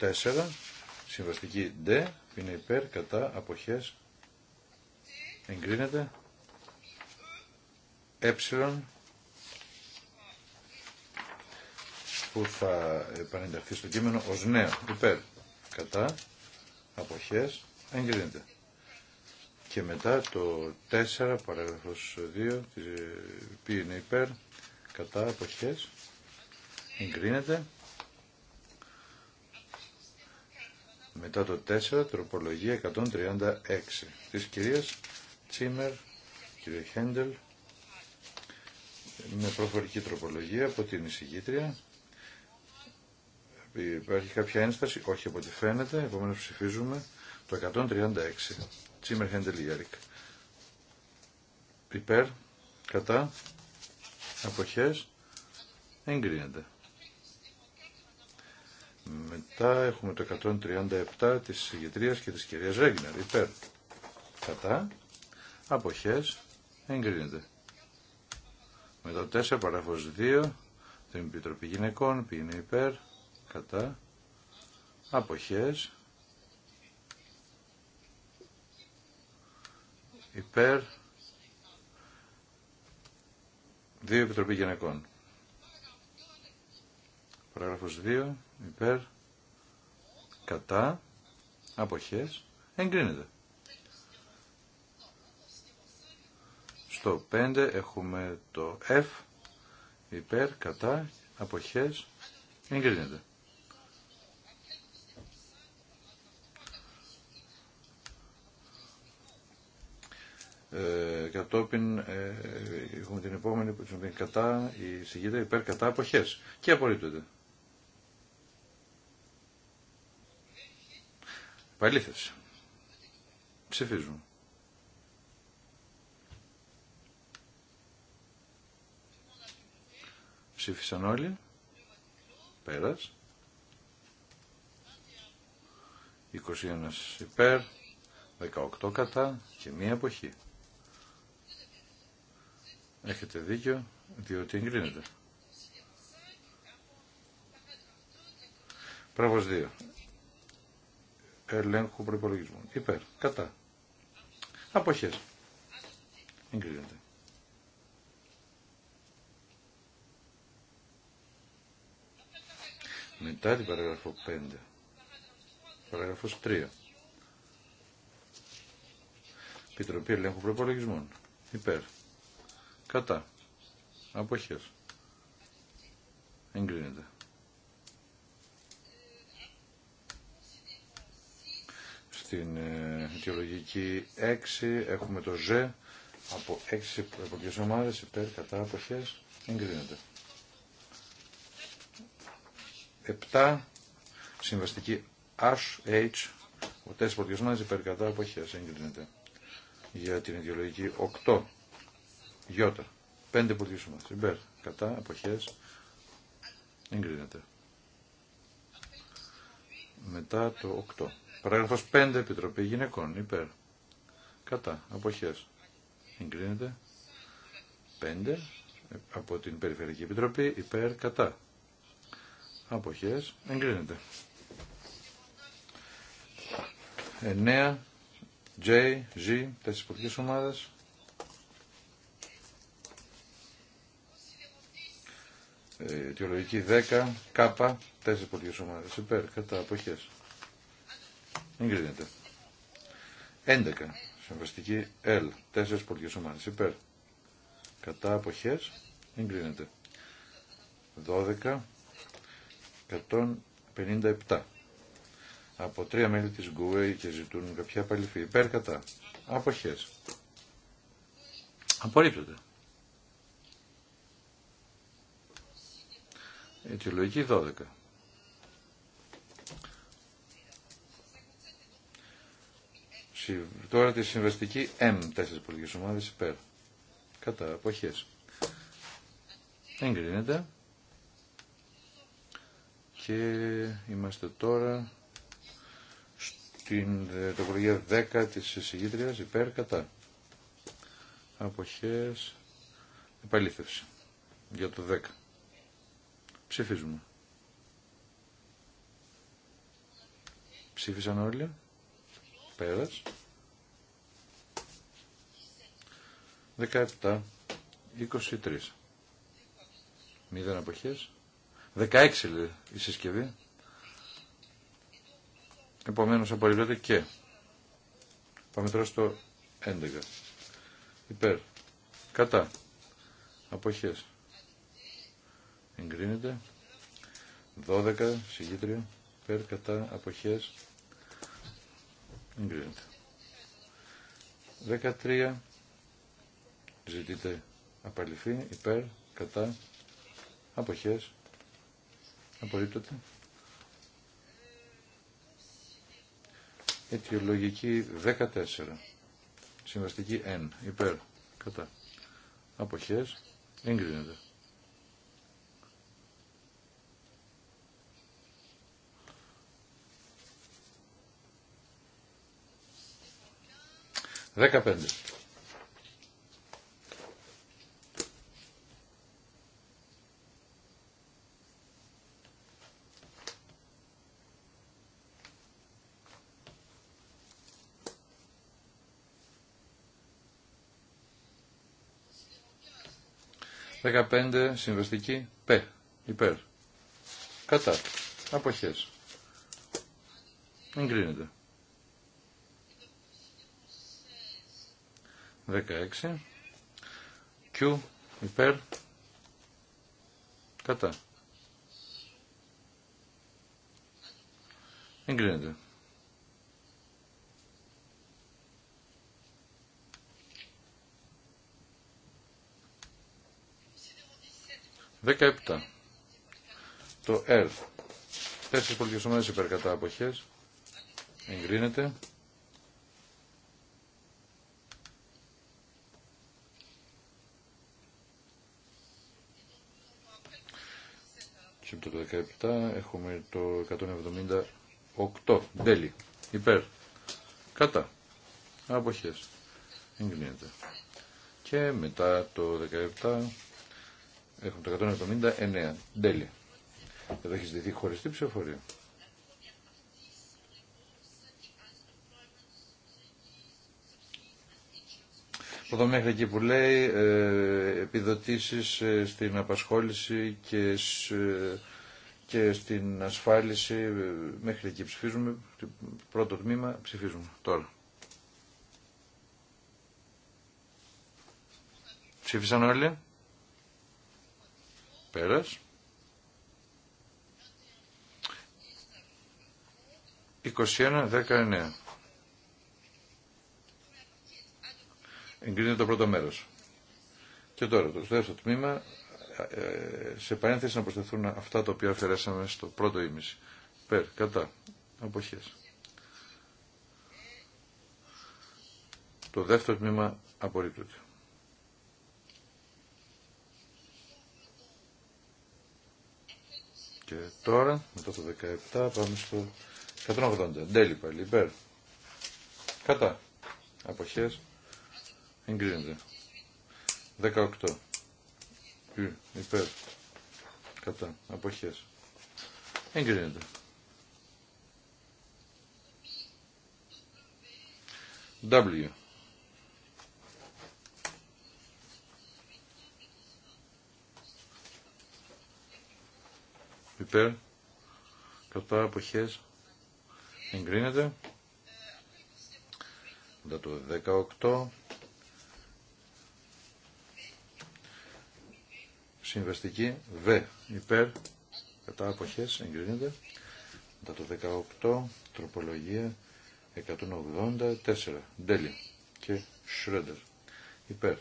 4. Συμβαστική δε είναι υπέρ κατά αποχές εγκρίνεται. Ε που θα επανενταχθεί στο κείμενο ως νέο υπέρ κατά αποχές εγκρίνεται. Και μετά το 4, παράγραφος 2, ποιοι είναι υπέρ, κατά, αποχές εγκρίνεται. Μετά το 4, τροπολογία 136 της κυρίας Τσίμερ, κυρία Χέντελ, με προφορική τροπολογία από την εισηγήτρια. Υπάρχει κάποια ένσταση, όχι από ό,τι φαίνεται, επομένως ψηφίζουμε το 136. Τσίμερ Χέντελ Πιπέρ. κατά, αποχές, εγκρίνεται. Μετά έχουμε το 137 της ηγετρίας και της κυρίας Ρέγνερ. Υπέρ, κατά, αποχές, εγκρίνεται. Με το 4 παράγραφος 2, την Επιτροπή Γυναικών, υπέρ, κατά, αποχές, υπέρ, δύο Επιτροπή Γυναικών. Παράγραφος 2, υπέρ, κατά, αποχές, εγκρίνεται. Στο 5 έχουμε το F, υπέρ, κατά, αποχές, εγκρίνεται. ε, κατόπιν ε, έχουμε την επόμενη που κατά η συγκύτρια υπέρ κατά εποχές και απορρίπτωται. Παλήθευση. Ψηφίζουν. Ψήφισαν όλοι. Πέρας. 21 υπέρ, 18 κατά και μία εποχή. Έχετε δίκιο, διότι εγκρίνεται. Πράβος 2. Ελέγχου προπολογισμού. Υπέρ. Κατά. Αποχές. Εγκρίνεται. Μετά την παραγραφό 5. Παραγραφός 3. Επιτροπή Ελέγχου Προπολογισμών. Υπέρ. Κατά. Αποχές. Εγκρίνεται. Στην ε, αιτιολογική 6 έχουμε το ζ από 6 εποχές ομάδες υπέρ κατά αποχές. Εγκρίνεται. 7 συμβαστική H, H, ο τέσσερις πρωτιοσμάδες υπερκατά αποχές εγκρίνεται για την ιδεολογική 8 Γιώτα. Πέντε πολιτικέ ομάδε. Υπέρ. Κατά. Αποχέ. Εγκρίνεται. Μετά το 8. Παράγραφος 5. Επιτροπή γυναικών. Υπέρ. Κατά. Αποχές. Εγκρίνεται. 5. Από την Περιφερειακή Επιτροπή. Υπέρ. Κατά. Αποχές. Εγκρίνεται. 9. J. G. Τέσσερις πολιτικές ομάδες. αιτιολογική 10, κάπα, 4 πολιτικές ομάδες, υπέρ, κατά, αποχές. Εγκρίνεται. 11, συμβαστική L, 4 πολιτικές ομάδες, υπέρ, κατά, αποχές. Εγκρίνεται. 12, 157. Από τρία μέλη της Γκουέι και ζητούν κάποια απαλληλήφη, Υπέρ κατά. Αποχές. Απορρίπτεται. αιτιολογική 12. Τώρα τη συμβαστική M, τέσσερις πολιτικές ομάδες υπέρ. Κατά αποχές. Εγκρίνεται. Και είμαστε τώρα στην ε, τροπολογία 10 της εισηγήτριας υπέρ κατά. Αποχές. Επαλήθευση για το 10. Ψηφίζουμε. Ψήφισαν όλοι. Πέρας. 17. 23. Μηδέν αποχές. 16 λέει η συσκευή. Επομένως απορριβέται και. Πάμε τώρα στο 11. Υπέρ. Κατά. Αποχές εγκρίνεται. 12 συγκίτρια υπέρ κατά αποχές εγκρίνεται. 13 ζητείται απαλληφή υπέρ κατά αποχές απορρίπτωται. Αιτιολογική 14. Συμβαστική 1. Υπέρ. Κατά. Αποχές. Εγκρίνεται. 15. Δεκαπέντε συμβαστική π. Υπέρ. Κατά. Αποχές. Εγκρίνεται. 16. Q υπέρ κατά. Εγκρίνεται. Δεκαεπτά. Το R. Τέσσερις πολιτικές ομάδες υπερκατά αποχές. Εγκρίνεται. το 17. Έχουμε το 178. τέλει, Υπέρ. Κατά. Αποχές. Εγκρίνεται. Και μετά το 17 έχουμε το 179. τέλει. Εδώ έχει ζητηθεί χωριστή ψηφοφορία. Εδώ μέχρι εκεί που λέει ε, επιδοτήσεις ε, στην απασχόληση και σε, και στην ασφάλιση μέχρι εκεί ψηφίζουμε, πρώτο τμήμα ψηφίζουμε τώρα. Ψήφισαν όλοι. Πέρας. 21-19. Εγκρίνεται το πρώτο μέρος. Και τώρα το δεύτερο τμήμα σε παρένθεση να προσθεθούν αυτά τα οποία αφαιρέσαμε στο πρώτο ήμιση. Περ, κατά, αποχές. Το δεύτερο τμήμα απορρίπτωται. Και τώρα, μετά το 17, πάμε στο 180. Ντέλη πάλι, υπέρ. Κατά. Αποχές. Εγκρίνεται. 18. Υ, υπέρ, κατά, αποχές. Εγκρίνεται. W. Υπέρ, κατά, αποχές. Εγκρίνεται. Μετά το 18 Συμβαστική Β υπέρ κατά αποχές εγκρίνεται. Μετά το 18 τροπολογία 184 Ντέλη και Σρέντερ υπέρ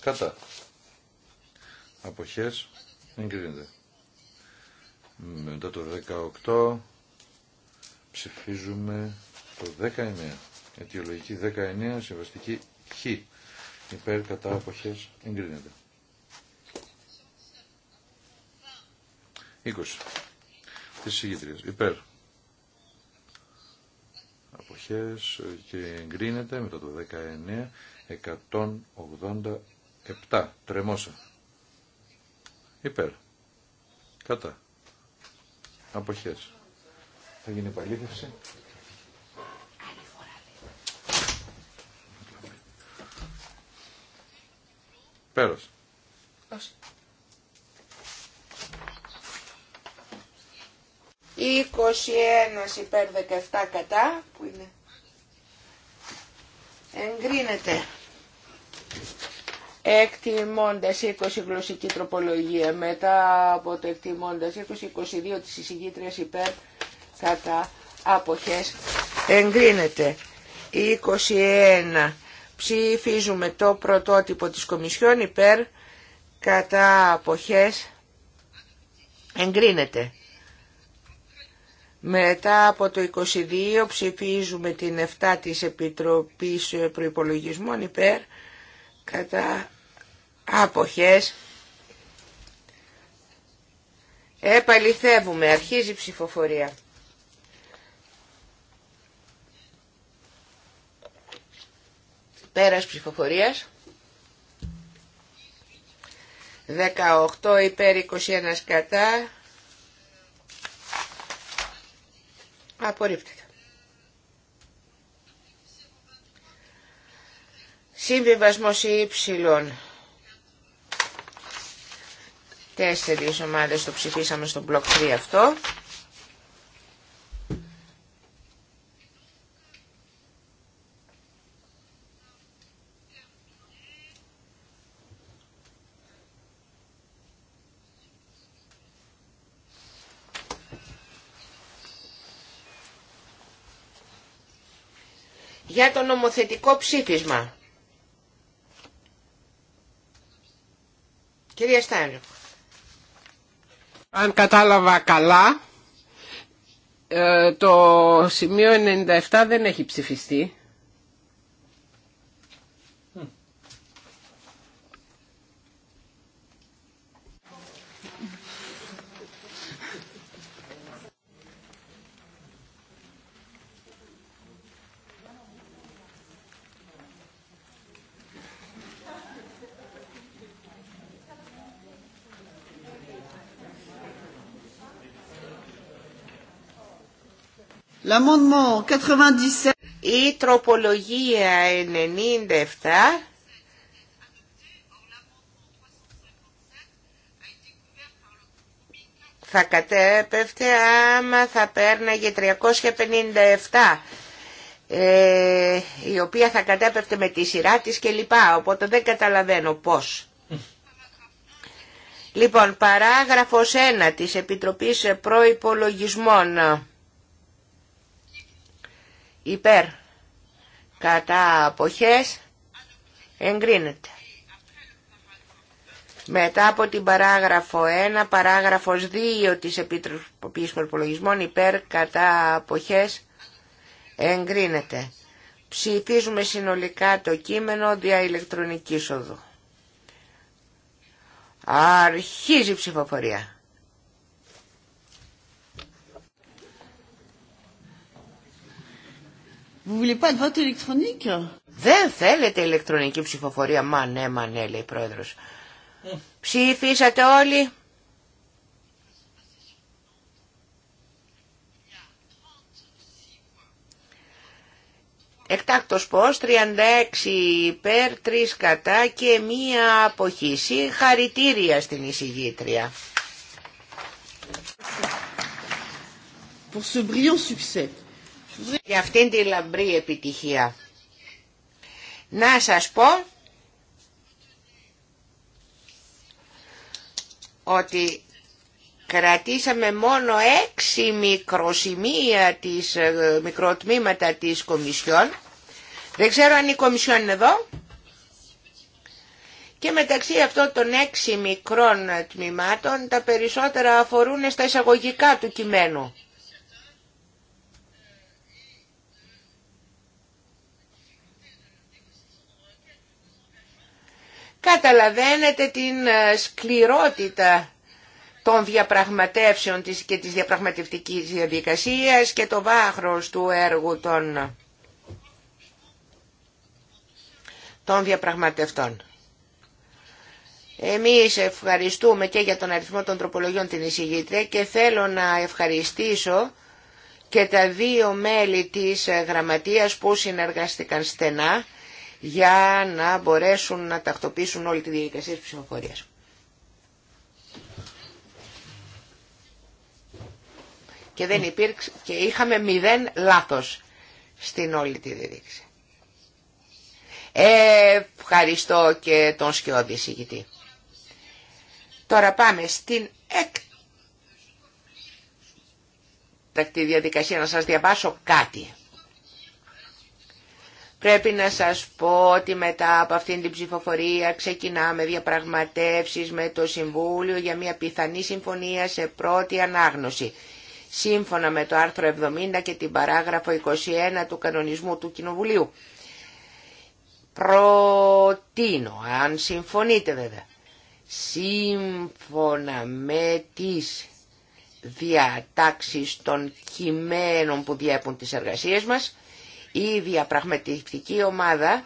κατά αποχές εγκρίνεται. Μετά το 18 ψηφίζουμε το 19. Αιτιολογική 19, συμβαστική χ. Υπέρ κατά αποχές εγκρίνεται. 20. Τι ηγητρίας. Υπέρ. Αποχές ε, και εγκρίνεται μετά το 19 187. Τρεμόσα. Υπέρ. Κατά. Αποχές. Θα γίνει επαλήθευση. Πέρασε. 21 υπέρ 17 κατά που είναι εγκρίνεται εκτιμώντας 20 γλωσσική τροπολογία μετά από το εκτιμώντας 20-22 της εισηγήτριας υπέρ κατά αποχές εγκρίνεται 21 ψηφίζουμε το πρωτότυπο της Κομισιόν υπέρ κατά αποχές εγκρίνεται μετά από το 22 ψηφίζουμε την 7 της Επιτροπής Προϋπολογισμών υπέρ κατά άποχες. Επαληθεύουμε, αρχίζει η ψηφοφορία. Πέρας ψηφοφορίας. 18 υπέρ 21 κατά Απορρίπτεται. Συμβιβασμός Συμβιβασμό Τέσσερις ομάδες το ψηφίσαμε στον μπλοκ 3 αυτό. για το νομοθετικό ψήφισμα. Κυρία Στάνιο. Αν κατάλαβα καλά, ε, το σημείο 97 δεν έχει ψηφιστεί. L'amendement 97. Η τροπολογία 97 θα κατέπευτε άμα θα παίρναγε 357 ε, η οποία θα κατέπευτε με τη σειρά της και λοιπά οπότε δεν καταλαβαίνω πώς λοιπόν παράγραφος 1 της Επιτροπής Προϋπολογισμών υπέρ κατά αποχές εγκρίνεται. Μετά από την παράγραφο 1, παράγραφος 2 της Επιτροπής Προπολογισμών υπέρ κατά αποχές εγκρίνεται. Ψηφίζουμε συνολικά το κείμενο δια ηλεκτρονικής οδού. Αρχίζει η ψηφοφορία. Vous voulez pas de vote électronique? Δεν θέλετε ηλεκτρονική ψηφοφορία. Μα ναι, μα ναι, λέει η πρόεδρος. Mm. Ψήφισατε όλοι. Εκτάκτος πως 36 υπέρ, 3 κατά και μία αποχή. Συγχαρητήρια στην εισηγήτρια. Pour ce brillant succès για αυτήν τη λαμπρή επιτυχία. Να σας πω ότι κρατήσαμε μόνο έξι μικροσημεία της, ε, μικροτμήματα της Κομισιόν. Δεν ξέρω αν η Κομισιόν είναι εδώ. Και μεταξύ αυτών των έξι μικρών τμήματων τα περισσότερα αφορούν στα εισαγωγικά του κειμένου. Καταλαβαίνετε την ε, σκληρότητα των διαπραγματεύσεων της και της διαπραγματευτικής διαδικασίας και το βάχρος του έργου των, των διαπραγματευτών. Εμείς ευχαριστούμε και για τον αριθμό των τροπολογιών την εισηγήτρια και θέλω να ευχαριστήσω και τα δύο μέλη της γραμματείας που συνεργάστηκαν στενά για να μπορέσουν να τακτοποιήσουν όλη τη διαδικασία της ψηφοφορίας. Και, δεν υπήρξε, και είχαμε μηδέν λάθος στην όλη τη διαδικασία. ευχαριστώ και τον Σκιώδη συγητή. Τώρα πάμε στην έκτακτη διαδικασία να σας διαβάσω κάτι. Πρέπει να σας πω ότι μετά από αυτήν την ψηφοφορία ξεκινάμε διαπραγματεύσεις με το Συμβούλιο για μια πιθανή συμφωνία σε πρώτη ανάγνωση. Σύμφωνα με το άρθρο 70 και την παράγραφο 21 του κανονισμού του Κοινοβουλίου. Προτείνω, αν συμφωνείτε βέβαια, σύμφωνα με τις διατάξεις των κειμένων που διέπουν τις εργασίες μας, η διαπραγματευτική ομάδα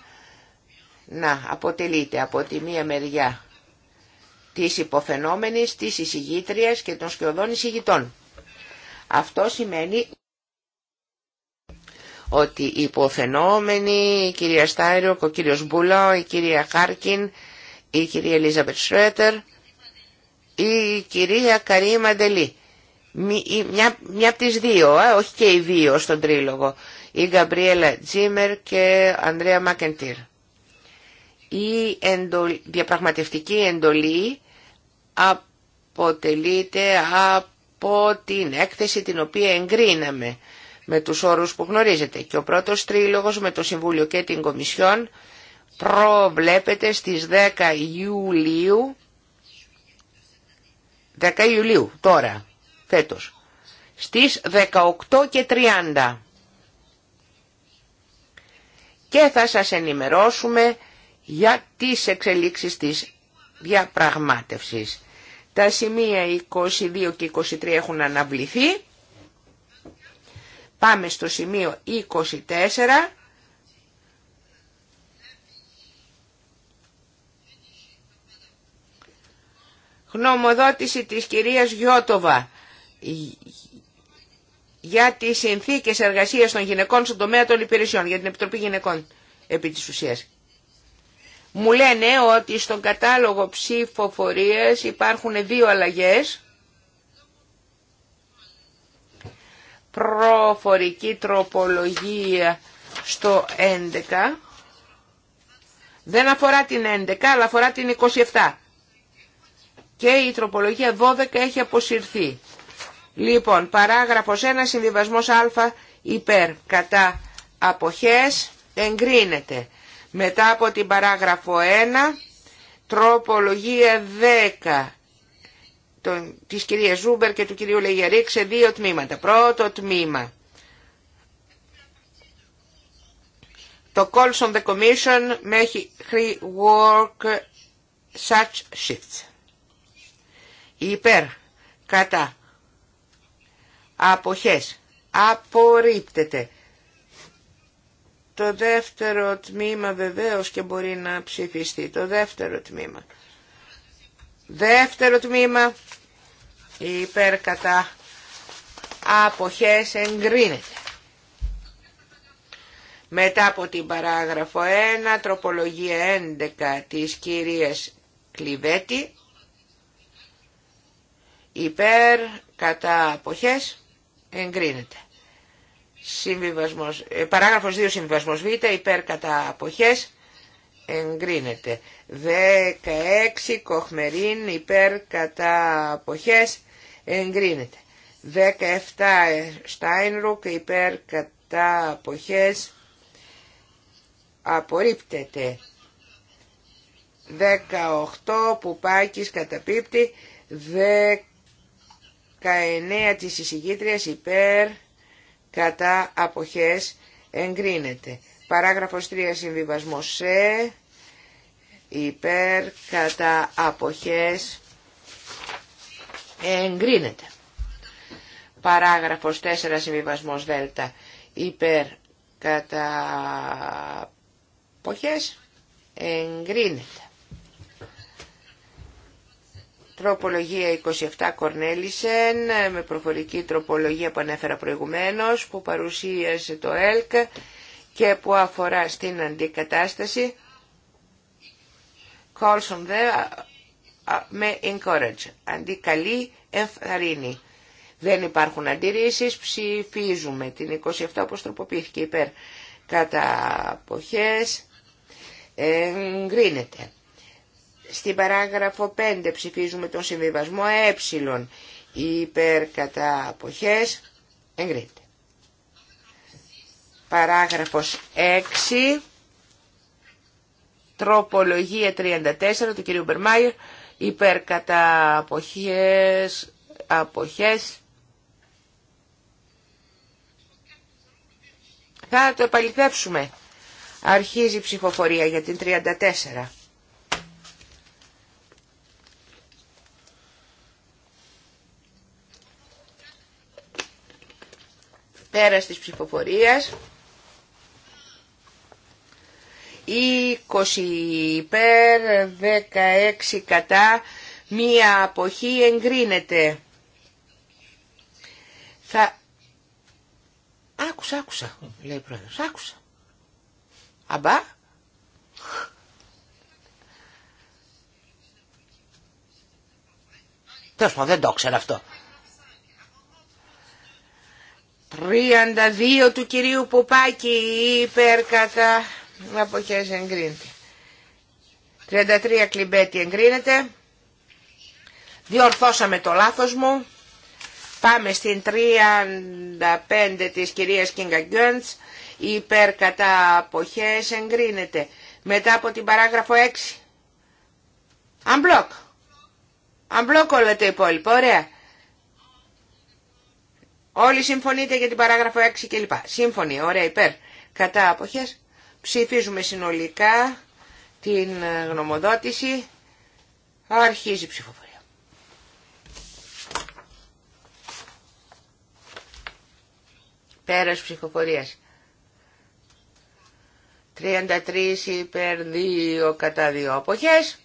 να αποτελείται από τη μία μεριά της υποφαινόμενης, της εισηγήτριας και των σκιωδών εισηγητών. Αυτό σημαίνει ότι οι υποφαινόμενοι, η κυρία Στάριοκ, ο κύριος Μπούλα, η κυρία Χάρκιν, η κυρία Ελίζαμπετ Σρέτερ, η κυρία Καρή Μαντελή. Μια, μια από τις δύο, ε, όχι και οι δύο στον τρίλογο η Γκαμπριέλα Τζίμερ και Ανδρέα Μακεντήρ. Η διαπραγματευτική εντολή αποτελείται από την έκθεση την οποία εγκρίναμε με τους όρους που γνωρίζετε και ο πρώτος τρίλογος με το Συμβούλιο και την Κομισιόν προβλέπεται στις 10 Ιουλίου 10 Ιουλίου τώρα φέτος στις 18 και και θα σας ενημερώσουμε για τις εξελίξεις της διαπραγμάτευσης. Τα σημεία 22 και 23 έχουν αναβληθεί. Πάμε στο σημείο 24. Γνωμοδότηση της κυρίας Γιώτοβα για τι συνθήκε εργασία των γυναικών στον τομέα των υπηρεσιών, για την Επιτροπή Γυναικών επί τη ουσία. Μου λένε ότι στον κατάλογο ψηφοφορία υπάρχουν δύο αλλαγέ. Προφορική τροπολογία στο 11. Δεν αφορά την 11, αλλά αφορά την 27. Και η τροπολογία 12 έχει αποσυρθεί. Λοιπόν, παράγραφος 1, συνδυασμός α, υπέρ, κατά, αποχές, εγκρίνεται. Μετά από την παράγραφο 1, τροπολογία 10 τη της κυρίας Ζούμπερ και του κυρίου Λεγιαρίκ σε δύο τμήματα. Πρώτο τμήμα. Το calls on the commission may work such shifts. Υπέρ, κατά, αποχές απορρίπτεται. Το δεύτερο τμήμα βεβαίως και μπορεί να ψηφιστεί. Το δεύτερο τμήμα. Δεύτερο τμήμα υπέρ κατά αποχές εγκρίνεται. Μετά από την παράγραφο 1, τροπολογία 11 της κυρίας Κλιβέτη, υπέρ κατά αποχές εγκρίνεται. Συμβιβασμός, ε, παράγραφος 2 συμβιβασμός Β υπέρ κατά αποχές εγκρίνεται. 16 κοχμερίν υπέρ κατά αποχές εγκρίνεται. 17 ε, Στάινρουκ υπέρ κατά αποχές απορρίπτεται. 18 Πουπάκης καταπίπτει. 19 της εισηγήτριας υπέρ κατά αποχές εγκρίνεται. Παράγραφος 3 συμβιβασμό σε υπέρ κατά αποχές εγκρίνεται. Παράγραφος 4 συμβιβασμός δέλτα υπέρ κατά αποχές εγκρίνεται. Τροπολογία 27 Κορνέλισεν με προφορική τροπολογία που ανέφερα προηγουμένως που παρουσίασε το ΕΛΚ και που αφορά στην αντικατάσταση calls on the με encourage αντί καλή ενθαρρύνει. Δεν υπάρχουν αντιρρήσεις, ψηφίζουμε την 27 όπως τροποποιήθηκε υπέρ κατά αποχές, εγκρίνεται. Στην παράγραφο 5 ψηφίζουμε τον συμβιβασμό ε, υπέρ κατά αποχές, εγκρίνεται. Παράγραφος 6, τροπολογία 34 του κυρίου Μπερμάιερ, υπέρ κατά αποχές, αποχές. Θα το επαληθεύσουμε. Αρχίζει η ψηφοφορία για την 34. Πέρας της ψηφοφορίας. 20 υπέρ, 16 κατά, μία αποχή εγκρίνεται. Θα... Άκουσα, άκουσα, λέει ο πρόεδρος, άκουσα. Αμπά. Τέλος πάντων, δεν το ξέρω αυτό. 32 του κυρίου Πουπάκη υπέρ κατά αποχές εγκρίνεται. 33 κλιμπέτη εγκρίνεται. Διορθώσαμε το λάθος μου. Πάμε στην 35 της κυρίας Κίνγκα Γκέντς. Υπέρ κατά αποχές εγκρίνεται. Μετά από την παράγραφο 6. Unblock. Unblock όλα τα υπόλοιπα Ωραία. Όλοι συμφωνείτε για την παράγραφο 6 κλπ. Σύμφωνοι, ωραία, υπέρ. Κατά αποχές ψηφίζουμε συνολικά την ε, γνωμοδότηση. Αρχίζει η ψηφοφορία. Πέρας ψηφοφορίας. 33 υπέρ 2 κατά 2 αποχές.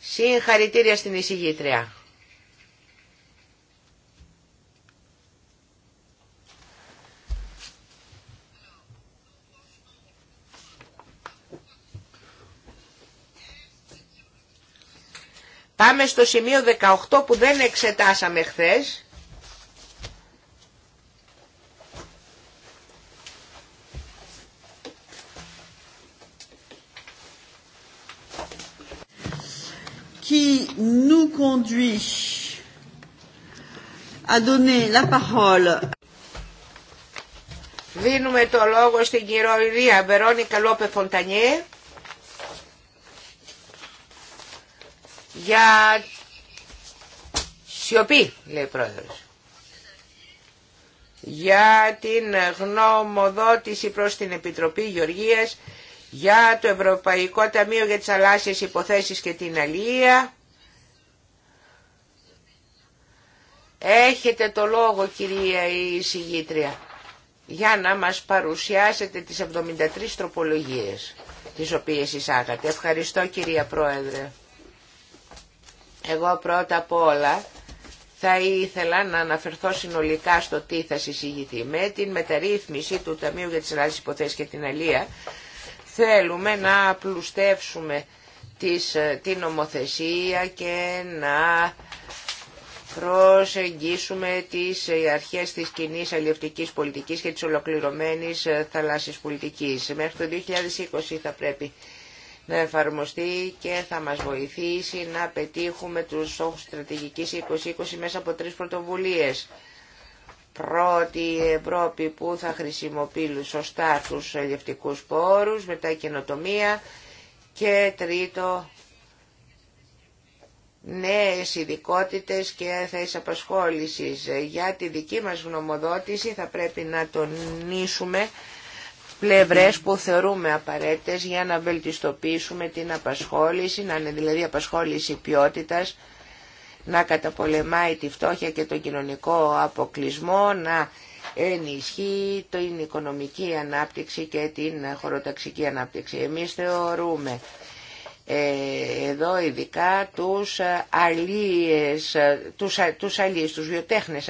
Συγχαρητήρια στην εισηγήτρια. Πάμε στο σημείο 18 που δεν εξετάσαμε χθες. qui nous conduit à donner la parole. Δίνουμε το λόγο στην κυρία Βερόνικα Λόπε Φοντανιέ. Για σιωπή, λέει ο πρόεδρος. Για την γνωμοδότηση προς την Επιτροπή Γεωργίας για το Ευρωπαϊκό Ταμείο για τις Αλάσσιες Υποθέσεις και την Αλία. Έχετε το λόγο κυρία η συγγήτρια για να μας παρουσιάσετε τις 73 τροπολογίες τις οποίες εισάγατε. Ευχαριστώ κυρία Πρόεδρε. Εγώ πρώτα απ' όλα θα ήθελα να αναφερθώ συνολικά στο τι θα συζητηθεί. Με την μεταρρύθμιση του Ταμείου για τις Ελλάδες Υποθέσεις και την Αλία θέλουμε να απλουστεύσουμε τις, ε, την νομοθεσία και να προσεγγίσουμε τις ε, αρχές της κοινή αλληλευτικής πολιτικής και της ολοκληρωμένης ε, θαλάσσης πολιτικής. Μέχρι το 2020 θα πρέπει να εφαρμοστεί και θα μας βοηθήσει να πετύχουμε τους στόχους στρατηγικής 2020 μέσα από τρεις πρωτοβουλίες. Πρώτη η Ευρώπη που θα χρησιμοποιεί σωστά τους ελευτικούς πόρους, μετά η καινοτομία και τρίτο νέες ειδικότητε και θέσεις απασχόλησης. Για τη δική μας γνωμοδότηση θα πρέπει να τονίσουμε πλευρές που θεωρούμε απαραίτητες για να βελτιστοποιήσουμε την απασχόληση, να είναι δηλαδή απασχόληση ποιότητα, να καταπολεμάει τη φτώχεια και τον κοινωνικό αποκλεισμό, να ενισχύει την οικονομική ανάπτυξη και την χωροταξική ανάπτυξη. Εμείς θεωρούμε ε, εδώ ειδικά τους ε, αλίες, ε, τους, τους τους βιοτέχνες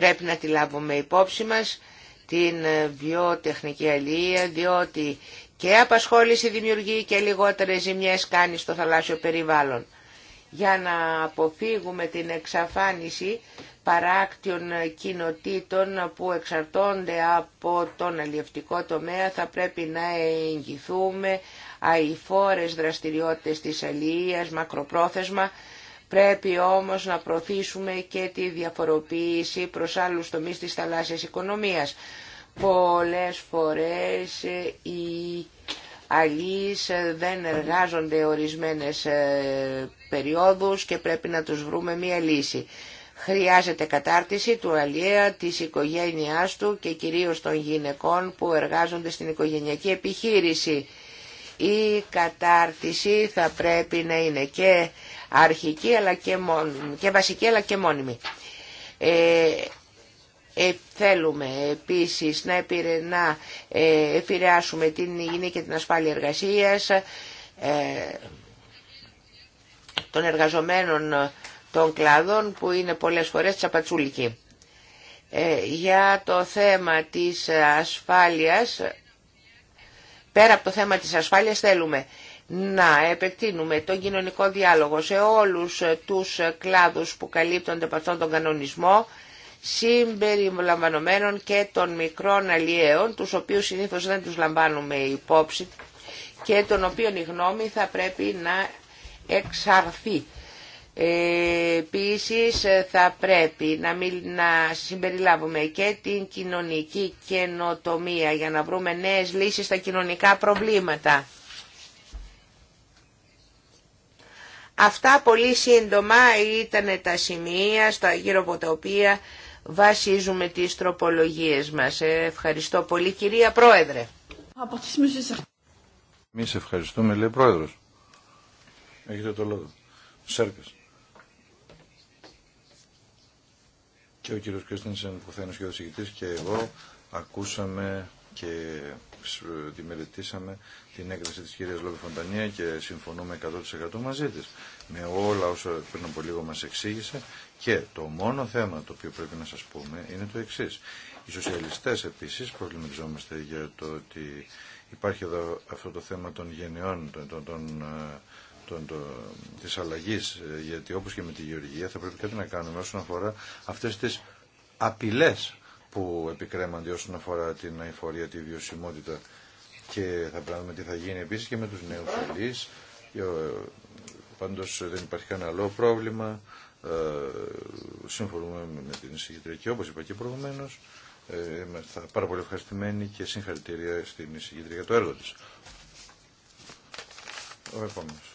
πρέπει να τη λάβουμε υπόψη μας την βιοτεχνική αλληλεία διότι και απασχόληση δημιουργεί και λιγότερες ζημιές κάνει στο θαλάσσιο περιβάλλον. Για να αποφύγουμε την εξαφάνιση παράκτιων κοινοτήτων που εξαρτώνται από τον αλλιευτικό τομέα θα πρέπει να εγγυθούμε αηφόρες δραστηριότητες της αλληλείας, μακροπρόθεσμα Πρέπει όμως να προωθήσουμε και τη διαφοροποίηση προς άλλους τομείς της θαλάσσιας οικονομίας. Πολλές φορές οι αλλοίς δεν εργάζονται ορισμένες ε, περιόδους και πρέπει να τους βρούμε μία λύση. Χρειάζεται κατάρτιση του αλλιέα, της οικογένειάς του και κυρίως των γυναικών που εργάζονται στην οικογενειακή επιχείρηση. Η κατάρτιση θα πρέπει να είναι και αρχική αλλά και, μόνιμη, και βασική αλλά και μόνιμη. Ε, ε, θέλουμε επίσης να, επηρε, να ε, επηρεάσουμε την υγιεινή και την ασφάλεια εργασίας των εργαζομένων των κλάδων που είναι πολλές φορές τσαπατσούλικοι. για το θέμα της ασφάλειας, πέρα από το θέμα της ασφάλειας θέλουμε να επεκτείνουμε τον κοινωνικό διάλογο σε όλους τους κλάδους που καλύπτονται από αυτόν τον κανονισμό, συμπεριλαμβανομένων και των μικρών αλλιέων, τους οποίους συνήθως δεν τους λαμβάνουμε υπόψη και των οποίων η γνώμη θα πρέπει να εξαρθεί. Ε, Επίση θα πρέπει να, να συμπεριλάβουμε και την κοινωνική καινοτομία για να βρούμε νέες λύσεις στα κοινωνικά προβλήματα. Αυτά πολύ σύντομα ήταν τα σημεία γύρω από τα οποία βασίζουμε τις τροπολογίες μας. Ε, ευχαριστώ πολύ κυρία Πρόεδρε. Εμεί ευχαριστούμε, λέει Πρόεδρος. Έχετε το λόγο. Σέρκας. Και ο κύριο Κρίστινσεν που θα είναι ο σχεδόν και εγώ ακούσαμε και τη την έκθεση της κυρίας Λόπη Φοντανία και συμφωνούμε 100% μαζί της με όλα όσα πριν από λίγο μας εξήγησε και το μόνο θέμα το οποίο πρέπει να σας πούμε είναι το εξή. Οι σοσιαλιστές επίσης προβληματιζόμαστε για το ότι υπάρχει εδώ αυτό το θέμα των γενεών, των, των, των, της γιατί όπω και με τη γεωργία θα πρέπει κάτι να κάνουμε όσον αφορά αυτέ τι απειλέ που επικρέμανται όσον αφορά την αηφορία, τη βιωσιμότητα και θα πρέπει να δούμε τι θα γίνει επίσης και με τους νέους φιλείς. Ε, πάντως δεν υπάρχει κανένα άλλο πρόβλημα. Ε, συμφωνούμε με την εισηγητρία και όπως είπα και προηγουμένως. Ε, Είμαστε πάρα πολύ ευχαριστημένοι και συγχαρητήρια στην εισηγητρία για το έργο της. Ο επόμενος.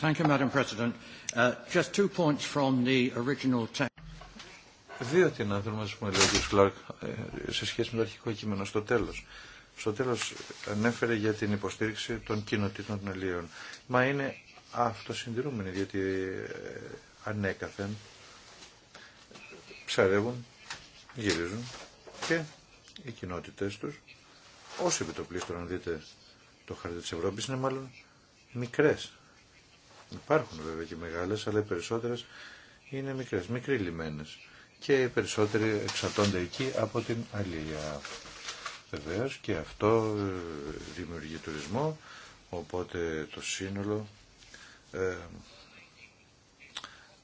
Thank you, Madam President. Uh, just two points from the original text. Δύο τι να θέλουμε να πούμε, ο κ. Ε, σε σχέση με το αρχικό κείμενο στο τέλος. Στο τέλος ε, ανέφερε για την υποστήριξη των κοινοτήτων των Ελλήνων. Μα είναι αυτοσυντηρούμενοι, διότι ε, ανέκαθεν ψαρεύουν, γυρίζουν και οι κοινότητες τους, όσοι επιτοπλίστων δείτε το χαρτί της Ευρώπης, είναι μάλλον μικρές Υπάρχουν βέβαια και μεγάλες, αλλά οι περισσότερες είναι μικρές, μικροί λιμένες. Και οι περισσότεροι εξαρτώνται εκεί από την αλληλεία. Βεβαίω και αυτό ε, δημιουργεί τουρισμό, οπότε το σύνολο ε,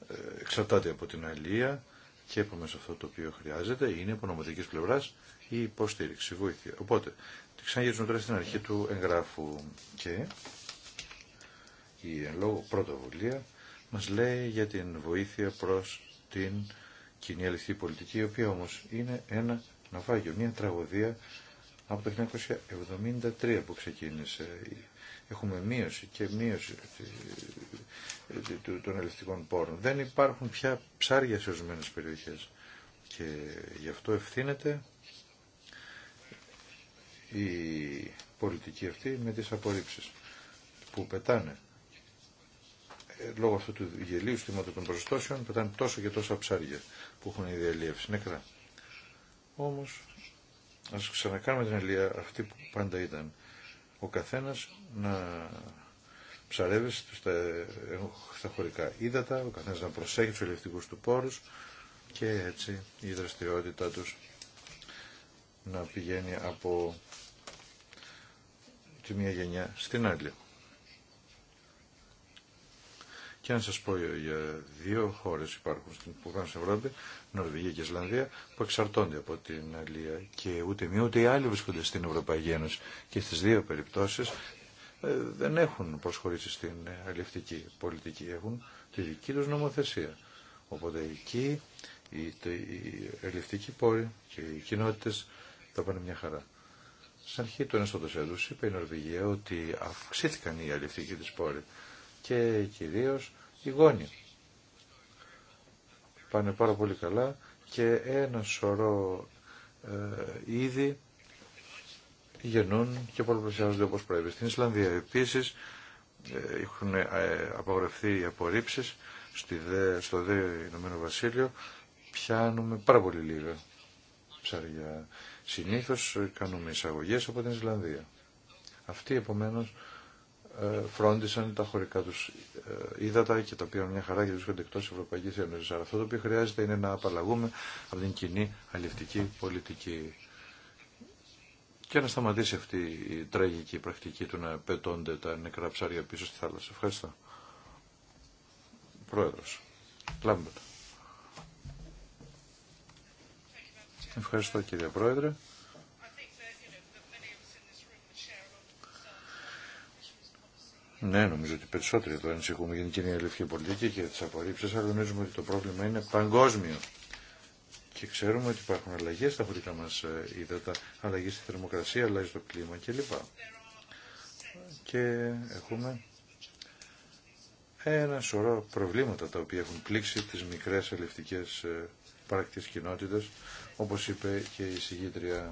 ε, εξαρτάται από την αλληλεία και μέσα αυτό το οποίο χρειάζεται είναι από νομοτικής πλευράς η υποστήριξη, η βοήθεια. Οπότε, ξαναγυρίζουμε τώρα στην αρχή του εγγράφου και η εν λόγω πρωτοβουλία μας λέει για την βοήθεια προς την κοινή αληθή πολιτική, η οποία όμως είναι ένα ναυάγιο, μια τραγωδία από το 1973 που ξεκίνησε. Έχουμε μείωση και μείωση των αληθικών πόρων. Δεν υπάρχουν πια ψάρια σε ορισμένε περιοχές και γι' αυτό ευθύνεται η πολιτική αυτή με τις απορρίψεις που πετάνε ε, λόγω αυτού του γελίου στήματο των προστώσεων πετάνε τόσο και τόσα ψάρια που έχουν ήδη αλλιεύσει νεκρά. Όμως, ας ξανακάνουμε την αλληλεία αυτή που πάντα ήταν. Ο καθένας να ψαρεύει στα, ε, στα χωρικά ύδατα, ο καθένας να προσέχει τους ελευτικούς του πόρους και έτσι η δραστηριότητά τους να πηγαίνει από τη μία γενιά στην άλλη. Και αν σας πω για δύο χώρες υπάρχουν στην στην Ευρώπη, Νορβηγία και Ισλανδία, που εξαρτώνται από την Αλία και ούτε μία ούτε οι άλλοι βρίσκονται στην Ευρωπαϊκή Ένωση. Και στις δύο περιπτώσεις ε, δεν έχουν προσχωρήσει στην αλληλευτική πολιτική, έχουν τη δική τους νομοθεσία. Οπότε εκεί οι, οι αλληλευτικοί πόροι και οι κοινότητες θα πάνε μια χαρά. Στην αρχή του ενός έτους είπε η Νορβηγία ότι αυξήθηκαν οι αλληλευτικοί της πόροι και κυρίως οι γόνοι. Πάνε πάρα πολύ καλά και ένα σωρό ε, είδη γεννούν και πολλοπλησιάζονται όπως πρέπει. Στην Ισλανδία επίσης ε, έχουν ε, απαγορευτεί οι απορρίψεις δε, στο δε Ηνωμένο Βασίλειο πιάνουμε πάρα πολύ λίγα ψάρια. Συνήθως ε, κάνουμε εισαγωγές από την Ισλανδία. Αυτοί επομένως ε, φρόντισαν τα χωρικά τους ε, ύδατα και τα πήραν μια χαρά και βρίσκονται εκτό Ευρωπαϊκή Ένωση. Αλλά αυτό το οποίο χρειάζεται είναι να απαλλαγούμε από την κοινή αλληλευτική πολιτική και να σταματήσει αυτή η τραγική πρακτική του να πετώνται τα νεκρά ψάρια πίσω στη θάλασσα. Ευχαριστώ. Πρόεδρος. Λάμπετ. Ευχαριστώ κύριε Πρόεδρε. Ναι, νομίζω ότι περισσότεροι εδώ ανησυχούμε για την κοινή ελευθερική πολιτική και για τι απορρίψει, αλλά νομίζουμε ότι το πρόβλημα είναι παγκόσμιο. Και ξέρουμε ότι υπάρχουν αλλαγέ στα χωρικά μα ε, ύδατα, αλλαγή στη θερμοκρασία, αλλαγή στο κλίμα κλπ. Και έχουμε ένα σωρό προβλήματα τα οποία έχουν πλήξει τις μικρές ελευτικές ε, παρακτής κοινότητες, όπως είπε και η συγγήτρια.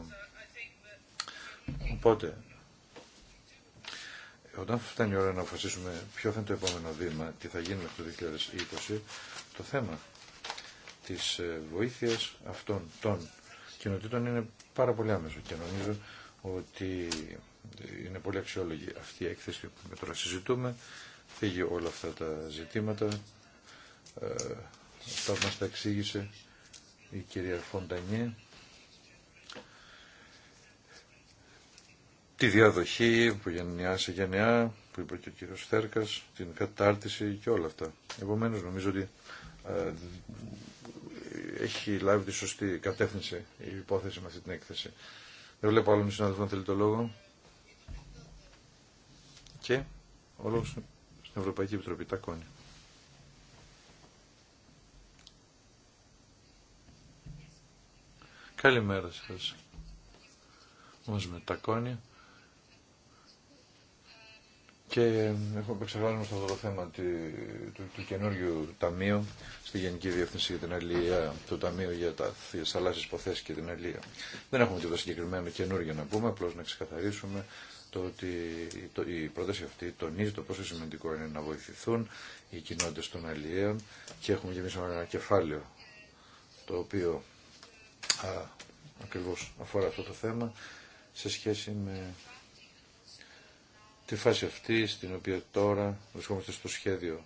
Οπότε, όταν φτάνει η ώρα να αποφασίσουμε ποιο θα είναι το επόμενο βήμα, τι θα γίνει μέχρι το 2020, το θέμα της ε, βοήθειας αυτών των κοινοτήτων είναι πάρα πολύ άμεσο και νομίζω ότι είναι πολύ αξιόλογη αυτή η έκθεση που με τώρα συζητούμε. Φύγει όλα αυτά τα ζητήματα, ε, αυτά που μας τα εξήγησε η κυρία Φοντανιέ τη διαδοχή που γενιά σε γενιά, που είπε και ο κύριο Θέρκας, την κατάρτιση και όλα αυτά. Επομένω νομίζω ότι ε, έχει λάβει τη σωστή κατεύθυνση η υπόθεση με αυτή την έκθεση. Δεν βλέπω άλλον συνάδελφο να θέλει το λόγο. Και ο λόγο στην Ευρωπαϊκή Επιτροπή κόνη. Καλημέρα σας. Μας με κόνια. Και έχουμε σε αυτό το θέμα του, του, του καινούριου ταμείου στη Γενική Διεύθυνση για την Αλληλεία, το Ταμείο για τα Θεσσαλάσσιες Υποθέσεις και την Αλληλεία. Δεν έχουμε τίποτα συγκεκριμένο καινούργιο να πούμε, απλώς να ξεκαθαρίσουμε το ότι η πρόταση αυτή τονίζει το πόσο σημαντικό είναι να βοηθηθούν οι κοινότητες των Αλληλείων και έχουμε και ένα κεφάλαιο το οποίο α, ακριβώς αφορά αυτό το θέμα σε σχέση με τη φάση αυτή στην οποία τώρα βρισκόμαστε στο σχέδιο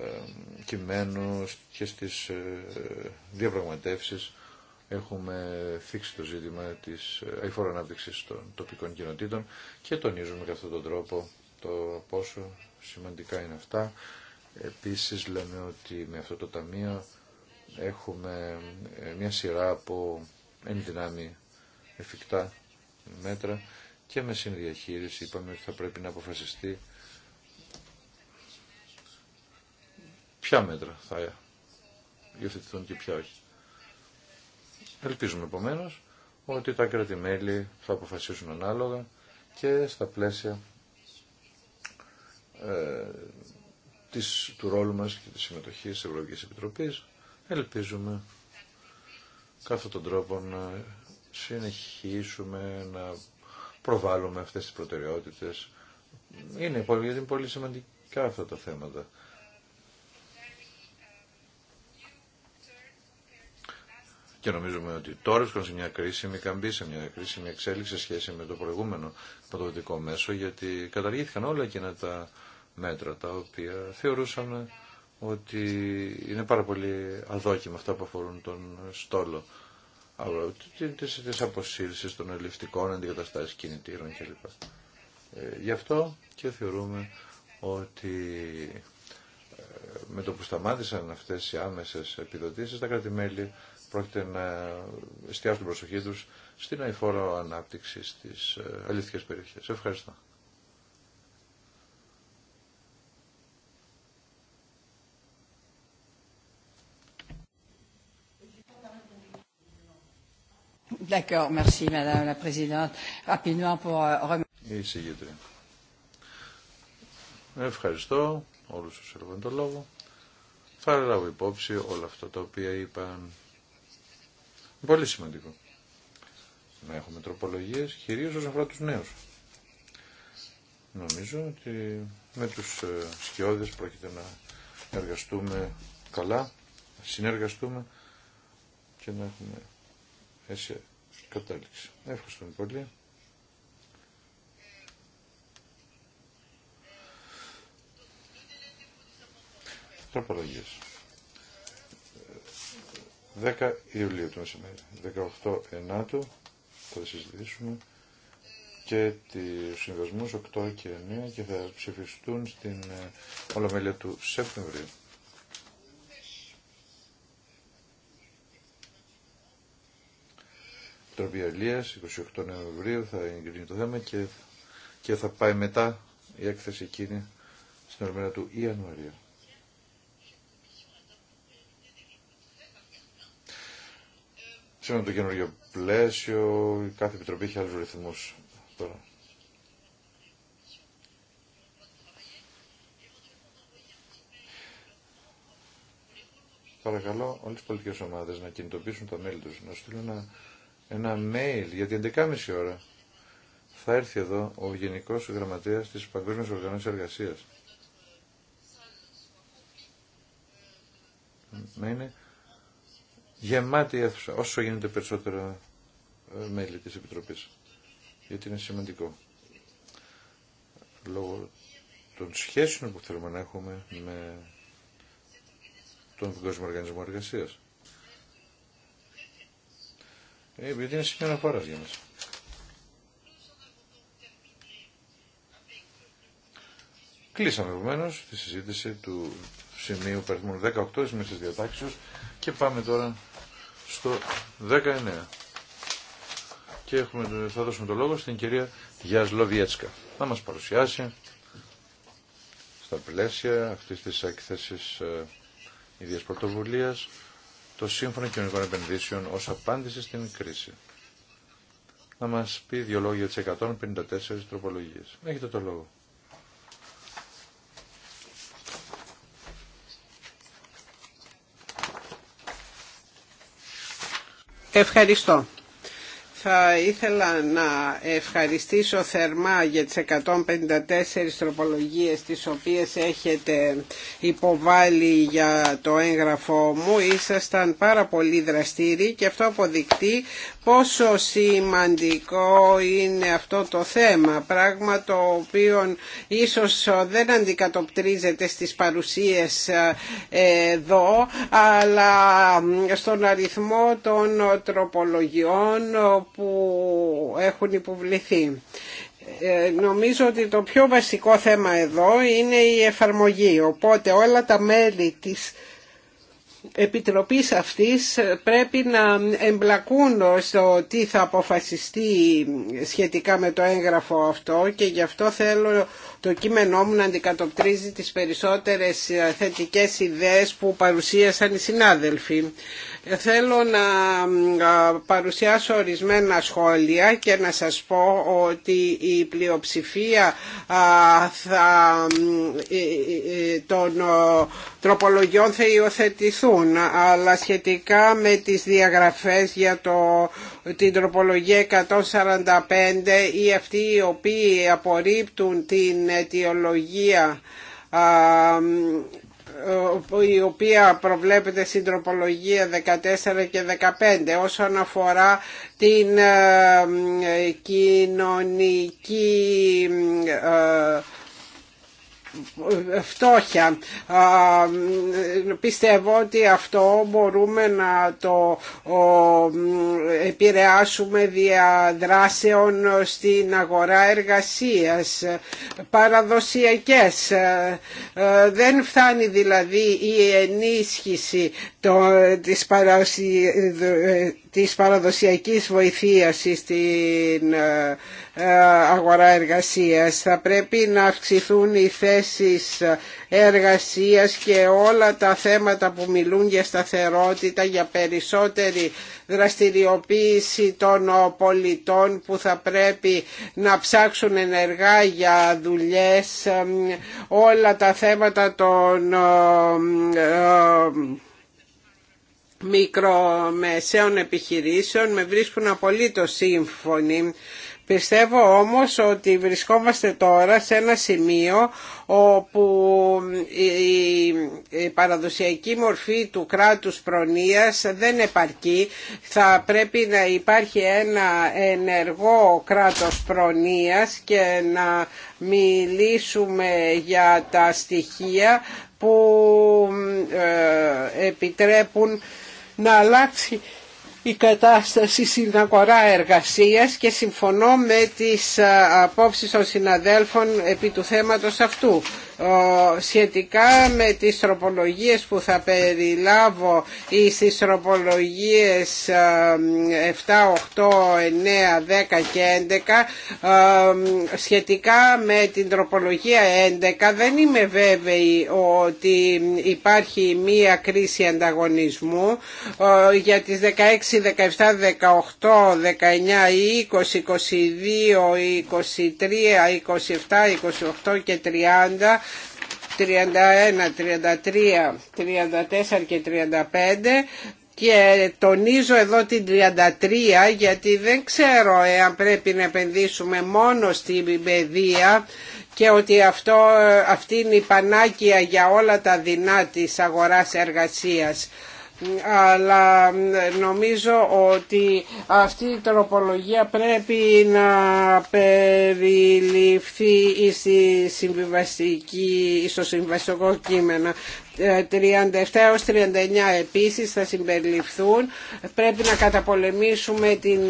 ε, κειμένου και στις ε, διαπραγματεύσεις έχουμε θίξει το ζήτημα της ε, αηφόρου ανάπτυξης των τοπικών κοινοτήτων και τονίζουμε κατά αυτόν τον τρόπο το πόσο σημαντικά είναι αυτά. Επίσης λέμε ότι με αυτό το ταμείο έχουμε ε, μια σειρά από ενδυνάμει εφικτά μέτρα και με συνδιαχείριση είπαμε ότι θα πρέπει να αποφασιστεί ποια μέτρα θα υιοθετηθούν και ποια όχι. Ελπίζουμε επομένω ότι τα κρατη θα αποφασίσουν ανάλογα και στα πλαίσια ε, της, του ρόλου μας και της συμμετοχής της Ευρωπαϊκής Επιτροπής ελπίζουμε κάθε τον τρόπο να συνεχίσουμε να προβάλλουμε αυτές τις προτεραιότητες. Είναι πολύ, είναι πολύ σημαντικά αυτά τα θέματα. Και νομίζουμε ότι τώρα βρίσκονται σε μια κρίσιμη καμπή, σε μια κρίσιμη εξέλιξη σε σχέση με το προηγούμενο πρωτοδοτικό μέσο, γιατί καταργήθηκαν όλα εκείνα τα μέτρα τα οποία θεωρούσαμε ότι είναι πάρα πολύ αδόκιμα αυτά που αφορούν τον στόλο. Τη αποσύρση των ελευτικών αντικαταστάσεων κινητήρων κλπ. Ε, γι' αυτό και θεωρούμε ότι ε, με το που σταμάτησαν αυτές οι άμεσες επιδοτήσεις, τα κράτη-μέλη πρόκειται να εστιάσουν την προσοχή τους στην αηφόρα ανάπτυξη στις ε, αλήθικες περιοχές. Ευχαριστώ. Euh, Ευχαριστώ όλους τους έλεγαν τον λόγο. Θα λάβω υπόψη όλα αυτά τα οποία είπαν. Πολύ σημαντικό να έχουμε τροπολογίες, κυρίως όσον αφορά τους νέους. Νομίζω ότι με τους ε, σκιώδες πρόκειται να εργαστούμε καλά, να συνεργαστούμε και να έχουμε σε κατάληξη. Ευχαριστούμε πολύ. Τροπολογίε. 10 Ιουλίου το μεσημέρι, 18 Ιουλίου θα συζητήσουμε και του συνδεσμούς 8 και 9 και θα ψηφιστούν στην ε, Ολομέλεια του Σεπτεμβρίου. Επιτροπή Αλίας, 28 Νοεμβρίου θα εγκρίνει το θέμα και, και θα πάει μετά η έκθεση εκείνη στην ορμένα του Ιανουαρίου. Σήμερα το καινούργιο πλαίσιο, κάθε επιτροπή έχει άλλους ρυθμούς τώρα. Παρακαλώ όλες τις πολιτικές ομάδες να κινητοποιήσουν τα μέλη τους, να στείλουν ένα ένα mail για την 11.30 ώρα. Θα έρθει εδώ ο Γενικός Γραμματέας της Παγκόσμιας Οργανώσης Εργασίας. Να είναι γεμάτη η αίθουσα, όσο γίνεται περισσότερα ε, μέλη της Επιτροπής. Γιατί είναι σημαντικό. Λόγω των σχέσεων που θέλουμε να έχουμε με τον Παγκόσμιο Οργανισμό Εργασίας. Ε, επειδή είναι σημείο αναφοράς για μας. Κλείσαμε επομένω τη συζήτηση του σημείου παριθμού 18 της μέσης διατάξεως και πάμε τώρα στο 19. Και έχουμε, θα δώσουμε το λόγο στην κυρία Γιασλοβιέτσκα. Θα μας παρουσιάσει στα πλαίσια αυτής της έκθεσης ε, ίδιας πρωτοβουλίας το Σύμφωνο Κοινωνικών Επενδύσεων ως απάντηση στην κρίση. Να μας πει δύο λόγια τις 154 τροπολογίες. Έχετε το λόγο. Ευχαριστώ. Θα ήθελα να ευχαριστήσω θερμά για τις 154 τροπολογίες τις οποίες έχετε υποβάλει για το έγγραφό μου. Ήσασταν πάρα πολύ δραστήριοι και αυτό αποδεικτεί πόσο σημαντικό είναι αυτό το θέμα. Πράγμα το οποίο ίσως δεν αντικατοπτρίζεται στις παρουσίες ε, εδώ αλλά στον αριθμό των τροπολογιών που έχουν υποβληθεί. Ε, νομίζω ότι το πιο βασικό θέμα εδώ είναι η εφαρμογή. Οπότε όλα τα μέλη της Επιτροπής αυτής πρέπει να εμπλακούν στο τι θα αποφασιστεί σχετικά με το έγγραφο αυτό και γι' αυτό θέλω το κείμενό μου να αντικατοπτρίζει τις περισσότερες ε, θετικές ιδέες που παρουσίασαν οι συνάδελφοι. Θέλω να παρουσιάσω ορισμένα σχόλια και να σας πω ότι η πλειοψηφία θα, ε, ε, των τροπολογιών θα υιοθετηθούν αλλά σχετικά με τις διαγραφές για το την τροπολογία 145 ή αυτοί οι οποίοι απορρίπτουν την αιτιολογία η οποία προβλέπεται στην τροπολογία 14 και 15 όσον αφορά την ε, κοινωνική ε, φτώχεια. Πιστεύω ότι αυτό μπορούμε να το επηρεάσουμε δια δράσεων στην αγορά εργασίας παραδοσιακές. Ε, ε, δεν φτάνει δηλαδή η ενίσχυση το, της, παρασυ, παραδοσιακής βοηθείας στην ε, ε, αγορά εργασίας. Θα πρέπει να αυξηθούν οι θέσεις εργασίας και όλα τα θέματα που μιλούν για σταθερότητα, για περισσότερη δραστηριοποίηση των πολιτών που θα πρέπει να ψάξουν ενεργά για δουλειές, ε, όλα τα θέματα των μικρομεσαίων επιχειρήσεων με βρίσκουν απολύτως σύμφωνοι. Πιστεύω όμως ότι βρισκόμαστε τώρα σε ένα σημείο όπου η παραδοσιακή μορφή του κράτους προνοίας δεν επαρκεί. Θα πρέπει να υπάρχει ένα ενεργό κράτος προνοίας και να μιλήσουμε για τα στοιχεία που ε, επιτρέπουν να αλλάξει η κατάσταση στην αγορά εργασίας και συμφωνώ με τις ε, απόψεις των συναδέλφων επί του θέματος αυτού. Ε, σχετικά με τις τροπολογίες που θα περιλάβω ή στις τροπολογίες 7, 8, 9, 10 και 11 ε, σχετικά με την τροπολογία 11 δεν είμαι βέβαιη ότι υπάρχει μία κρίση ανταγωνισμού ε, για τις 16, 17, 18, 19, 20, 22, 23, 27, 28 και 30 31, 33, 34 και 35 και τονίζω εδώ την 33 γιατί δεν ξέρω εάν πρέπει να επενδύσουμε μόνο στην παιδεία και ότι αυτό, αυτή είναι η πανάκια για όλα τα δεινά της αγοράς εργασίας αλλά νομίζω ότι αυτή η τροπολογία πρέπει να περιληφθεί στη συμβιβαστική, στο συμβιβαστικό κείμενο. 37-39 επίσης θα συμπεριληφθούν. Πρέπει να καταπολεμήσουμε την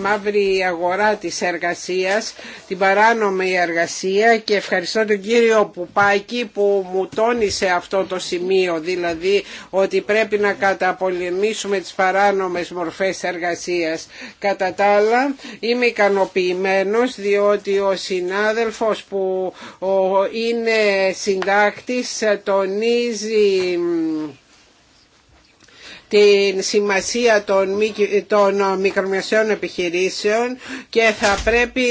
μαύρη αγορά της εργασίας, την παράνομη εργασία και ευχαριστώ τον κύριο Πουπάκη που μου τόνισε αυτό το σημείο, δηλαδή ότι πρέπει να καταπολεμήσουμε τις παράνομες μορφές εργασίας. Κατά τα άλλα είμαι ικανοποιημένος διότι ο συνάδελφος που είναι συντάκτης τονίζει την σημασία των, των μικρομεσαίων επιχειρήσεων και θα πρέπει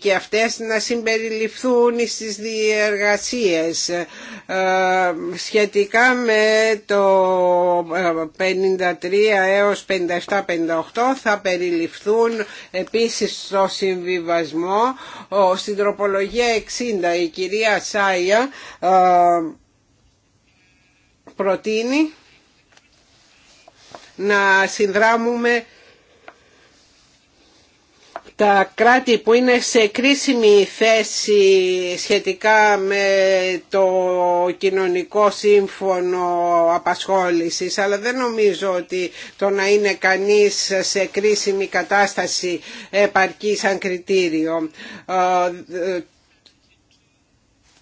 και αυτές να συμπεριληφθούν στις διεργασίες ε, σχετικά με το 53 ε, έως 57-58 θα περιληφθούν επίσης στο συμβιβασμό στην τροπολογία 60 η κυρία Σάια ε, προτείνει να συνδράμουμε τα κράτη που είναι σε κρίσιμη θέση σχετικά με το κοινωνικό σύμφωνο απασχόλησης αλλά δεν νομίζω ότι το να είναι κανείς σε κρίσιμη κατάσταση επαρκεί σαν κριτήριο ε,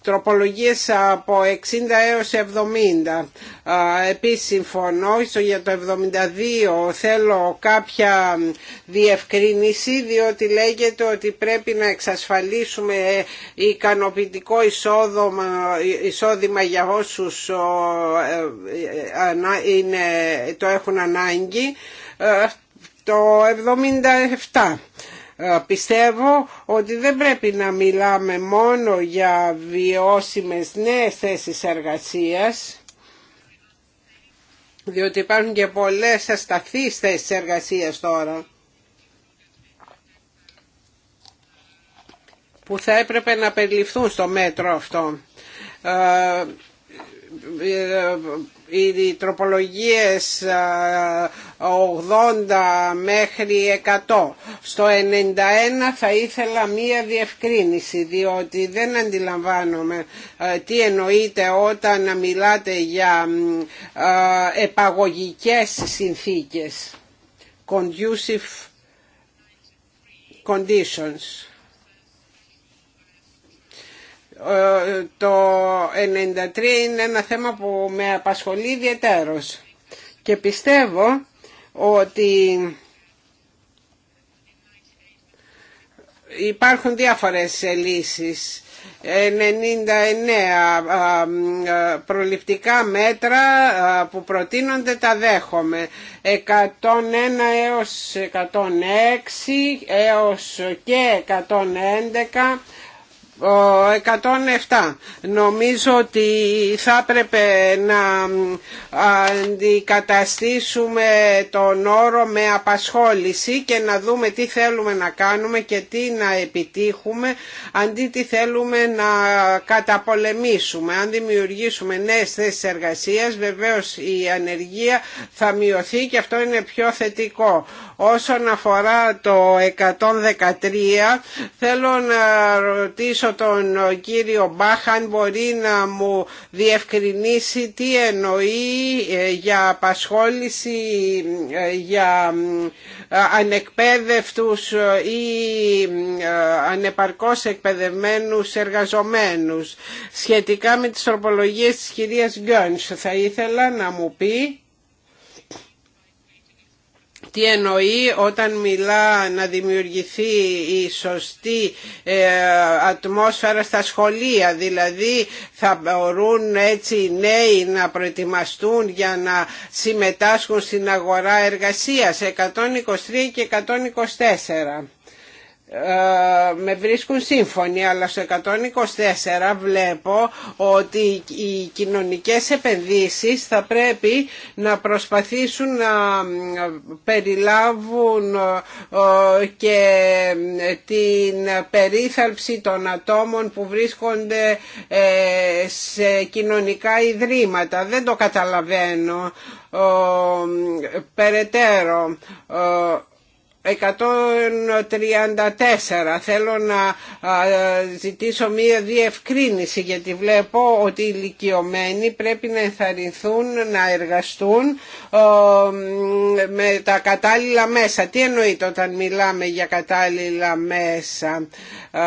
τροπολογίες από 60 έως 70. Επίσης συμφωνώ για το 72 θέλω κάποια διευκρίνηση διότι λέγεται ότι πρέπει να εξασφαλίσουμε ικανοποιητικό εισόδημα για όσους ε, ε, το έχουν ανάγκη. Ε, το 77 ε, πιστεύω ότι δεν πρέπει να μιλάμε μόνο για βιώσιμες νέες θέσεις εργασίας διότι υπάρχουν και πολλές ασταθείς θέσεις εργασίας τώρα που θα έπρεπε να περιληφθούν στο μέτρο αυτό. Ε, ε, ε, οι τροπολογίες 80 ε, μέχρι 100. Στο 91 θα ήθελα μία διευκρίνηση διότι δεν αντιλαμβάνομαι τι εννοείται όταν μιλάτε για επαγωγικές συνθήκες. Conducive conditions. Ε, το 93 είναι ένα θέμα που με απασχολεί ιδιαίτερος και πιστεύω ότι υπάρχουν διάφορες λύσεις 99 προληπτικά μέτρα που προτείνονται τα δέχομαι 101 έως 106 έως και 111 107. Νομίζω ότι θα έπρεπε να αντικαταστήσουμε τον όρο με απασχόληση και να δούμε τι θέλουμε να κάνουμε και τι να επιτύχουμε αντί τι θέλουμε να καταπολεμήσουμε. Αν δημιουργήσουμε νέες θέσεις εργασίας βεβαίως η ανεργία θα μειωθεί και αυτό είναι πιο θετικό. Όσον αφορά το 113 θέλω να ρωτήσω τον κύριο Μπάχαν μπορεί να μου διευκρινίσει τι εννοεί ε, για απασχόληση ε, για ε, ανεκπαίδευτους ή ανεπαρκώς εκπαιδευμένους εργαζομένους. Σχετικά με τις τροπολογίες της κυρίας Γκιόνς θα ήθελα να μου πει τι εννοεί όταν μιλά να δημιουργηθεί η σωστή ε, ατμόσφαιρα στα σχολεία. Δηλαδή θα μπορούν έτσι οι νέοι να προετοιμαστούν για να συμμετάσχουν στην αγορά εργασίας 123 και 124. Ε, με βρίσκουν σύμφωνοι αλλά στο 124 βλέπω ότι οι κοινωνικές επενδύσεις θα πρέπει να προσπαθήσουν να ε, περιλάβουν ε, και την περίθαλψη των ατόμων που βρίσκονται σε κοινωνικά ιδρύματα. Δεν το καταλαβαίνω περαιτέρω 134 θέλω να ζητήσω μία διευκρίνηση γιατί βλέπω ότι οι ηλικιωμένοι πρέπει να ενθαρρυνθούν να εργαστούν με τα κατάλληλα μέσα. Τι εννοείται όταν μιλάμε για κατάλληλα μέσα. 100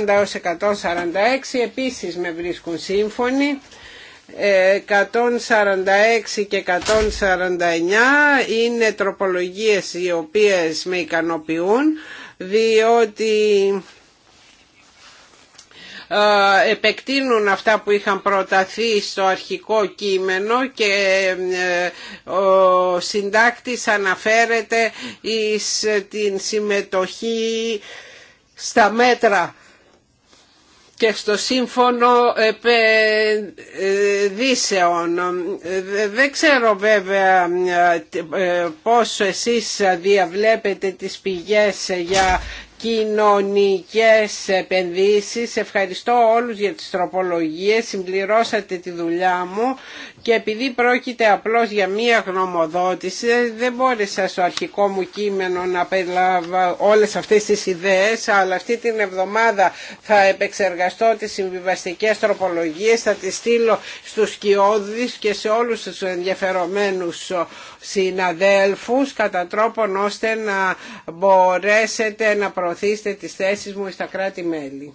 40 έως 146 επίσης με βρίσκουν σύμφωνοι. 146 και 149 είναι τροπολογίες οι οποίες με ικανοποιούν διότι επεκτείνουν αυτά που είχαν προταθεί στο αρχικό κείμενο και ε, ο συντάκτης αναφέρεται εις ε, την συμμετοχή στα μέτρα και στο σύμφωνο επενδύσεων. Δεν ξέρω βέβαια ε, πώς εσείς διαβλέπετε τις πηγές για κοινωνικές επενδύσεις. Ευχαριστώ όλους για τις τροπολογίες, συμπληρώσατε τη δουλειά μου και επειδή πρόκειται απλώς για μία γνωμοδότηση δεν μπόρεσα στο αρχικό μου κείμενο να περιλάβω όλες αυτές τις ιδέες αλλά αυτή την εβδομάδα θα επεξεργαστώ τις συμβιβαστικές τροπολογίες θα τις στείλω στους κοιόδης και σε όλους τους ενδιαφερομένους συναδέλφους κατά τρόπον ώστε να μπορέσετε να προωθήσετε τις θέσεις μου στα κράτη-μέλη.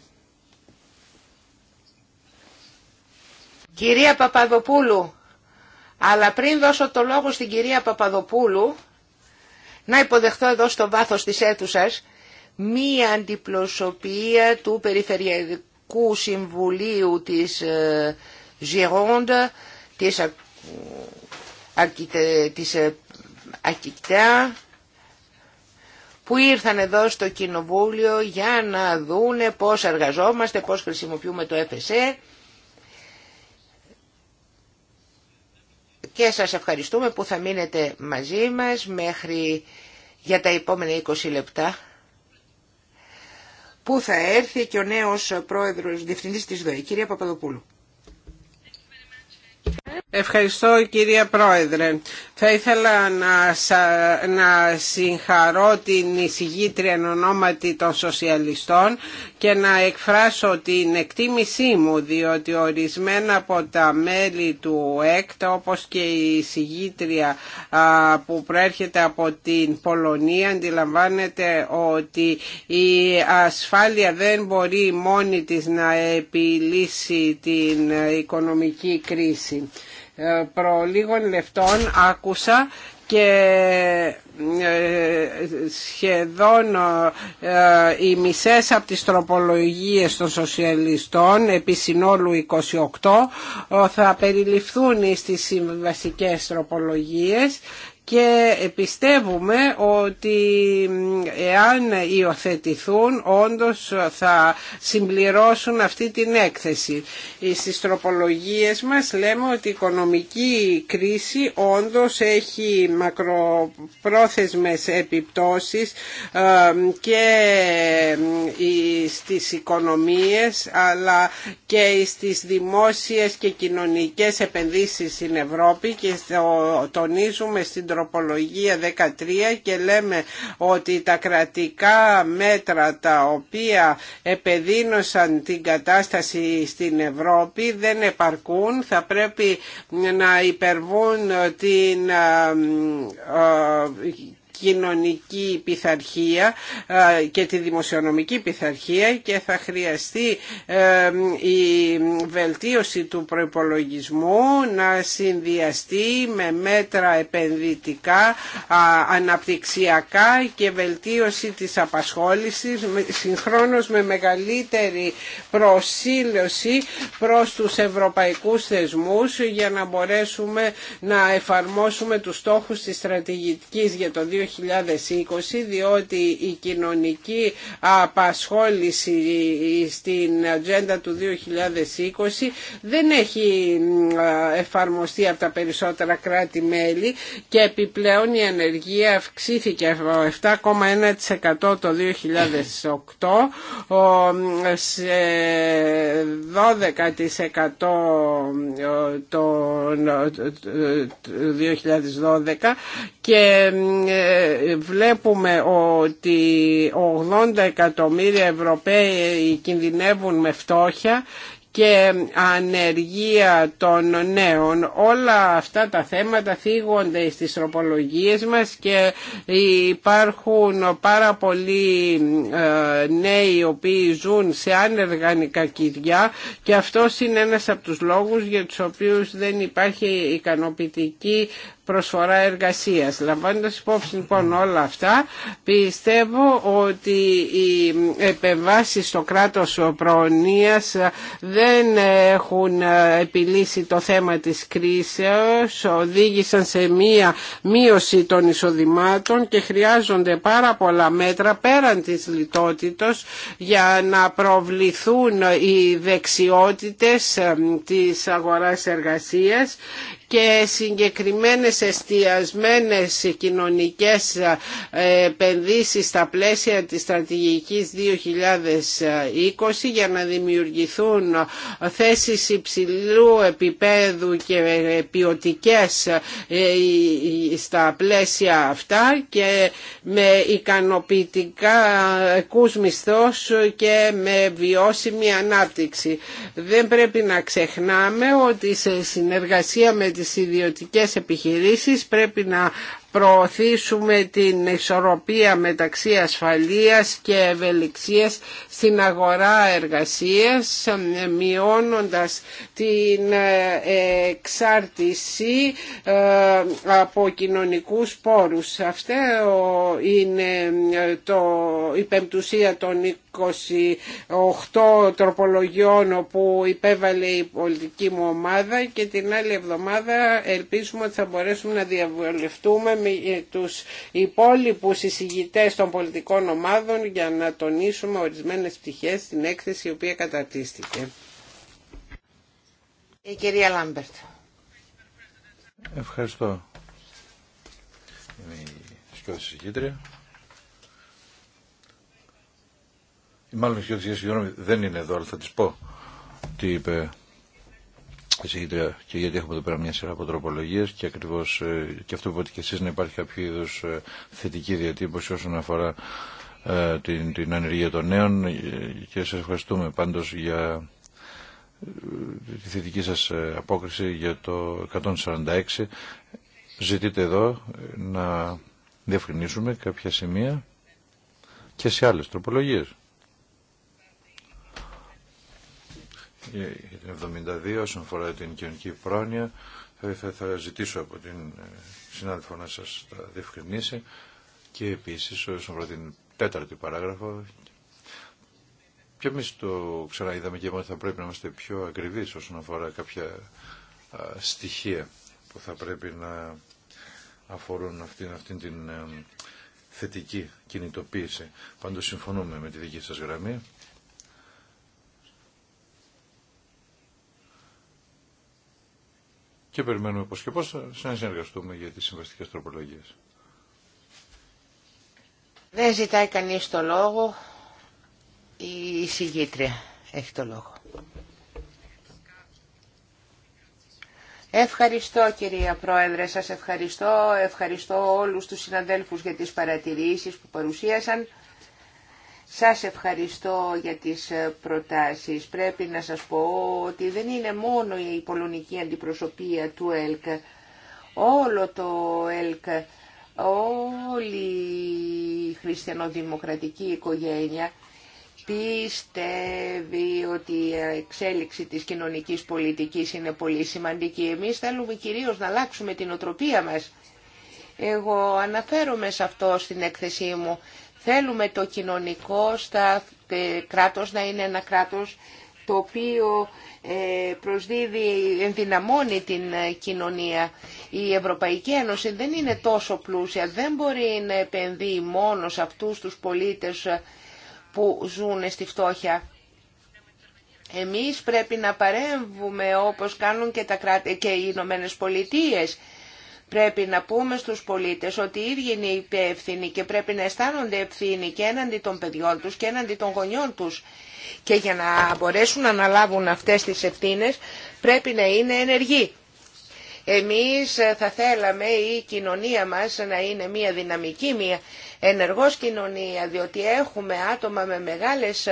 Κυρία Παπαδοπούλου, αλλά πριν δώσω το λόγο στην κυρία Παπαδοπούλου, να υποδεχτώ εδώ στο βάθος της αίθουσας μία αντιπροσωπεία του Περιφερειακού Συμβουλίου της ε, Gironde, της, Ακικτά, ε, που ήρθαν εδώ στο Κοινοβούλιο για να δούνε πώς εργαζόμαστε, πώς χρησιμοποιούμε το FSE και σας ευχαριστούμε που θα μείνετε μαζί μας μέχρι για τα επόμενα 20 λεπτά που θα έρθει και ο νέος πρόεδρος διευθυντής της ΔΟΕ, κυρία Παπαδοπούλου. Ευχαριστώ κυρία Πρόεδρε. Θα ήθελα να, να συγχαρώ την εισηγήτρια εν ονόματι των σοσιαλιστών και να εκφράσω την εκτίμησή μου διότι ορισμένα από τα μέλη του ΕΚΤ όπως και η εισηγήτρια που προέρχεται από την Πολωνία αντιλαμβάνεται ότι η ασφάλεια δεν μπορεί μόνη της να επιλύσει την οικονομική κρίση. Ε, προ λίγων λεπτών άκουσα και ε, σχεδόν ε, οι μισές από τις τροπολογίες των σοσιαλιστών επί συνόλου 28 θα περιληφθούν στις συμβασικές τροπολογίες και πιστεύουμε ότι εάν υιοθετηθούν όντως θα συμπληρώσουν αυτή την έκθεση. Ε, στις τροπολογίες μας λέμε ότι η οικονομική κρίση όντως έχει μακροπρόθεσμες επιπτώσεις ε, και στις οικονομίες αλλά και στις δημόσιες και κοινωνικές επενδύσεις στην Ευρώπη και τονίζουμε στην τροπολογία 13 και λέμε ότι τα κρατικά μέτρα τα οποία επεδίνωσαν την κατάσταση στην Ευρώπη δεν επαρκούν, θα πρέπει να υπερβούν την ε, ε, κοινωνική πειθαρχία ε, και τη δημοσιονομική πειθαρχία και θα χρειαστεί ε, η βελτίωση του προϋπολογισμού να συνδυαστεί με μέτρα επενδυτικά, αναπτυξιακά και βελτίωση της απασχόλησης συγχρόνως με μεγαλύτερη προσήλωση προς τους ευρωπαϊκούς θεσμούς για να μπορέσουμε να εφαρμόσουμε τους στόχους της στρατηγικής για το 2020 διότι η κοινωνική απασχόληση στην ατζέντα του 2020 δεν έχει εφαρμοστεί από τα περισσότερα κράτη-μέλη και επιπλέον η ανεργία αυξήθηκε 7,1% το 2008 σε 12% το 2012 και βλέπουμε ότι 80 εκατομμύρια Ευρωπαίοι κινδυνεύουν με φτώχεια και ανεργία των νέων. Όλα αυτά τα θέματα θίγονται στις τροπολογίες μας και υπάρχουν πάρα πολλοί ε, νέοι οι οποίοι ζουν σε ανεργανικά νοικακυριά και αυτό είναι ένας από τους λόγους για τους οποίους δεν υπάρχει ικανοποιητική προσφορά εργασίας. Λαμβάνοντας υπόψη λοιπόν όλα αυτά, πιστεύω ότι οι επεμβάσεις στο κράτος προνοίας δεν έχουν επιλύσει το θέμα της κρίσεως, οδήγησαν σε μία μείωση των εισοδημάτων και χρειάζονται πάρα πολλά μέτρα πέραν της λιτότητος για να προβληθούν οι δεξιότητες ε, της αγοράς εργασίας και συγκεκριμένες εστιασμένες κοινωνικές ε, επενδύσεις στα πλαίσια της στρατηγικής 2020 για να δημιουργηθούν θέσεις υψηλού επίπεδου και ποιοτικέ ε, ε, στα πλαίσια αυτά και με ικανοποιητικά μισθός και με βιώσιμη ανάπτυξη. Δεν πρέπει να ξεχνάμε ότι σε συνεργασία με τις ιδιωτικές επιχειρήσεις πρέπει να προωθήσουμε την ισορροπία μεταξύ ασφαλείας και ευελιξίας στην αγορά εργασίας μειώνοντας την ε, εξάρτηση ε, από κοινωνικούς πόρους. Αυτό είναι ε, το, η πεμπτουσία των 28 τροπολογιών που υπέβαλε η πολιτική μου ομάδα και την άλλη εβδομάδα ελπίζουμε ότι θα μπορέσουμε να διαβολευτούμε ε, τους υπόλοιπους εισηγητές των πολιτικών ομάδων για να τονίσουμε ορισμένες πτυχές στην έκθεση η οποία καταρτίστηκε. Η κυρία Λάμπερτ. Ευχαριστώ. Είμαι η σκιώδη εισηγήτρια. Μάλλον η σκιώδη συγγνώμη δεν είναι εδώ, αλλά θα της πω τι είπε Εισηγητρία, και γιατί έχουμε εδώ πέρα μια σειρά από τροπολογίε και ακριβώ ε, και αυτό που είπατε και εσεί να υπάρχει κάποιο είδου ε, θετική διατύπωση όσον αφορά ε, την, την ανεργία των νέων και σας ευχαριστούμε πάντως για τη θετική σας απόκριση για το 146. Ζητείτε εδώ να διευκρινίσουμε κάποια σημεία και σε άλλες τροπολογίες. 72 όσον αφορά την κοινωνική πρόνοια. Θα, θα, ζητήσω από την ε, συνάδελφο να σας τα διευκρινίσει και επίσης όσον αφορά την τέταρτη παράγραφο και εμείς το ξαναείδαμε και ότι θα πρέπει να είμαστε πιο ακριβείς όσον αφορά κάποια στοιχεία που θα πρέπει να αφορούν αυτήν, αυτήν την ε, θετική κινητοποίηση. Πάντως συμφωνούμε με τη δική σας γραμμή και περιμένουμε πώς και πώς να συνεργαστούμε για τις συμβαστικές τροπολογίες. Δεν ζητάει κανείς το λόγο. Η συγγήτρια έχει το λόγο. Ευχαριστώ κυρία Πρόεδρε, σας ευχαριστώ. Ευχαριστώ όλους τους συναδέλφους για τις παρατηρήσεις που παρουσίασαν. Σας ευχαριστώ για τις ε, προτάσεις. Πρέπει να σας πω ότι δεν είναι μόνο η πολωνική αντιπροσωπεία του ΕΛΚ. Όλο το ΕΛΚ, όλη η χριστιανοδημοκρατική οικογένεια πιστεύει ότι η εξέλιξη της κοινωνικής πολιτικής είναι πολύ σημαντική. Εμείς θέλουμε κυρίως να αλλάξουμε την οτροπία μας. Εγώ αναφέρομαι σε αυτό στην έκθεσή μου Θέλουμε το κοινωνικό στα κράτος να είναι ένα κράτος το οποίο ε, προσδίδει, ενδυναμώνει την ε, κοινωνία. Η Ευρωπαϊκή Ένωση δεν είναι τόσο πλούσια, δεν μπορεί να επενδύει μόνο σε αυτούς τους πολίτες ε, που ζουν στη φτώχεια. Εμείς πρέπει να παρέμβουμε όπως κάνουν και, τα κράτη, και οι Ηνωμένε Πολιτείες Πρέπει να πούμε στους πολίτες ότι οι ίδιοι είναι υπεύθυνοι και πρέπει να αισθάνονται ευθύνοι και έναντι των παιδιών τους και έναντι των γονιών τους. Και για να μπορέσουν να αναλάβουν αυτές τις ευθύνες πρέπει να είναι ενεργοί. Εμείς θα θέλαμε η κοινωνία μας να είναι μια δυναμική, μια ενεργός κοινωνία, διότι έχουμε άτομα με μεγάλες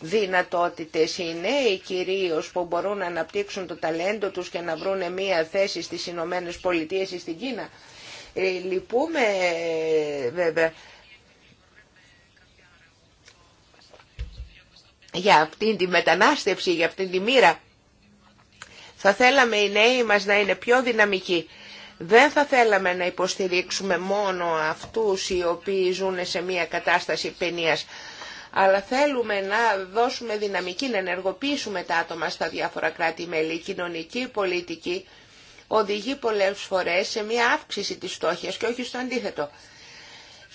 δυνατότητες, οι νέοι κυρίως που μπορούν να αναπτύξουν το ταλέντο τους και να βρουν μια θέση στις Ηνωμένε Πολιτείες ή στην Κίνα. Ε, λυπούμε βέβαια για αυτήν τη μετανάστευση, για αυτήν τη μοίρα. Θα θέλαμε οι νέοι μας να είναι πιο δυναμικοί δεν θα θέλαμε να υποστηρίξουμε μόνο αυτούς οι οποίοι ζουν σε μια κατάσταση παινίας, αλλά θέλουμε να δώσουμε δυναμική, να ενεργοποιήσουμε τα άτομα στα διάφορα κράτη-μέλη. Η κοινωνική πολιτική οδηγεί πολλές φορές σε μια αύξηση της στόχιας και όχι στο αντίθετο.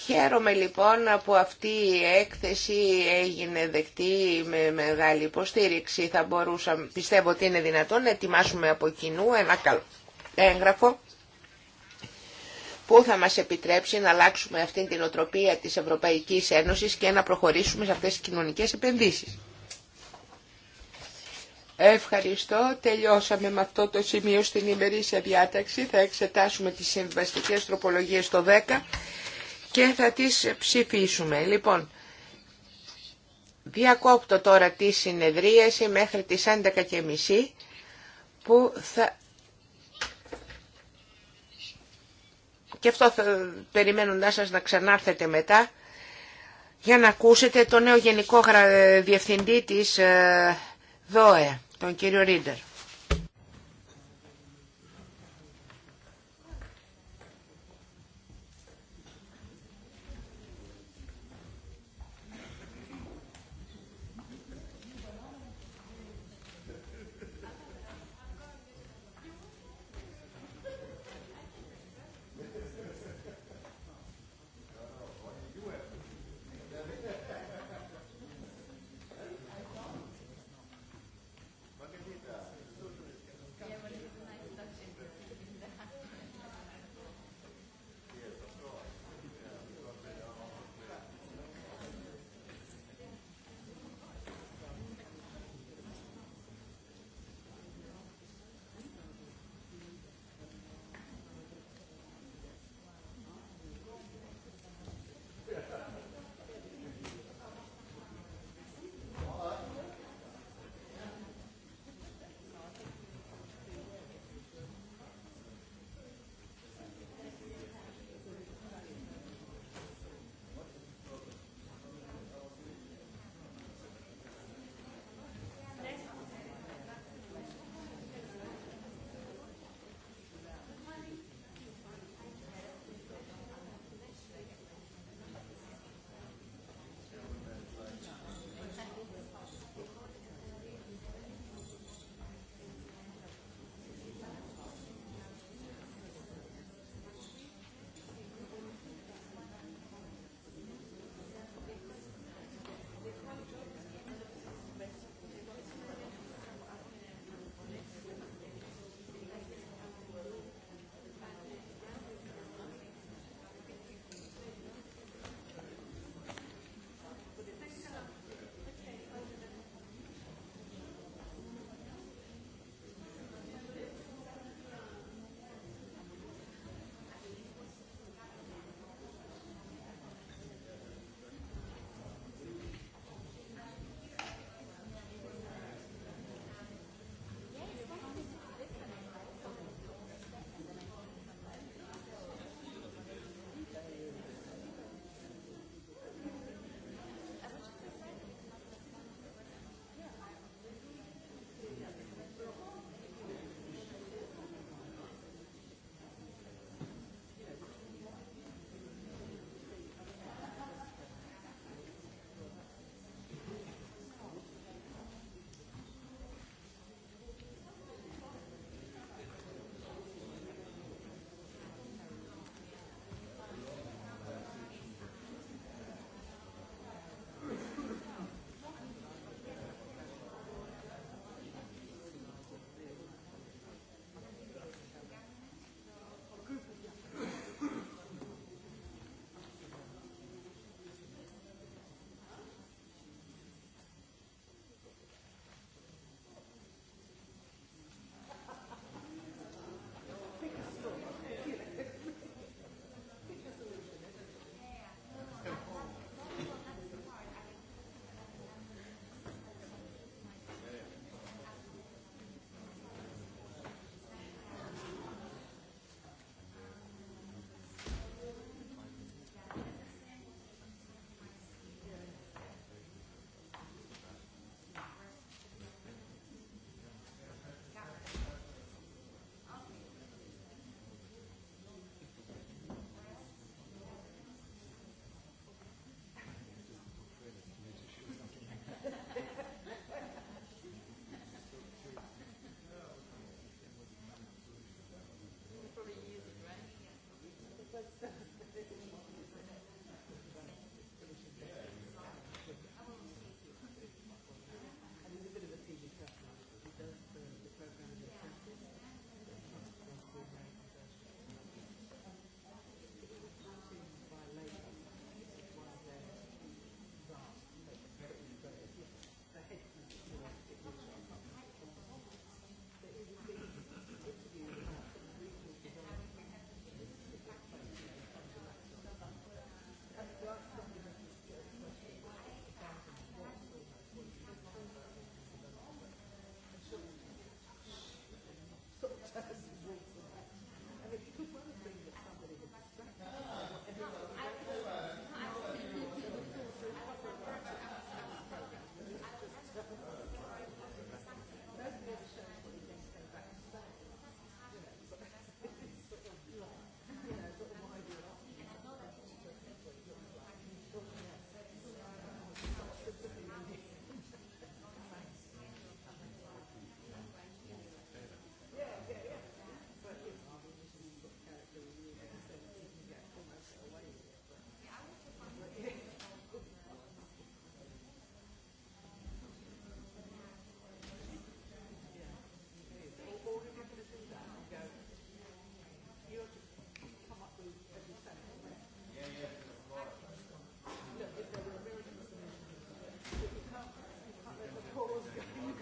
Χαίρομαι λοιπόν που αυτή η έκθεση έγινε δεκτή με μεγάλη υποστήριξη. Θα μπορούσα, πιστεύω ότι είναι δυνατόν να ετοιμάσουμε από κοινού ένα καλό έγγραφο που θα μας επιτρέψει να αλλάξουμε αυτή την οτροπία της Ευρωπαϊκής Ένωσης και να προχωρήσουμε σε αυτές τις κοινωνικές επενδύσεις. Ευχαριστώ. Τελειώσαμε με αυτό το σημείο στην ημερήσια διάταξη. Θα εξετάσουμε τις συμβαστικές τροπολογίες το 10 και θα τις ψηφίσουμε. Λοιπόν, διακόπτω τώρα τη συνεδρίαση μέχρι τις 11.30 που θα και αυτό θα, περιμένοντάς σας να ξανάρθετε μετά για να ακούσετε τον νέο Γενικό Διευθυντή της ε, ΔΟΕ, τον κύριο Ρίντερ.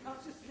I just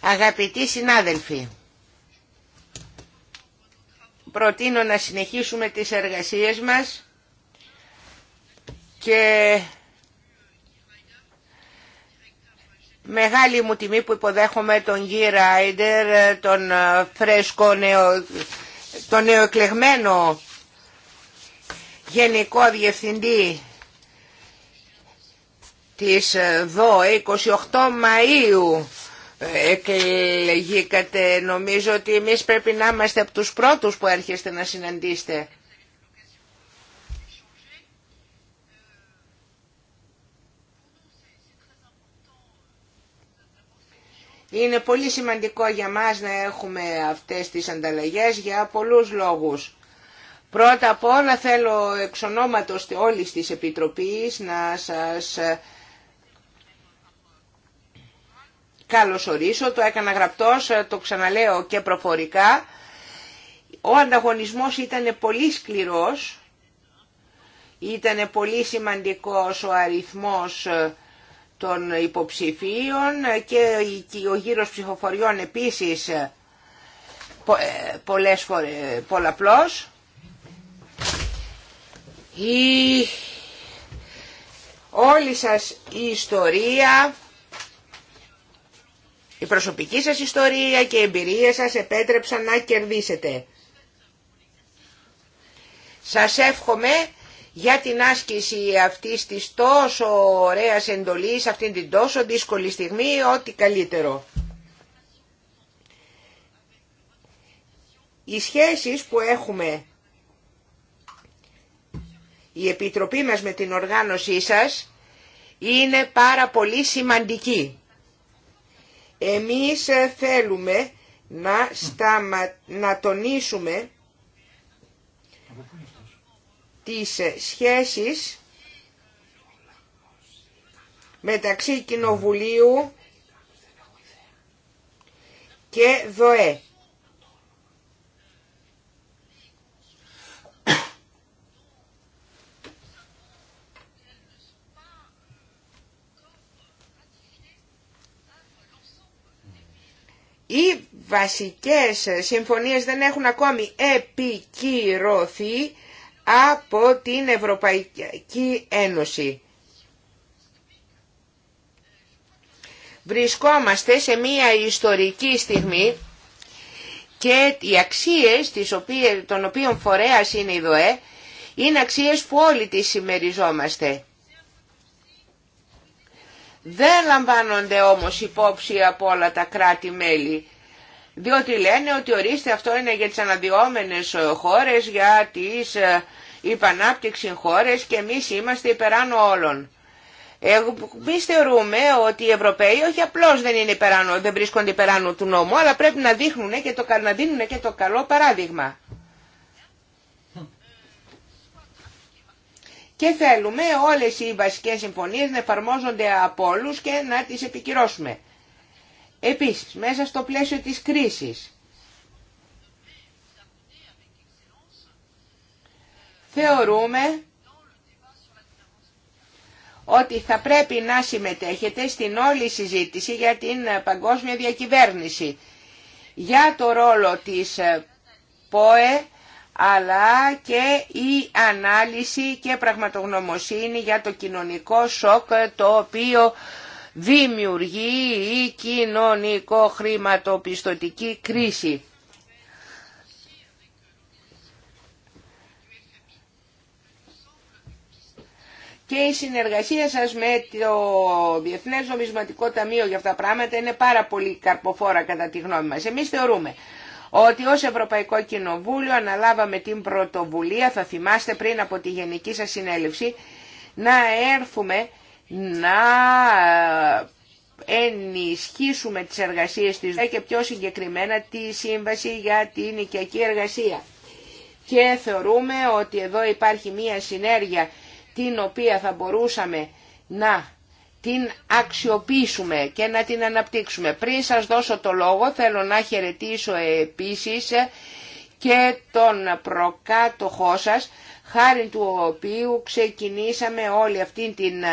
Αγαπητοί συνάδελφοι, προτείνω να συνεχίσουμε τις εργασίες μας και μεγάλη μου τιμή που υποδέχομαι τον Γκί Ράιντερ, τον ε, φρέσκο τον νεοεκλεγμένο Γενικό Διευθυντή της ΔΟΕ 28 Μαΐου ε, εκλεγήκατε. Νομίζω ότι εμείς πρέπει να είμαστε από τους πρώτους που έρχεστε να συναντήσετε. Είναι πολύ σημαντικό για μας να έχουμε αυτές τις ανταλλαγές για πολλούς λόγους. Πρώτα απ' όλα θέλω εξ ονόματος όλης της Επιτροπής να σας ε, καλωσορίσω, το έκανα γραπτός, ε, το ξαναλέω και προφορικά. Ο ανταγωνισμός ήταν πολύ σκληρός, ήταν πολύ σημαντικός ο αριθμός ε, των υποψηφίων και ο γύρος ψηφοφοριών επίσης ε, πολλές φορές, πολλαπλώς. Η... Όλη σας η ιστορία η προσωπική σας ιστορία και η εμπειρία σας επέτρεψαν να κερδίσετε. Σας εύχομαι για την άσκηση αυτής της τόσο ωραίας εντολής, αυτήν την τόσο δύσκολη στιγμή, ό,τι καλύτερο. Οι σχέσεις που έχουμε η Επιτροπή μας με την οργάνωσή σας είναι πάρα πολύ σημαντική. Εμείς ε, θέλουμε να, να τονίσουμε τις ε, σχέσεις μεταξύ Κοινοβουλίου και ΔΟΕ. οι βασικές συμφωνίες δεν έχουν ακόμη επικυρωθεί από την Ευρωπαϊκή Ένωση. Βρισκόμαστε σε μία ιστορική στιγμή και οι αξίες των οποίων φορέας είναι η ΔΟΕ είναι αξίες που όλοι τις συμμεριζόμαστε δεν λαμβάνονται όμως υπόψη από όλα τα κράτη-μέλη. Διότι λένε ότι ορίστε αυτό είναι για τις αναδυόμενες χώρες, για τις ε, υπανάπτυξη χώρες και εμείς είμαστε υπεράνω όλων. Εμεί θεωρούμε ότι οι Ευρωπαίοι όχι απλώς δεν, είναι υπεράνω, δεν βρίσκονται υπεράνω του νόμου, αλλά πρέπει να, δείχνουν και το, να δίνουν και το καλό παράδειγμα. Και θέλουμε όλες οι βασικές συμφωνίες να εφαρμόζονται από όλου και να τις επικυρώσουμε. Επίσης, μέσα στο πλαίσιο της κρίσης, θεωρούμε ότι θα πρέπει να συμμετέχετε στην όλη συζήτηση για την παγκόσμια διακυβέρνηση, για το ρόλο της ΠΟΕ αλλά και η ανάλυση και πραγματογνωμοσύνη για το κοινωνικό σοκ το οποίο δημιουργεί η κοινωνικό χρηματοπιστωτική κρίση. Και η συνεργασία σας με το Διεθνές Νομισματικό Ταμείο για αυτά τα πράγματα είναι πάρα πολύ καρποφόρα κατά τη γνώμη μας. Εμείς θεωρούμε ότι ως Ευρωπαϊκό Κοινοβούλιο αναλάβαμε την πρωτοβουλία, θα θυμάστε πριν από τη Γενική σας Συνέλευση, να έρθουμε να ε, ενισχύσουμε τις εργασίες της και πιο συγκεκριμένα τη Σύμβαση για την Οικιακή Εργασία. Και θεωρούμε ότι εδώ υπάρχει μία συνέργεια την οποία θα μπορούσαμε να την αξιοποιήσουμε και να την αναπτύξουμε. Πριν σας δώσω το λόγο θέλω να χαιρετήσω επίσης και τον προκάτοχό σας, χάρη του οποίου ξεκινήσαμε όλη αυτή την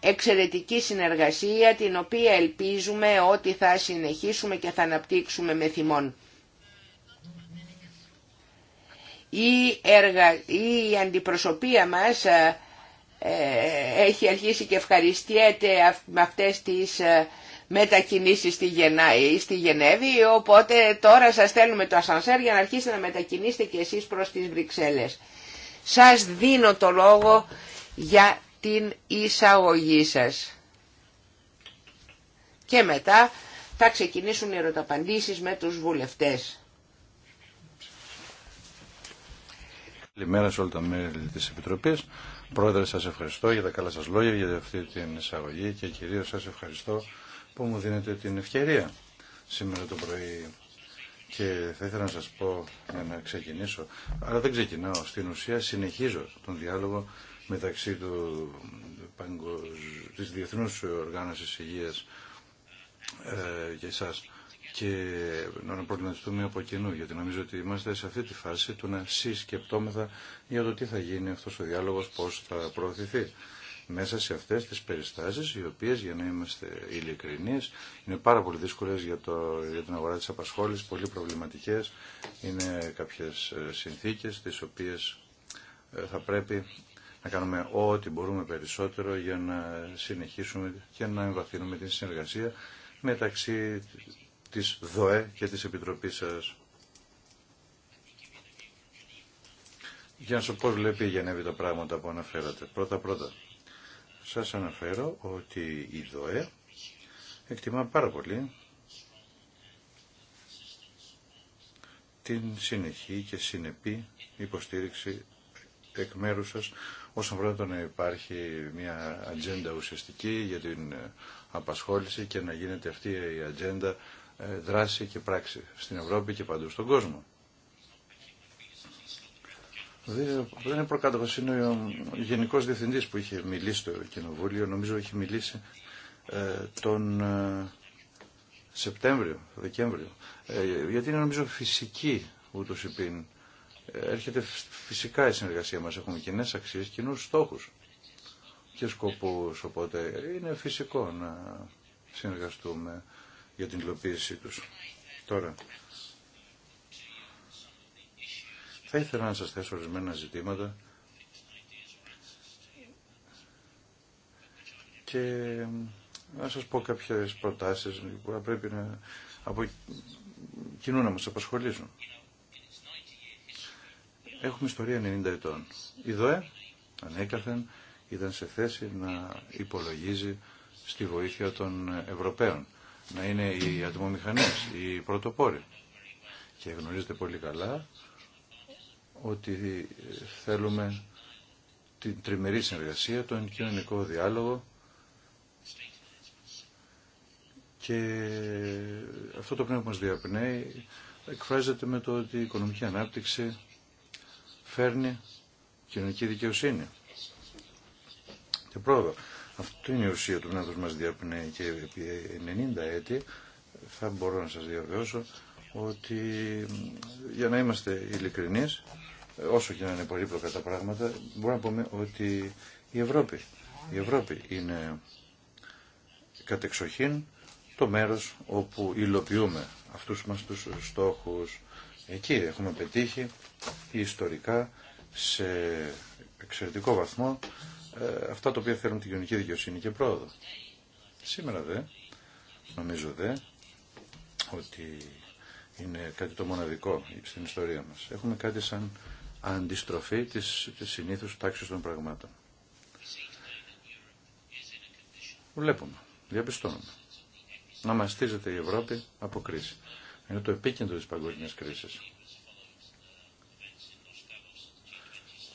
εξαιρετική συνεργασία, την οποία ελπίζουμε ότι θα συνεχίσουμε και θα αναπτύξουμε με θυμόν. Η, εργα... η αντιπροσωπεία μας ε, έχει αρχίσει και ευχαριστιέται με αυτές τις ε, μετακινήσεις στη, Γενά, στη Γενέβη, οπότε τώρα σας στέλνουμε το ασανσέρ για να αρχίσετε να μετακινήσετε και εσείς προς τις Βρυξέλλες. Σας δίνω το λόγο για την εισαγωγή σας. Και μετά θα ξεκινήσουν οι ερωταπαντήσεις με τους βουλευτές. Καλημέρα σε όλα τα μέλη της Επιτροπής. Πρόεδρε, σας ευχαριστώ για τα καλά σας λόγια, για αυτή την εισαγωγή και κυρίως σας ευχαριστώ που μου δίνετε την ευκαιρία σήμερα το πρωί. Και θα ήθελα να σας πω για να ξεκινήσω, αλλά δεν ξεκινάω. Στην ουσία συνεχίζω τον διάλογο μεταξύ του, της Διεθνούς Οργάνωσης Υγείας ε, και εσάς και να προβληματιστούμε από κοινού, γιατί νομίζω ότι είμαστε σε αυτή τη φάση του να συσκεπτόμεθα για το τι θα γίνει αυτός ο διάλογος, πώς θα προωθηθεί μέσα σε αυτές τις περιστάσεις, οι οποίες, για να είμαστε ειλικρινείς, είναι πάρα πολύ δύσκολες για, για την αγορά της απασχόλησης, πολύ προβληματικές, είναι κάποιες ε, συνθήκες τις οποίες ε, θα πρέπει να κάνουμε ό,τι μπορούμε περισσότερο για να συνεχίσουμε και να εμβαθύνουμε την συνεργασία μεταξύ της ΔΟΕ και της Επιτροπής σας. Για να σου πω βλέπει η Γενέβη τα πράγματα που αναφέρατε. Πρώτα πρώτα, σας αναφέρω ότι η ΔΟΕ εκτιμά πάρα πολύ την συνεχή και συνεπή υποστήριξη εκ μέρου σας όσον αφορά να υπάρχει μια ατζέντα ουσιαστική για την απασχόληση και να γίνεται αυτή η ατζέντα ε, δράση και πράξη στην Ευρώπη και παντού στον κόσμο. Δεν είναι προκάτοχο, είναι ο γενικό διευθυντή που είχε μιλήσει στο Κοινοβούλιο, νομίζω είχε μιλήσει ε, τον ε, Σεπτέμβριο, Δεκέμβριο, γιατί είναι νομίζω φυσική ούτως πίν. Έρχεται φυσικά η συνεργασία μας, έχουμε κοινέ αξίε κοινού στόχους και σκοπούς, οπότε είναι φυσικό να συνεργαστούμε για την υλοποίησή τους. Τώρα, θα ήθελα να σας θέσω ορισμένα ζητήματα και να σας πω κάποιες προτάσεις που θα πρέπει να από κοινού να μας απασχολήσουν. Έχουμε ιστορία 90 ετών. Η ΔΟΕ ανέκαθεν ήταν σε θέση να υπολογίζει στη βοήθεια των Ευρωπαίων να είναι οι ατμομηχανές, οι πρωτοπόροι. Και γνωρίζετε πολύ καλά ότι θέλουμε την τριμερή συνεργασία, τον κοινωνικό διάλογο και αυτό το πνεύμα που μας διαπνέει εκφράζεται με το ότι η οικονομική ανάπτυξη φέρνει κοινωνική δικαιοσύνη και πρόοδο. Αυτό είναι η ουσία του πνεύματος μας διαπνέει και επί 90 έτη θα μπορώ να σας διαβεβαιώσω ότι για να είμαστε ειλικρινεί, όσο και να είναι πολύπλοκα τα πράγματα, μπορούμε να πούμε ότι η Ευρώπη, η Ευρώπη είναι κατεξοχήν το μέρος όπου υλοποιούμε αυτούς μας τους στόχους. Εκεί έχουμε πετύχει ιστορικά σε εξαιρετικό βαθμό ε, αυτά τα οποία θέλουν την κοινωνική δικαιοσύνη και πρόοδο. Σήμερα δε, νομίζω δε, ότι είναι κάτι το μοναδικό στην ιστορία μας. Έχουμε κάτι σαν αντιστροφή της, της συνήθους τάξης των πραγμάτων. Βλέπουμε, διαπιστώνουμε. Να μαστίζεται η Ευρώπη από κρίση. Είναι το επίκεντρο της παγκόσμιας κρίσης.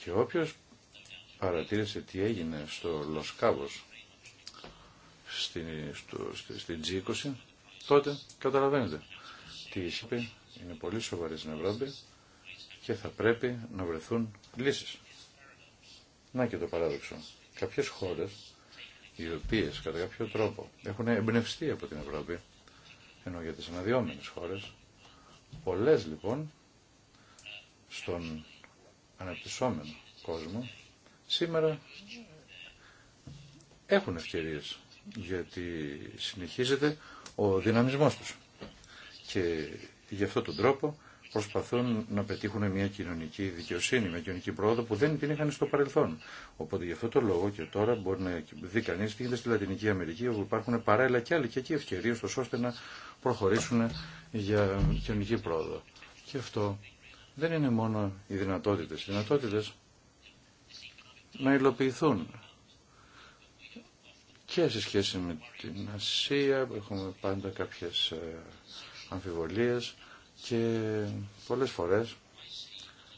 Και όποιος παρατήρησε τι έγινε στο Λοσκάβος στην, στο, στην G20 τότε καταλαβαίνετε τι είπε είναι πολύ σοβαρή στην Ευρώπη και θα πρέπει να βρεθούν λύσεις να και το παράδοξο κάποιες χώρες οι οποίες κατά κάποιο τρόπο έχουν εμπνευστεί από την Ευρώπη ενώ για τις αναδυόμενες χώρες πολλές λοιπόν στον αναπτυσσόμενο κόσμο σήμερα έχουν ευκαιρίες γιατί συνεχίζεται ο δυναμισμός τους και γι' αυτόν τον τρόπο προσπαθούν να πετύχουν μια κοινωνική δικαιοσύνη, μια κοινωνική πρόοδο που δεν την είχαν στο παρελθόν. Οπότε γι' αυτό το λόγο και τώρα μπορεί να δει κανεί τι γίνεται στη Λατινική Αμερική, όπου υπάρχουν παράλληλα και άλλοι και εκεί ευκαιρίε, ώστε να προχωρήσουν για κοινωνική πρόοδο. Και αυτό δεν είναι μόνο οι δυνατότητε. Οι δυνατότητε να υλοποιηθούν. Και σε σχέση με την Ασία έχουμε πάντα κάποιες ε, αμφιβολίες και πολλές φορές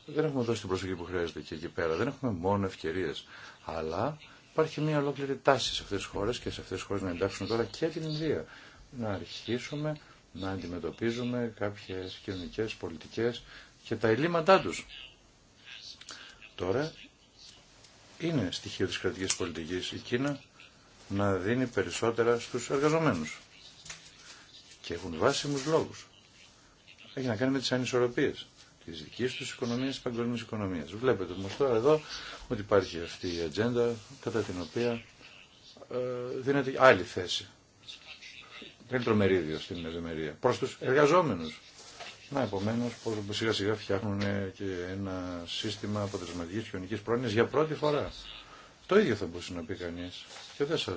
δεν έχουμε δώσει την προσοχή που χρειάζεται και εκεί πέρα. Δεν έχουμε μόνο ευκαιρίες, αλλά υπάρχει μια ολόκληρη τάση σε αυτές τις χώρες και σε αυτές τις χώρες να εντάξουν τώρα και την Ινδία. Να αρχίσουμε να αντιμετωπίζουμε κάποιες κοινωνικές, πολιτικές και τα ελλείμματά τους. Τώρα είναι στοιχείο της κρατικής πολιτικής η Κίνα να δίνει περισσότερα στους εργαζομένους. Και έχουν βάσιμους λόγους. Έχει να κάνει με τις ανισορροπίες της δικής τους οικονομίας, της παγκόσμιας οικονομίας. Βλέπετε όμως τώρα εδώ ότι υπάρχει αυτή η ατζέντα κατά την οποία ε, δίνεται άλλη θέση. Καλύτερο τρομερίδιο στην ευημερία προς τους εργαζόμενους. Να, επομένω, πώ σιγά σιγά φτιάχνουν και ένα σύστημα αποτελεσματική κοινωνική πρόνοια για πρώτη φορά. Το ίδιο θα μπορούσε να πει κανεί. Και δεν σα ε,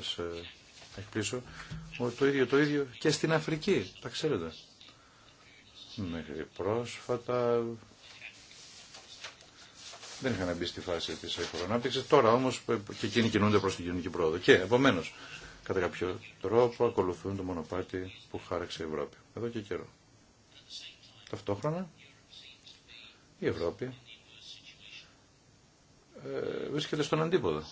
εκπλήσω το ίδιο το ίδιο και στην Αφρική. Τα ξέρετε. Μέχρι πρόσφατα δεν είχαν μπει στη φάση τη αγρονάπτυξη. Τώρα όμω και εκείνοι κινούνται προ την κοινωνική πρόοδο. Και επομένω, κατά κάποιο τρόπο ακολουθούν το μονοπάτι που χάραξε η Ευρώπη. Εδώ και καιρό. Ταυτόχρονα η Ευρώπη ε, βρίσκεται στον αντίποδο,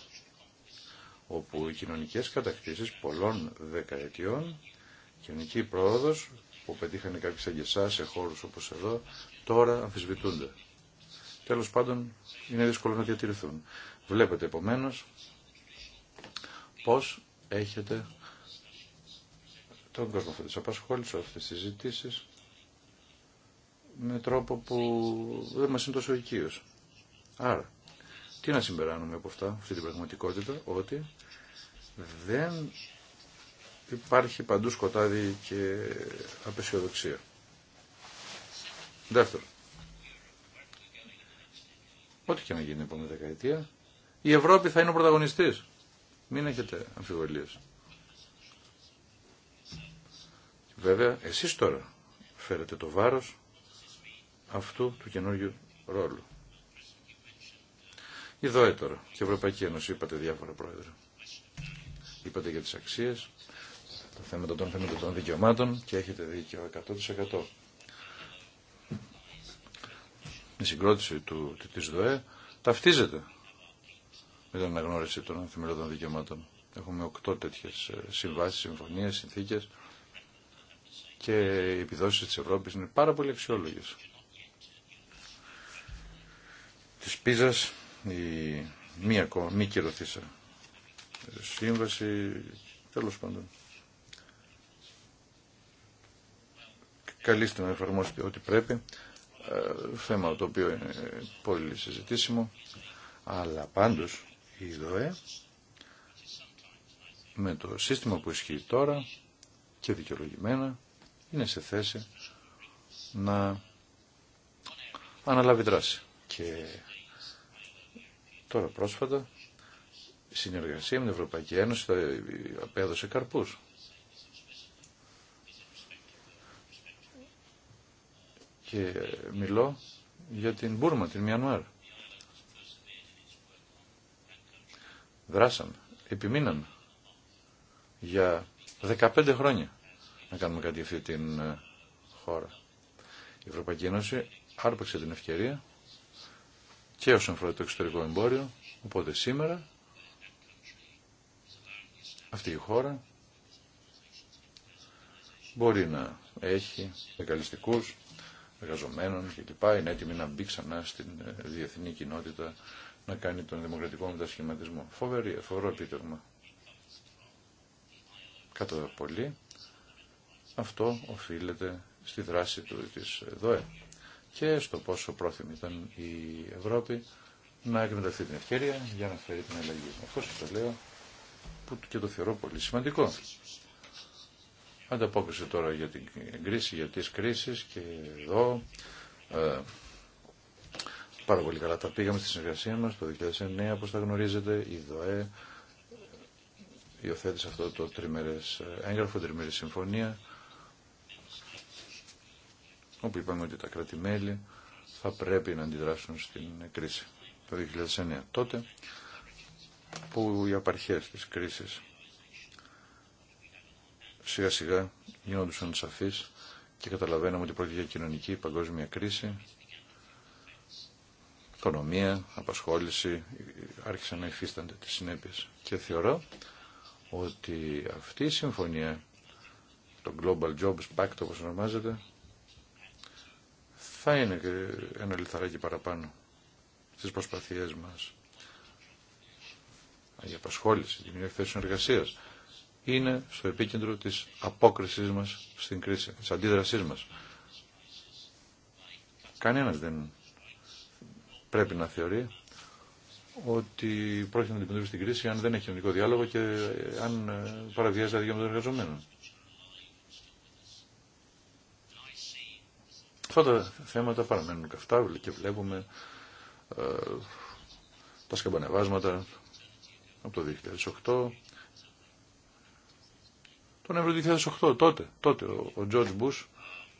όπου οι κοινωνικές κατακτήσεις πολλών δεκαετιών, κοινωνική πρόοδος που πετύχανε κάποιοι σαν και σε χώρους όπως εδώ, τώρα αμφισβητούνται. Τέλος πάντων, είναι δύσκολο να διατηρηθούν. Βλέπετε επομένως πώς έχετε τον κόσμο αυτή της απασχόλησης, αυτές τις συζητήσεις, με τρόπο που δεν μας είναι τόσο οικείος. Άρα, τι να συμπεράνουμε από αυτά, αυτή την πραγματικότητα, ότι δεν υπάρχει παντού σκοτάδι και απεσιοδοξία. Δεύτερο. ό,τι και να γίνει επόμενη δεκαετία, η Ευρώπη θα είναι ο πρωταγωνιστής. Μην έχετε αμφιβολίες. Βέβαια, εσείς τώρα φέρετε το βάρος αυτού του καινούργιου ρόλου. Η ΔΟΕ τώρα και η Ευρωπαϊκή Ένωση είπατε διάφορα πρόεδρε. Είπατε για τις αξίες, τα θέματα των θέματα των δικαιωμάτων και έχετε δίκιο 100%. Η συγκρότηση του, της ΔΟΕ ταυτίζεται με την αναγνώριση των θεμελιωδών δικαιωμάτων. Έχουμε οκτώ τέτοιες ε, συμβάσεις, συμφωνίες, συνθήκες και οι επιδόσεις της Ευρώπης είναι πάρα πολύ αξιόλογες της Πίζας, η μία ακόμα, μη κυρωθήσα σύμβαση, τέλος πάντων. Καλείστε να εφαρμόσετε ό,τι πρέπει, ε, θέμα το οποίο είναι πολύ συζητήσιμο, αλλά πάντως η ΔΟΕ με το σύστημα που ισχύει τώρα και δικαιολογημένα είναι σε θέση να αναλάβει δράση. Και Τώρα πρόσφατα η συνεργασία με την Ευρωπαϊκή Ένωση απέδωσε καρπούς. Και μιλώ για την Μπούρμα, την Μιανουάρ. Δράσαμε, επιμείναμε για 15 χρόνια να κάνουμε κάτι αυτή την ε, χώρα. Η Ευρωπαϊκή Ένωση άρπαξε την ευκαιρία και όσον αφορά το εξωτερικό εμπόριο. Οπότε σήμερα αυτή η χώρα μπορεί να έχει δεκαλιστικούς εργαζομένων κλπ. Είναι έτοιμη να μπει ξανά στην ε, διεθνή κοινότητα να κάνει τον δημοκρατικό μετασχηματισμό. Φοβερή, φοβερό επίτευγμα. Κατά πολύ αυτό οφείλεται στη δράση του της ΔΟΕ και στο πόσο πρόθυμη ήταν η Ευρώπη να εκμεταλλευτεί την ευκαιρία για να φέρει την αλλαγή. Αυτό το λέω που και το θεωρώ πολύ σημαντικό. Ανταπόκριση τώρα για την κρίση, για τις κρίσεις και εδώ ε, πάρα πολύ καλά τα πήγαμε στη συνεργασία μας το 2009 όπως τα γνωρίζετε η ΔΟΕ υιοθέτησε αυτό το τριμερές ε, έγγραφο, τριμερή συμφωνία όπου είπαμε ότι τα κράτη-μέλη θα πρέπει να αντιδράσουν στην κρίση το 2009. Τότε που οι απαρχές της κρίσης σιγά σιγά γίνοντουσαν σαφείς και καταλαβαίναμε ότι πρόκειται για κοινωνική παγκόσμια κρίση, οικονομία, απασχόληση, άρχισαν να υφίστανται τις συνέπειες. Και θεωρώ ότι αυτή η συμφωνία, το Global Jobs Pact όπως ονομάζεται, θα είναι ένα λιθαράκι παραπάνω στις προσπαθίες μας η απασχόληση, δημιουργία θέσεων εργασία, είναι στο επίκεντρο της απόκρισής μας στην κρίση, της αντίδρασής μας. Κανένας δεν πρέπει να θεωρεί ότι πρόκειται να αντιμετωπίσει την κρίση αν δεν έχει κοινωνικό διάλογο και αν παραβιάζει τα δικαιώματα των εργαζομένων. Αυτά τα θέματα παραμένουν καυτά και βλέπουμε ε, τα σκαμπανεβάσματα από το 2008. Τον Εύρω 2008, τότε, τότε ο Τζορτζ Μπούς,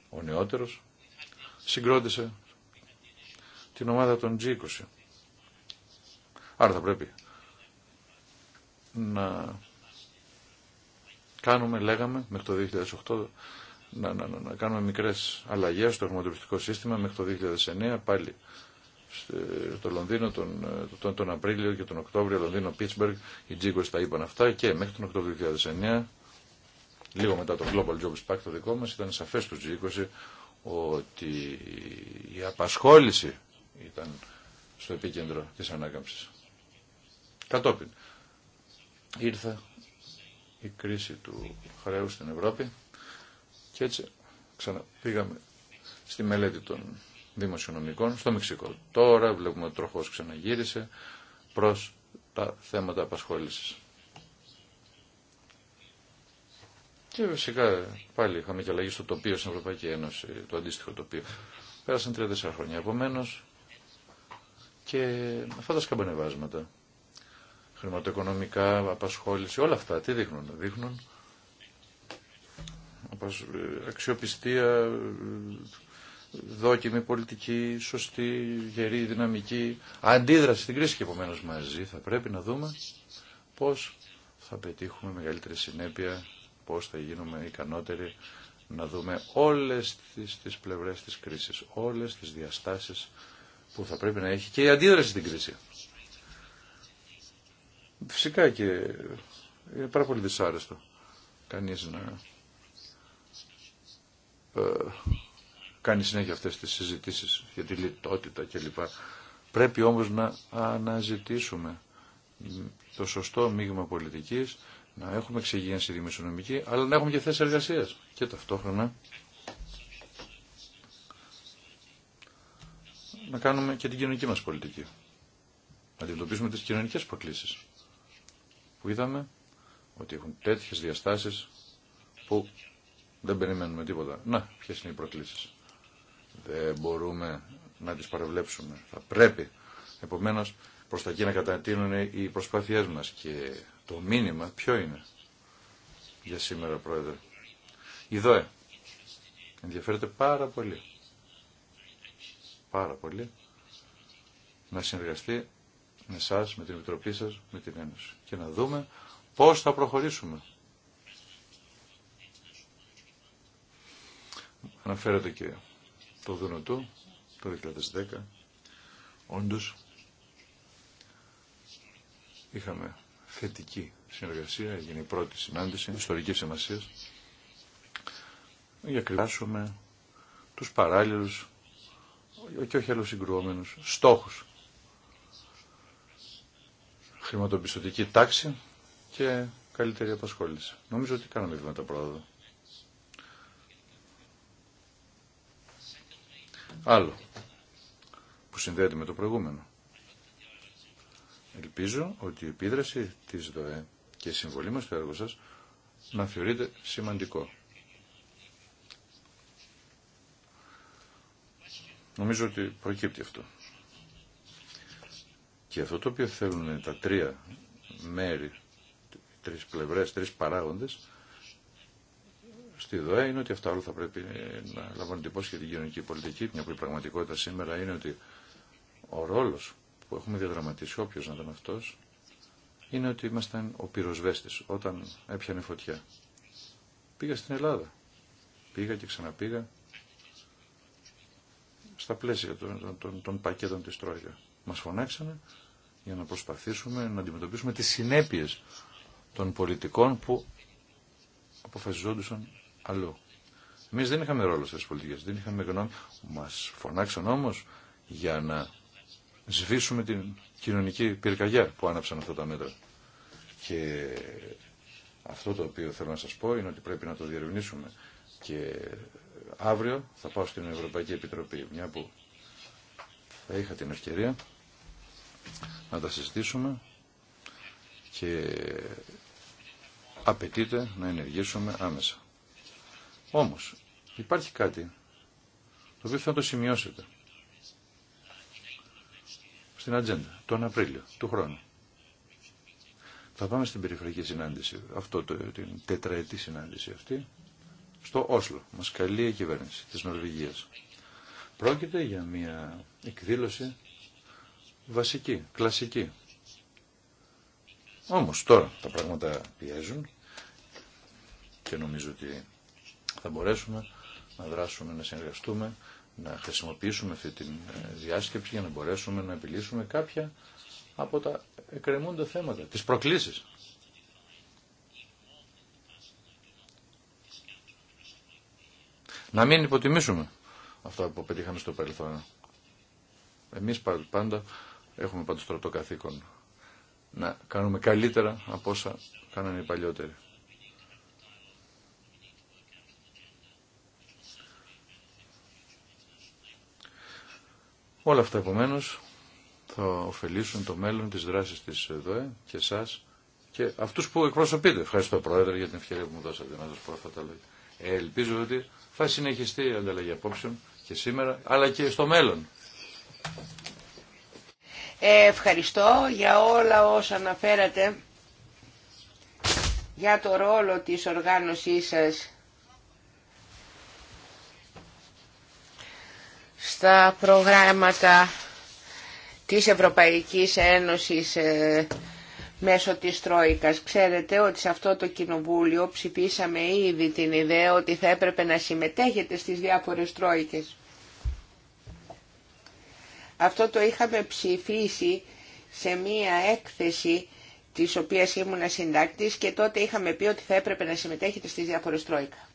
ο νεότερος, συγκρότησε την ομάδα των G20. Άρα θα πρέπει να κάνουμε, λέγαμε, μέχρι το 2008 να, να, να κάνουμε μικρές αλλαγές στο χρηματοπιστικό σύστημα μέχρι το 2009 πάλι στο Λονδίνο τον, τον, τον Απρίλιο και τον Οκτώβριο, Λονδίνο, Πίτσμπεργκ, οι G20 τα είπαν αυτά και μέχρι τον Οκτώβριο 2009, λίγο μετά το Global Jobs Pact το δικό μας, ήταν σαφές του g ότι η απασχόληση ήταν στο επίκεντρο της ανάκαμψη. Κατόπιν ήρθε η κρίση του χρέους στην Ευρώπη και έτσι ξαναπήγαμε στη μελέτη των δημοσιονομικών στο Μεξικό. Τώρα βλέπουμε ότι ο τροχός ξαναγύρισε προς τα θέματα απασχόλησης. Και φυσικά πάλι είχαμε και αλλαγή στο τοπίο στην Ευρωπαϊκή Ένωση, το αντίστοιχο τοπίο. Πέρασαν 34 χρόνια επομένω και αυτά τα σκαμπανεβάσματα, χρηματοοικονομικά, απασχόληση, όλα αυτά τι δείχνουν. Δείχνουν ε, αξιοπιστία, ε, δόκιμη πολιτική, σωστή, γερή, δυναμική, αντίδραση στην κρίση και επομένως μαζί θα πρέπει να δούμε πώς θα πετύχουμε μεγαλύτερη συνέπεια, πώς θα γίνουμε ικανότεροι να δούμε όλες τις, τις πλευρές της κρίσης, όλες τις διαστάσεις που θα πρέπει να έχει και η αντίδραση στην κρίση. Φυσικά και είναι πάρα πολύ δυσάρεστο κανείς να ε, κάνει συνέχεια αυτές τις συζητήσεις για τη λιτότητα κλπ. Πρέπει όμως να αναζητήσουμε το σωστό μείγμα πολιτικής, να έχουμε εξυγίανση δημοσιονομική, αλλά να έχουμε και θέσεις εργασίας. Και ταυτόχρονα να κάνουμε και την κοινωνική μας πολιτική. Να αντιμετωπίσουμε τις κοινωνικές προκλήσεις που είδαμε ότι έχουν τέτοιες διαστάσεις που δεν περιμένουμε τίποτα. Να, ποιες είναι οι προκλήσεις. Δεν μπορούμε να τις παρεβλέψουμε. Θα πρέπει. Επομένως, προς τα εκεί να κατατείνουν οι προσπάθειές μας. Και το μήνυμα ποιο είναι για σήμερα, Πρόεδρε. Η ΔΟΕ ενδιαφέρεται πάρα πολύ. Πάρα πολύ να συνεργαστεί με εσά, με την Επιτροπή σας, με την Ένωση. Και να δούμε πώς θα προχωρήσουμε. Αναφέρατε και το δυνατό το 2010. Όντως είχαμε θετική συνεργασία, έγινε η πρώτη συνάντηση ιστορικής σημασία για κρυβάσουμε τους παράλληλους και όχι άλλους συγκρουόμενους στόχους. Χρηματοπιστωτική τάξη και καλύτερη απασχόληση. Νομίζω ότι κάναμε βήματα πρόοδο. άλλο που συνδέεται με το προηγούμενο. Ελπίζω ότι η επίδραση της ΔΟΕ και η συμβολή μας στο έργο σας να θεωρείται σημαντικό. Νομίζω ότι προκύπτει αυτό. Και αυτό το οποίο θέλουν τα τρία μέρη, τρεις πλευρές, τρεις παράγοντες, στη ΔΟΕ είναι ότι αυτά όλα θα πρέπει να την υπόψη για την κοινωνική πολιτική, μια που η πραγματικότητα σήμερα είναι ότι ο ρόλο που έχουμε διαδραματίσει, όποιο να ήταν αυτό, είναι ότι ήμασταν ο πυροσβέστης όταν έπιανε φωτιά. Πήγα στην Ελλάδα. Πήγα και ξαναπήγα στα πλαίσια των, των, των πακέτων τη Τρόικα. Μα φωνάξανε για να προσπαθήσουμε να αντιμετωπίσουμε τι συνέπειε των πολιτικών που αποφασιζόντουσαν αλλού. Εμεί δεν είχαμε ρόλο στι πολιτικέ, δεν είχαμε γνώμη. Μα φωνάξαν όμω για να σβήσουμε την κοινωνική πυρκαγιά που άναψαν αυτά τα μέτρα. Και αυτό το οποίο θέλω να σα πω είναι ότι πρέπει να το διερευνήσουμε. Και αύριο θα πάω στην Ευρωπαϊκή Επιτροπή, μια που θα είχα την ευκαιρία να τα συζητήσουμε και απαιτείται να ενεργήσουμε άμεσα. Όμως, υπάρχει κάτι το οποίο θα το σημειώσετε στην ατζέντα τον Απρίλιο του χρόνου. Θα πάμε στην περιφερειακή συνάντηση, αυτό την τετραετή συνάντηση αυτή, στο Όσλο. Μας καλεί η κυβέρνηση της Νορβηγίας. Πρόκειται για μια εκδήλωση βασική, κλασική. Όμως τώρα τα πράγματα πιέζουν και νομίζω ότι θα μπορέσουμε να δράσουμε, να συνεργαστούμε, να χρησιμοποιήσουμε αυτή τη ε, διάσκεψη για να μπορέσουμε να επιλύσουμε κάποια από τα εκκρεμούντα θέματα, τις προκλήσεις. Να μην υποτιμήσουμε αυτά που πετύχαμε στο παρελθόν. Εμείς πάντα έχουμε πάντως το καθήκον να κάνουμε καλύτερα από όσα κάνανε οι παλιότεροι. Όλα αυτά επομένω θα ωφελήσουν το μέλλον τη δράση της ΕΔΟΕ και εσά και αυτού που εκπροσωπείτε. Ευχαριστώ Πρόεδρε για την ευκαιρία που μου δώσατε να σα πω αυτά τα λόγια. Ε, ελπίζω ότι θα συνεχιστεί η ανταλλαγή απόψεων και σήμερα αλλά και στο μέλλον. Ε, ευχαριστώ για όλα όσα αναφέρατε για το ρόλο της οργάνωσής σας Τα προγράμματα της Ευρωπαϊκής Ένωσης ε, μέσω της Τρόικας. Ξέρετε ότι σε αυτό το κοινοβούλιο ψηφίσαμε ήδη την ιδέα ότι θα έπρεπε να συμμετέχετε στις διάφορες Τρόικες. Αυτό το είχαμε ψηφίσει σε μία έκθεση της οποίας ήμουν συντάκτης και τότε είχαμε πει ότι θα έπρεπε να συμμετέχετε στις διάφορες Τρόικα.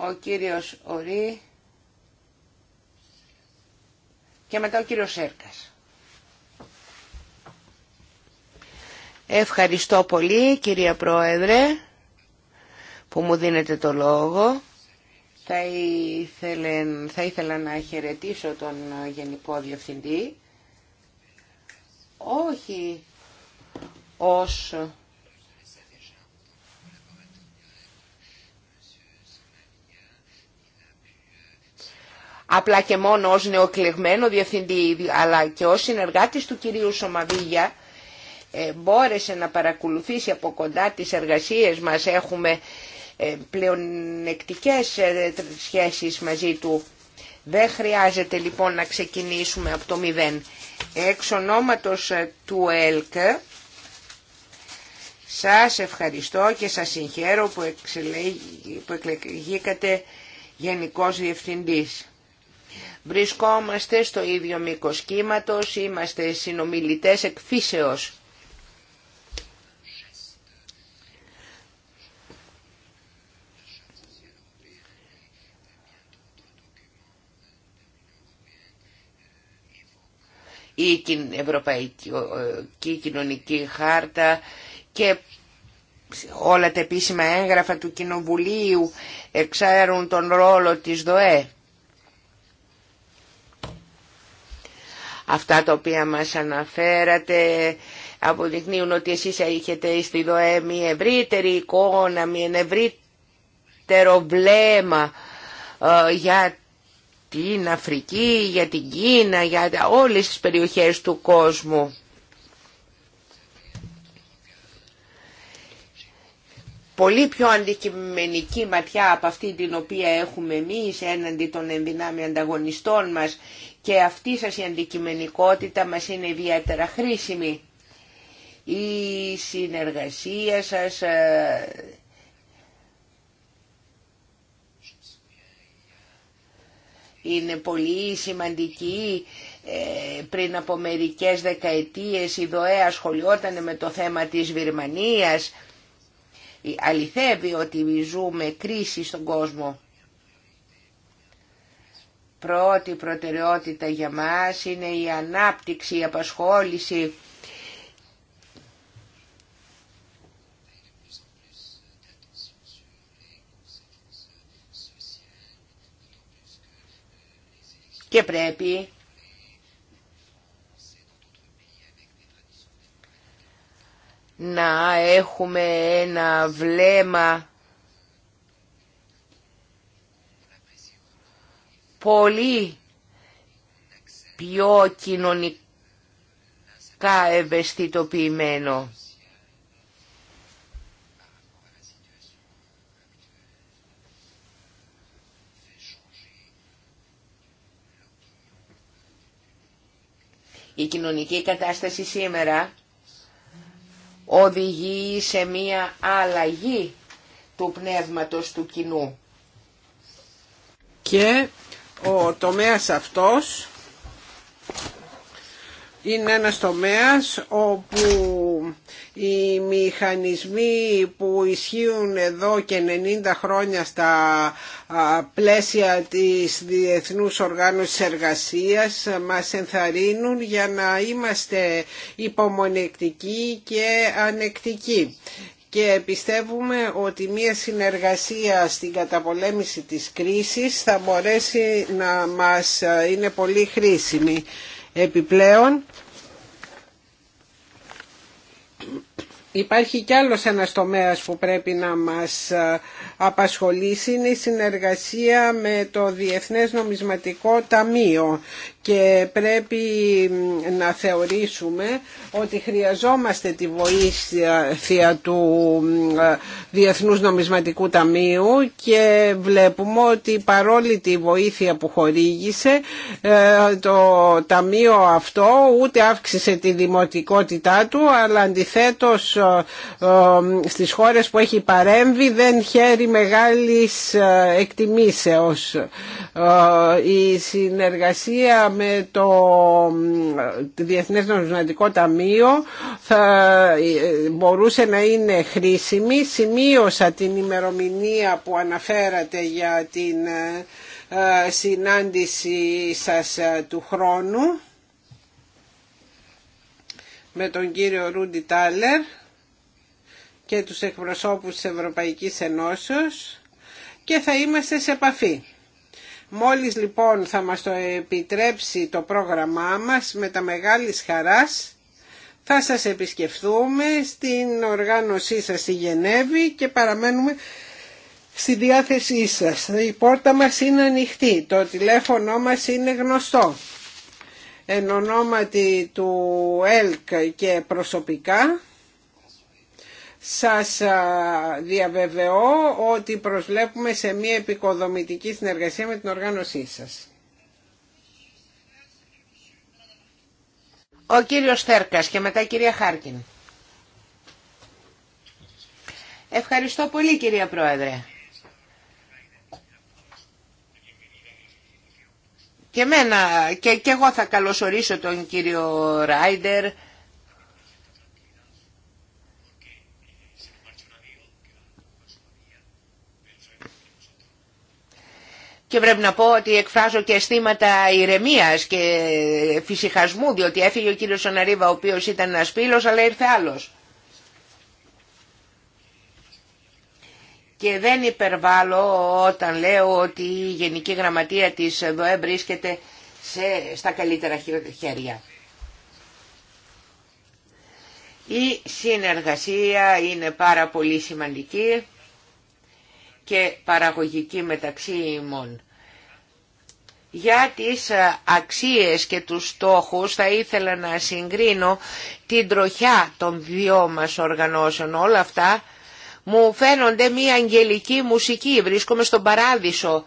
ο κύριος ορί. και μετά ο κύριος Σέρκας. Ευχαριστώ πολύ κυρία Πρόεδρε που μου δίνετε το λόγο. Θα ήθελα, θα ήθελα να χαιρετήσω τον Γενικό Διευθυντή, όχι ως απλά και μόνο ως νεοκλεγμένο διευθυντή αλλά και ως συνεργάτης του κυρίου Σωμαβίγια ε, μπόρεσε να παρακολουθήσει από κοντά τις εργασίες μας. Έχουμε ε, πλεονεκτικές ε, σχέσεις μαζί του. Δεν χρειάζεται λοιπόν να ξεκινήσουμε από το μηδέν. Εξ ονόματος του ΕΛΚ σας ευχαριστώ και σας συγχαίρω που εκλεγήκατε Γενικός Διευθυντής. Βρισκόμαστε στο ίδιο μήκο κύματο, είμαστε συνομιλητές εκφύσεως. η Ευρωπαϊκή Κοινωνική Χάρτα και όλα τα επίσημα έγγραφα του Κοινοβουλίου εξάρουν τον ρόλο της ΔΟΕ. Αυτά τα οποία μας αναφέρατε αποδεικνύουν ότι εσείς έχετε στη ΔΟΕ μια ευρύτερη εικόνα, μια ευρύτερο βλέμμα ε, για την Αφρική, για την Κίνα, για όλες τις περιοχές του κόσμου. πολύ πιο αντικειμενική ματιά από αυτή την οποία έχουμε εμείς έναντι των ενδυνάμει ανταγωνιστών μας και αυτή σας η αντικειμενικότητα μας είναι ιδιαίτερα χρήσιμη. Η συνεργασία σας ε, είναι πολύ σημαντική. Ε, πριν από μερικές δεκαετίες η ΔΟΕ ασχολιόταν με το θέμα της Βυρμανίας. Αληθεύει ότι ζούμε κρίση στον κόσμο πρώτη προτεραιότητα για μας είναι η ανάπτυξη, η απασχόληση και πρέπει να έχουμε ένα βλέμμα πολύ πιο κοινωνικά ευαισθητοποιημένο. Η κοινωνική κατάσταση σήμερα οδηγεί σε μία αλλαγή του πνεύματος του κοινού. Και ο τομέας αυτός είναι ένας τομέας όπου οι μηχανισμοί που ισχύουν εδώ και 90 χρόνια στα πλαίσια της Διεθνούς Οργάνωσης Εργασίας μας ενθαρρύνουν για να είμαστε υπομονεκτικοί και ανεκτικοί και πιστεύουμε ότι μία συνεργασία στην καταπολέμηση της κρίσης θα μπορέσει να μας ε, είναι πολύ χρήσιμη. Επιπλέον υπάρχει κι άλλος ένας τομέας που πρέπει να μας ε, απασχολήσει είναι η συνεργασία με το Διεθνές Νομισματικό Ταμείο και πρέπει να θεωρήσουμε ότι χρειαζόμαστε τη βοήθεια του Διεθνούς Νομισματικού Ταμείου και βλέπουμε ότι παρόλη τη βοήθεια που χορήγησε ε, το Ταμείο αυτό ούτε αύξησε τη δημοτικότητά του αλλά αντιθέτως ε, ε, στις χώρες που έχει παρέμβει δεν χαίρει μεγάλης εκτιμήσεως. Η συνεργασία με το Διεθνές Νομισματικό Ταμείο θα ε, μπορούσε να είναι χρήσιμη. Σημείωσα την ημερομηνία που αναφέρατε για την ε, ε, συνάντηση σας του χρόνου με τον κύριο Ρούντι Τάλερ και τους εκπροσώπους της Ευρωπαϊκής Ενώσεως και θα είμαστε σε επαφή. Μόλις λοιπόν θα μας το επιτρέψει το πρόγραμμά μας με τα μεγάλης χαράς θα σας επισκεφθούμε στην οργάνωσή σας στη Γενέβη και παραμένουμε στη διάθεσή σας. Η πόρτα μας είναι ανοιχτή, το τηλέφωνο μας είναι γνωστό. Εν ονόματι του ΕΛΚ και προσωπικά σας διαβεβαιώ ότι προσβλέπουμε σε μια επικοδομητική συνεργασία με την οργάνωσή σας. Ο κύριος Θέρκας και μετά η κυρία Χάρκιν. Ευχαριστώ πολύ κυρία Πρόεδρε. Και, μένα, και, και εγώ θα καλωσορίσω τον κύριο Ράιντερ Και πρέπει να πω ότι εκφράζω και αισθήματα ηρεμία και φυσικασμού, διότι έφυγε ο κύριος Σοναρίβα, ο οποίος ήταν ένας φίλος, αλλά ήρθε άλλος. Και δεν υπερβάλλω όταν λέω ότι η Γενική Γραμματεία της ΔΟΕ βρίσκεται σε, στα καλύτερα χέρια. Η συνεργασία είναι πάρα πολύ σημαντική και παραγωγική μεταξύ ημών. Για τις ε, αξίες και τους στόχους θα ήθελα να συγκρίνω την τροχιά των δυο μας οργανώσεων. Όλα αυτά μου φαίνονται μια αγγελική μουσική. Βρίσκομαι στον παράδεισο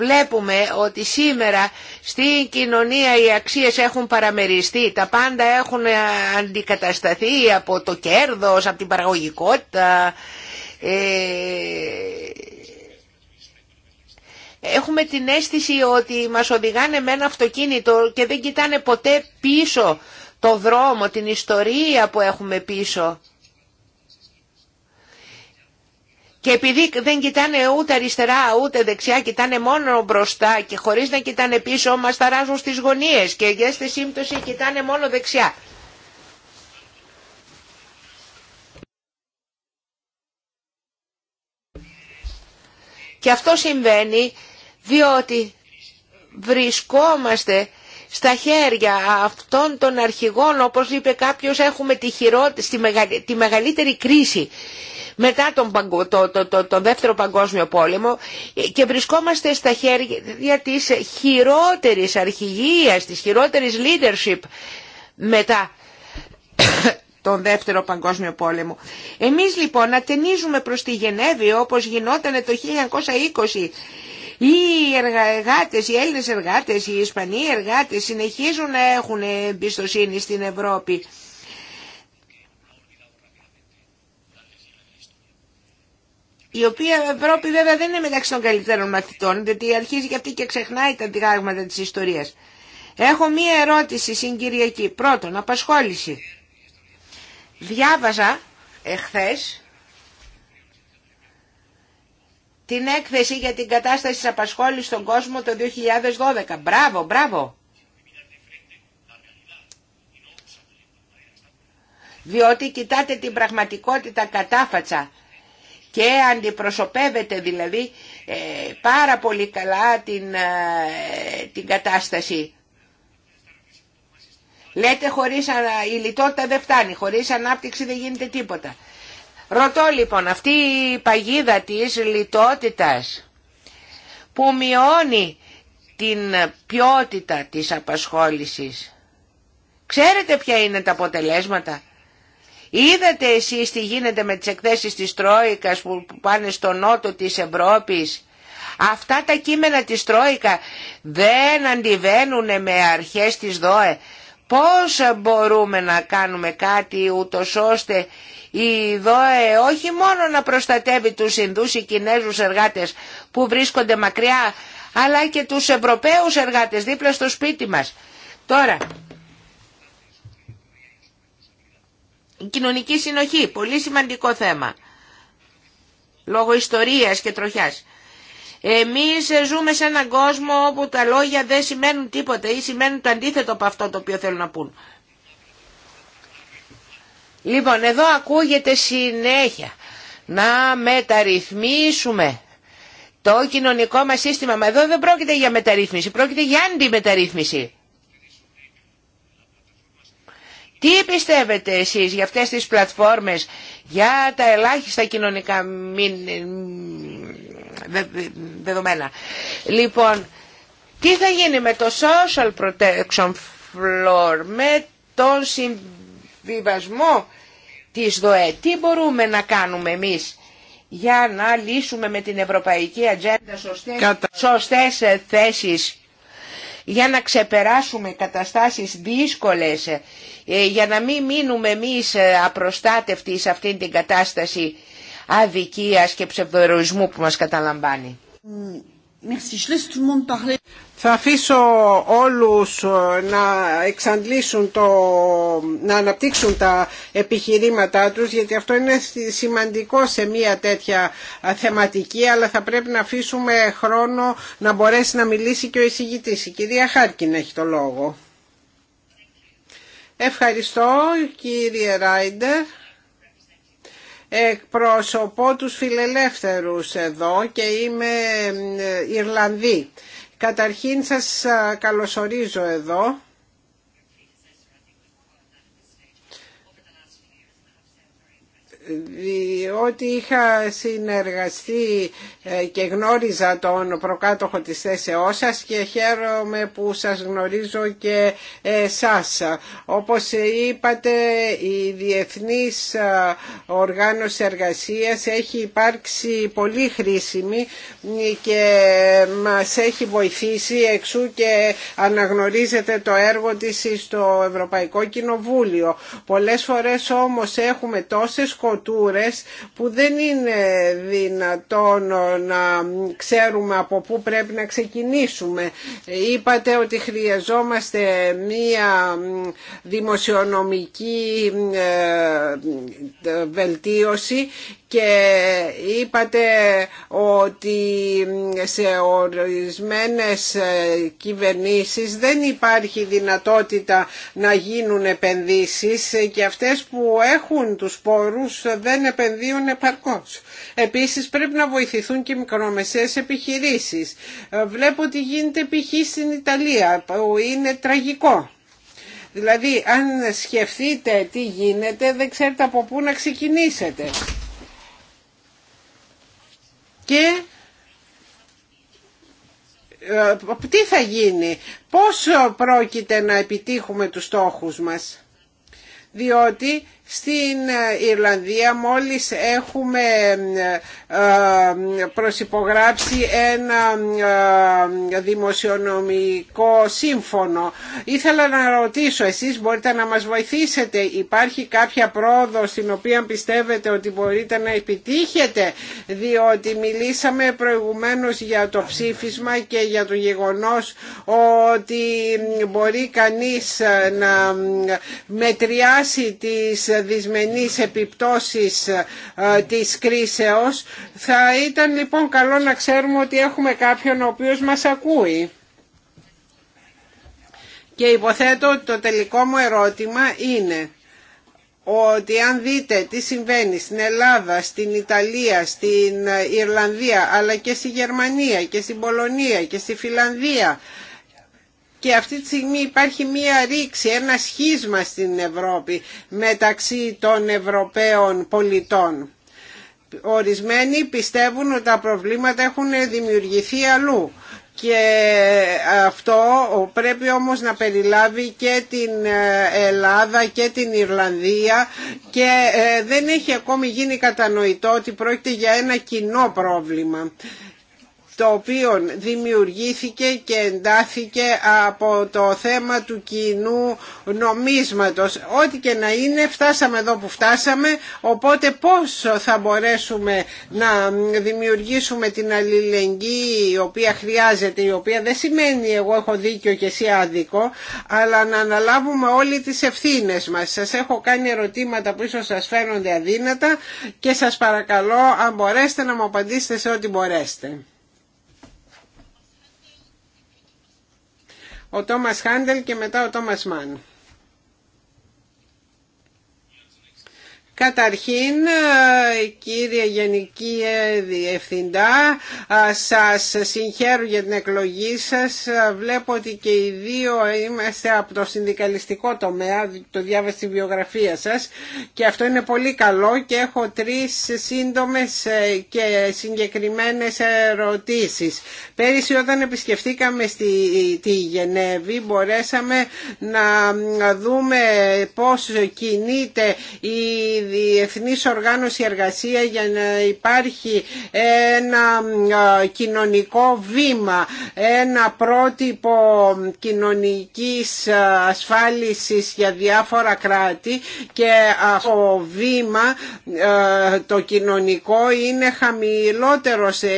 Βλέπουμε ότι σήμερα στην κοινωνία οι αξίες έχουν παραμεριστεί, τα πάντα έχουν ε, αντικατασταθεί από το κέρδος, από την παραγωγικότητα. Ε, έχουμε την αίσθηση ότι μας οδηγάνε με ένα αυτοκίνητο και δεν κοιτάνε ποτέ πίσω το δρόμο, την ιστορία που έχουμε πίσω. Και επειδή δεν κοιτάνε ούτε αριστερά ούτε δεξιά, κοιτάνε μόνο μπροστά και χωρίς να κοιτάνε πίσω, μας ταράζουν στις γωνίες και για στη σύμπτωση κοιτάνε μόνο δεξιά. Και αυτό συμβαίνει διότι βρισκόμαστε στα χέρια αυτών των αρχηγών, όπως είπε κάποιος, έχουμε τη, τη μεγαλύτερη κρίση μετά τον, το, Δεύτερο Παγκόσμιο Πόλεμο και βρισκόμαστε στα χέρια της χειρότερης αρχηγίας, της χειρότερης leadership μετά τον Δεύτερο Παγκόσμιο Πόλεμο. Εμείς λοιπόν ταινίζουμε προς τη Γενέβη όπως γινόταν το 1920 οι εργάτες, οι Έλληνες εργάτες, οι Ισπανοί εργάτες συνεχίζουν να έχουν εμπιστοσύνη στην Ευρώπη. η οποία Ευρώπη βέβαια δεν είναι μεταξύ των καλύτερων μαθητών, διότι αρχίζει και αυτή και ξεχνάει τα διδάγματα της ιστορίας. Έχω μία ερώτηση συγκυριακή. Πρώτον, απασχόληση. Διάβαζα εχθές την έκθεση για την κατάσταση της απασχόλησης στον κόσμο το 2012. Μπράβο, μπράβο. Διότι κοιτάτε την πραγματικότητα κατάφατσα και αντιπροσωπεύεται δηλαδή ε, πάρα πολύ καλά την, ε, την κατάσταση. Λέτε χωρίς η λιτότητα δεν φτάνει, χωρίς ανάπτυξη δεν γίνεται τίποτα. Ρωτώ λοιπόν, αυτή η παγίδα της λιτότητας που μειώνει την ποιότητα της απασχόλησης, ξέρετε ποια είναι τα αποτελέσματα. Είδατε εσείς τι γίνεται με τις εκθέσεις της Τρόικας που πάνε στο νότο της Ευρώπης. Αυτά τα κείμενα της Τρόικα δεν αντιβαίνουν με αρχές της ΔΟΕ. Πώς μπορούμε να κάνουμε κάτι ούτω ώστε η ΔΟΕ όχι μόνο να προστατεύει τους Ινδούς ή Κινέζους εργάτες που βρίσκονται μακριά, αλλά και τους Ευρωπαίους εργάτες δίπλα στο σπίτι μας. Τώρα, κοινωνική συνοχή, πολύ σημαντικό θέμα, λόγω ιστορίας και τροχιάς. Εμείς ζούμε σε έναν κόσμο όπου τα λόγια δεν σημαίνουν τίποτα ή σημαίνουν το αντίθετο από αυτό το οποίο θέλουν να πούν. Λοιπόν, εδώ ακούγεται συνέχεια να μεταρρυθμίσουμε το κοινωνικό μας σύστημα. Μα εδώ δεν πρόκειται για μεταρρύθμιση, πρόκειται για αντιμεταρρύθμιση. Τι πιστεύετε εσείς για αυτές τις πλατφόρμες, για τα ελάχιστα κοινωνικά δεδομένα. Λοιπόν, τι θα γίνει με το social protection floor, με τον συμβιβασμό της ΔΟΕ. Τι μπορούμε να κάνουμε εμείς για να λύσουμε με την ευρωπαϊκή ατζέντα σωστές, Κατα... σωστές θέσεις για να ξεπεράσουμε καταστάσεις δύσκολες, ε, για να μην μείνουμε εμείς ε, απροστάτευτοι σε αυτήν την κατάσταση αδικίας και ψευδορισμού που μας καταλαμβάνει. Θα αφήσω όλους ε, να εξαντλήσουν το, να αναπτύξουν τα επιχειρήματά τους γιατί αυτό είναι σημαντικό σε μια τέτοια ε, θεματική αλλά θα πρέπει να αφήσουμε χρόνο να μπορέσει να μιλήσει και ο εισηγητής. Η κυρία Χάρκιν έχει το λόγο. Ευχαριστώ κύριε Ράιντερ εκπροσωπώ τους φιλελεύθερους εδώ και είμαι ε, Ιρλανδή. Καταρχήν σας καλωσορίζω εδώ διότι είχα συνεργαστεί ε, και γνώριζα τον προκάτοχο της θέσεώς σας και χαίρομαι που σας γνωρίζω και ε, σας. Όπως είπατε η Διεθνής ε, Οργάνωση Εργασίας έχει υπάρξει πολύ χρήσιμη και μας έχει βοηθήσει εξού και αναγνωρίζεται το έργο της στο Ευρωπαϊκό Κοινοβούλιο. Πολλές φορές όμως έχουμε τόσες που δεν είναι δυνατόν να ξέρουμε από πού πρέπει να ξεκινήσουμε. Είπατε ότι χρειαζόμαστε μία δημοσιονομική ε, βελτίωση και είπατε ότι σε ορισμένες ε, κυβερνήσεις δεν υπάρχει δυνατότητα να γίνουν επενδύσεις και αυτές που έχουν τους πόρους δεν επενδύουν επαρκώς. Επίσης πρέπει να βοηθηθούν και οι μικρομεσαίες επιχειρήσεις. Ε, βλέπω ότι γίνεται π.χ. στην Ιταλία που είναι τραγικό. Δηλαδή αν σκεφτείτε τι γίνεται δεν ξέρετε από πού να ξεκινήσετε και ε, τι θα γίνει, πώς πρόκειται να επιτύχουμε τους στόχους μας. Διότι στην ε, Ιρλανδία μόλις έχουμε ε, ε, προσυπογράψει ένα δημοσιονομικό σύμφωνο. Ήθελα να ρωτήσω, εσείς μπορείτε να μας βοηθήσετε, υπάρχει κάποια πρόοδο στην οποία πιστεύετε ότι μπορείτε να επιτύχετε, διότι μιλήσαμε προηγουμένως για το ψήφισμα και για το γεγονός ότι μπορεί κανείς να μετριάσει τις δυσμενείς επιπτώσεις ε, της κρίσεως. Θα ήταν λοιπόν καλό να ξέρουμε ότι έχουμε κάποιον ο οποίος μας ακούει. Και υποθέτω ότι το τελικό μου ερώτημα είναι ότι αν δείτε τι συμβαίνει στην Ελλάδα, στην Ιταλία, στην Ιρλανδία αλλά και στη Γερμανία και στην Πολωνία και στη Φιλανδία και αυτή τη στιγμή υπάρχει μία ρήξη, ένα σχίσμα στην Ευρώπη μεταξύ των Ευρωπαίων πολιτών. Ορισμένοι πιστεύουν ότι τα προβλήματα έχουν δημιουργηθεί αλλού και αυτό πρέπει όμως να περιλάβει και την ε, Ελλάδα και την Ιρλανδία και ε, δεν έχει ακόμη γίνει κατανοητό ότι πρόκειται για ένα κοινό πρόβλημα το οποίο δημιουργήθηκε και εντάθηκε από το θέμα του κοινού νομίσματος. Ό,τι και να είναι, φτάσαμε εδώ που φτάσαμε, οπότε πώς θα μπορέσουμε να δημιουργήσουμε την αλληλεγγύη η οποία χρειάζεται, η οποία δεν σημαίνει εγώ έχω δίκιο και εσύ άδικο, αλλά να αναλάβουμε όλοι τις ευθύνες μας. Σας έχω κάνει ερωτήματα που ίσως σας φαίνονται αδύνατα και σας παρακαλώ αν μπορέσετε να μου απαντήσετε σε ό,τι μπορέσετε. ο Τόμας Χάντελ και μετά ο Τόμας Μαν. Καταρχήν, ε, κύριε Γενική Διευθυντά, ε, σας συγχαίρω για την εκλογή σας. Ε, βλέπω ότι και οι δύο είμαστε από το συνδικαλιστικό τομέα, το διάβασα στη βιογραφία σας και αυτό είναι πολύ καλό και έχω τρεις σύντομες και συγκεκριμένες ερωτήσεις. Πέρυσι όταν επισκεφτήκαμε στη, τη Γενέβη μπορέσαμε να δούμε πώς κινείται η Διεθνής Οργάνωση Εργασία για να υπάρχει ένα κοινωνικό βήμα, ένα πρότυπο κοινωνικής ασφάλισης για διάφορα κράτη και το βήμα το κοινωνικό είναι χαμηλότερο σε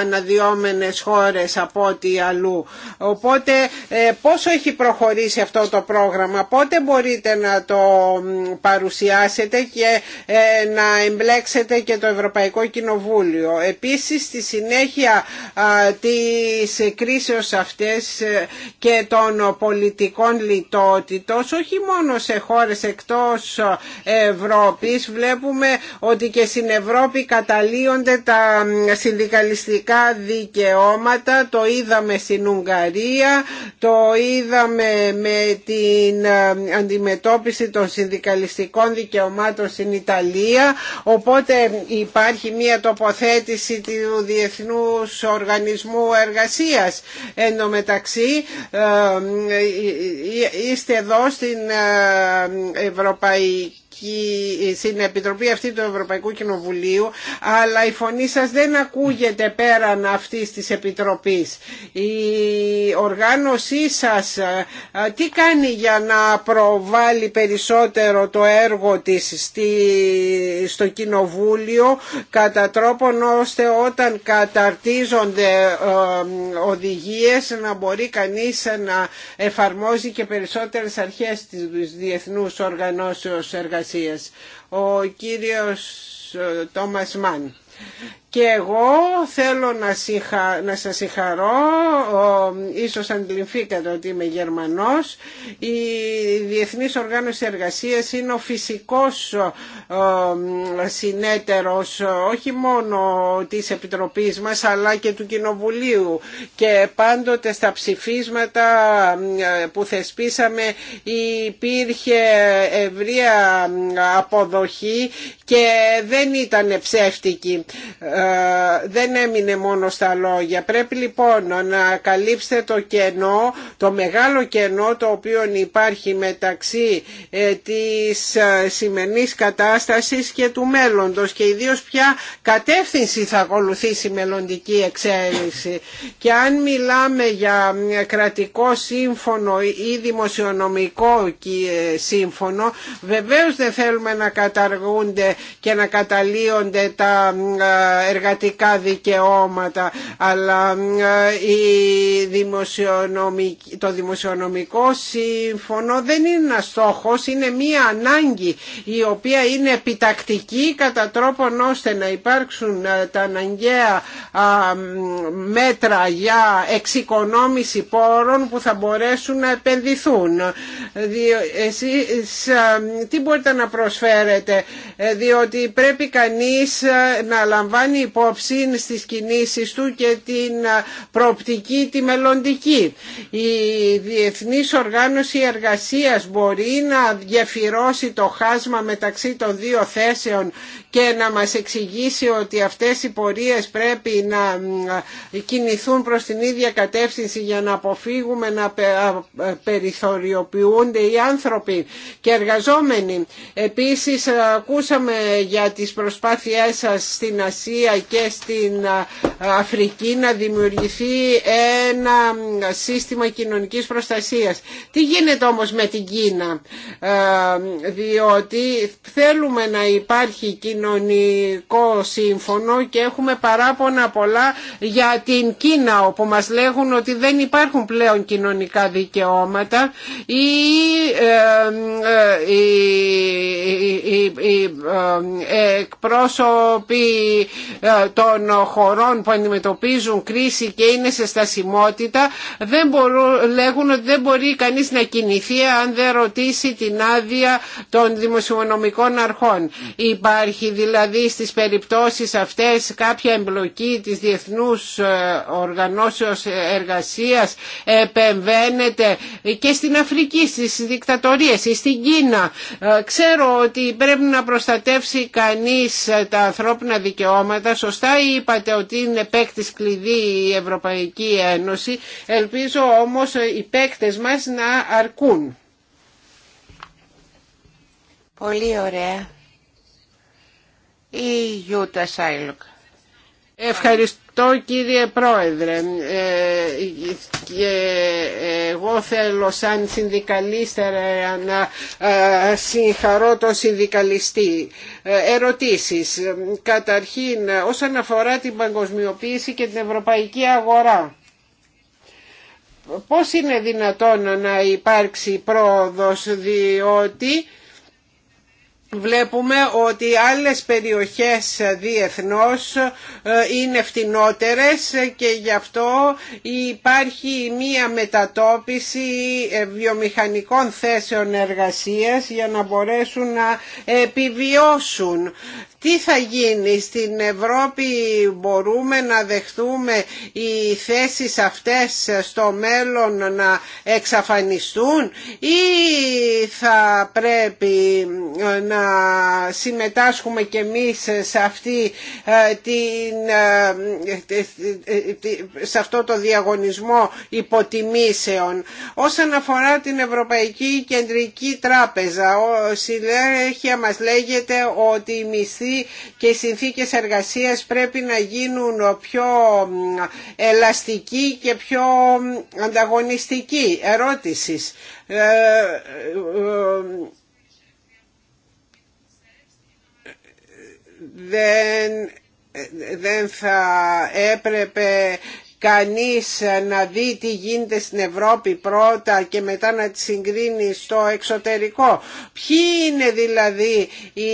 αναδιόμενες χώρες από ό,τι αλλού. Οπότε ε, πόσο έχει προχωρήσει αυτό το πρόγραμμα, πότε μπορείτε να το παρουσιάσετε και ε, να εμπλέξετε και το Ευρωπαϊκό Κοινοβούλιο. Επίσης στη συνέχεια της κρίσεως αυτές ε, και των πολιτικών λιτότητων όχι μόνο σε χώρες εκτός ε, Ευρώπης βλέπουμε ότι και στην Ευρώπη καταλύονται τα συνδικαλιστικά δικαιώματα το είδαμε στην Ουγγαρία το είδαμε με την αντιμετώπιση των συνδικαλιστικών δικαιωμάτων στην Ιταλία οπότε υπάρχει μια τοποθέτηση του Διεθνούς Οργανισμού Εργασίας εν τω μεταξύ ε, ε, ε, είστε εδώ στην Ευρωπαϊκή στην Επιτροπή αυτή του Ευρωπαϊκού Κοινοβουλίου αλλά η φωνή σας δεν ακούγεται πέραν αυτής της Επιτροπής. Η οργάνωσή σας ε, τι κάνει για να προβάλλει περισσότερο το έργο της στο Κοινοβούλιο κατά τρόπον ώστε όταν καταρτίζονται ε, οδηγίες να μπορεί κανείς να εφαρμόζει και περισσότερες αρχές της διεθνούς οργανώσεως εργασίας εργασίας. Ο κύριος Τόμας Μαν. Και εγώ θέλω να, σα να σας συγχαρώ, ίσως αντιληφθήκατε ότι είμαι Γερμανός. Η Διεθνής Οργάνωση Εργασίας είναι ο φυσικός συνέτερος όχι μόνο της Επιτροπής μας αλλά και του Κοινοβουλίου και πάντοτε στα ψηφίσματα ε, που θεσπίσαμε υπήρχε ευρεία αποδοχή και δεν ήταν ψεύτικη. Ε, δεν έμεινε μόνο στα λόγια. Πρέπει λοιπόν να καλύψετε το κενό, το μεγάλο κενό το οποίο υπάρχει μεταξύ ε, της ε, σημερινής κατάστασης και του μέλλοντος και ιδίως ποια κατεύθυνση θα ακολουθήσει η μελλοντική εξέλιξη. Και αν μιλάμε για κρατικό σύμφωνο ή δημοσιονομικό σύμφωνο, βεβαίως δεν θέλουμε να καταργούνται και να καταλύονται τα εργατικά δικαιώματα αλλά ε, η δημοσιονομική, το δημοσιονομικό σύμφωνο δεν είναι ένα στόχος, είναι μία ανάγκη η οποία είναι επιτακτική κατά τρόπον ώστε να υπάρξουν ε, τα αναγκαία μέτρα για εξοικονόμηση πόρων που θα μπορέσουν να επενδυθούν. Εσείς ε, τι μπορείτε να προσφέρετε διότι πρέπει κανείς να λαμβάνει υπόψη στις κινήσεις του και την προοπτική τη μελλοντική. Η Διεθνής Οργάνωση Εργασίας μπορεί να διαφυρώσει το χάσμα μεταξύ των δύο θέσεων και να μας εξηγήσει ότι αυτές οι πορείες πρέπει να κινηθούν προς την ίδια κατεύθυνση για να αποφύγουμε να περιθωριοποιούνται οι άνθρωποι και εργαζόμενοι. Επίσης ακούσαμε για τις προσπάθειές σας στην Ασία και στην Αφρική να δημιουργηθεί ένα σύστημα κοινωνικής προστασίας. Τι γίνεται όμως με την Κίνα, ε, διότι θέλουμε να υπάρχει κοινωνικό σύμφωνο και έχουμε παράπονα πολλά για την Κίνα όπου μας λέγουν ότι δεν υπάρχουν πλέον κοινωνικά δικαιώματα ή ε, ε, εκπρόσωποι ε, των χωρών που αντιμετωπίζουν κρίση και είναι σε στασιμότητα δεν μπορούν, λέγουν ότι δεν μπορεί κανείς να κινηθεί αν δεν ρωτήσει την άδεια των δημοσιονομικών αρχών. Υπάρχει δηλαδή στις περιπτώσεις αυτές κάποια εμπλοκή της Διεθνούς ε, Οργανώσεως Εργασίας επεμβαίνεται και στην Αφρική, στις δικτατορίες ή στην Κίνα. Ε, ξέρω ότι πρέπει να προστατεύσει κανείς τα ανθρώπινα δικαιώματα δικαιώματα. Σωστά είπατε ότι είναι παίκτη κλειδί η Ευρωπαϊκή Ένωση. Ελπίζω όμως οι παίκτες μας να αρκούν. Πολύ ωραία. Η Γιούτα Σάιλοκ. Ευχαριστώ. Το κύριε Πρόεδρε ε, και εγώ θέλω σαν συνδικαλίστερα να ε, συγχαρώ τον συνδικαλιστή. Ε, ερωτήσεις. Καταρχήν όσον αφορά την παγκοσμιοποίηση και την ευρωπαϊκή αγορά πώς είναι δυνατόν να υπάρξει πρόοδος διότι βλέπουμε ότι άλλες περιοχές διεθνώς ε, είναι φτηνότερες και γι' αυτό υπάρχει μία μετατόπιση ε, βιομηχανικών θέσεων εργασίας για να μπορέσουν να επιβιώσουν τι θα γίνει στην Ευρώπη μπορούμε να δεχτούμε οι θέσεις αυτές στο μέλλον να εξαφανιστούν ή θα πρέπει να συμμετάσχουμε και εμείς σε, αυτή, ε, την, ε, σε αυτό το διαγωνισμό υποτιμήσεων. Όσον αφορά την Ευρωπαϊκή Κεντρική Τράπεζα, ο μας λέγεται ότι η και οι συνθήκες εργασίας πρέπει να γίνουν πιο ελαστικοί και πιο ανταγωνιστικοί. Ερώτησης. Ε, ε, ε, δεν δεν θα έπρεπε κανείς να δει τι γίνεται στην Ευρώπη πρώτα και μετά να τη συγκρίνει στο εξωτερικό. Ποιοι είναι δηλαδή οι,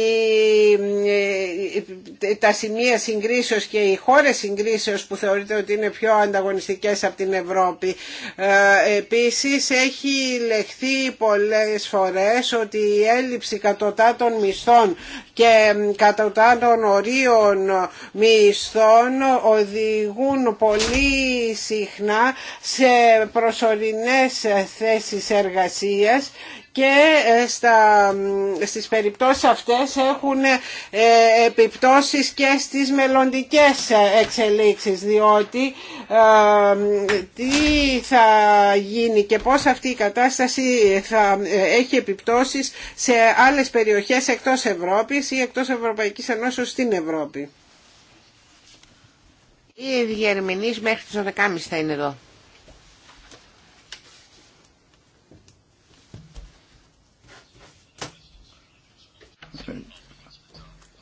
ε, τα σημεία συγκρίσεως και οι χώρες συγκρίσεως που θεωρείται ότι είναι πιο ανταγωνιστικές από την Ευρώπη. Ε, επίσης έχει λεχθεί πολλές φορές ότι η έλλειψη κατωτάτων μισθών και κατά των ορίων μισθών οδηγούν πολύ συχνά σε προσωρινές θέσεις εργασίας και ε, στα, στις περιπτώσεις αυτές έχουν ε, επιπτώσεις και στις μελλοντικές ε, εξελίξεις διότι τι θα γίνει και πώς αυτή η κατάσταση θα έχει επιπτώσεις σε άλλες περιοχές εκτός Ευρώπης ή εκτός Ευρωπαϊκής Ενώσεως στην Ευρώπη. Οι διερμηνείς μέχρι τις 12.30 θα είναι εδώ.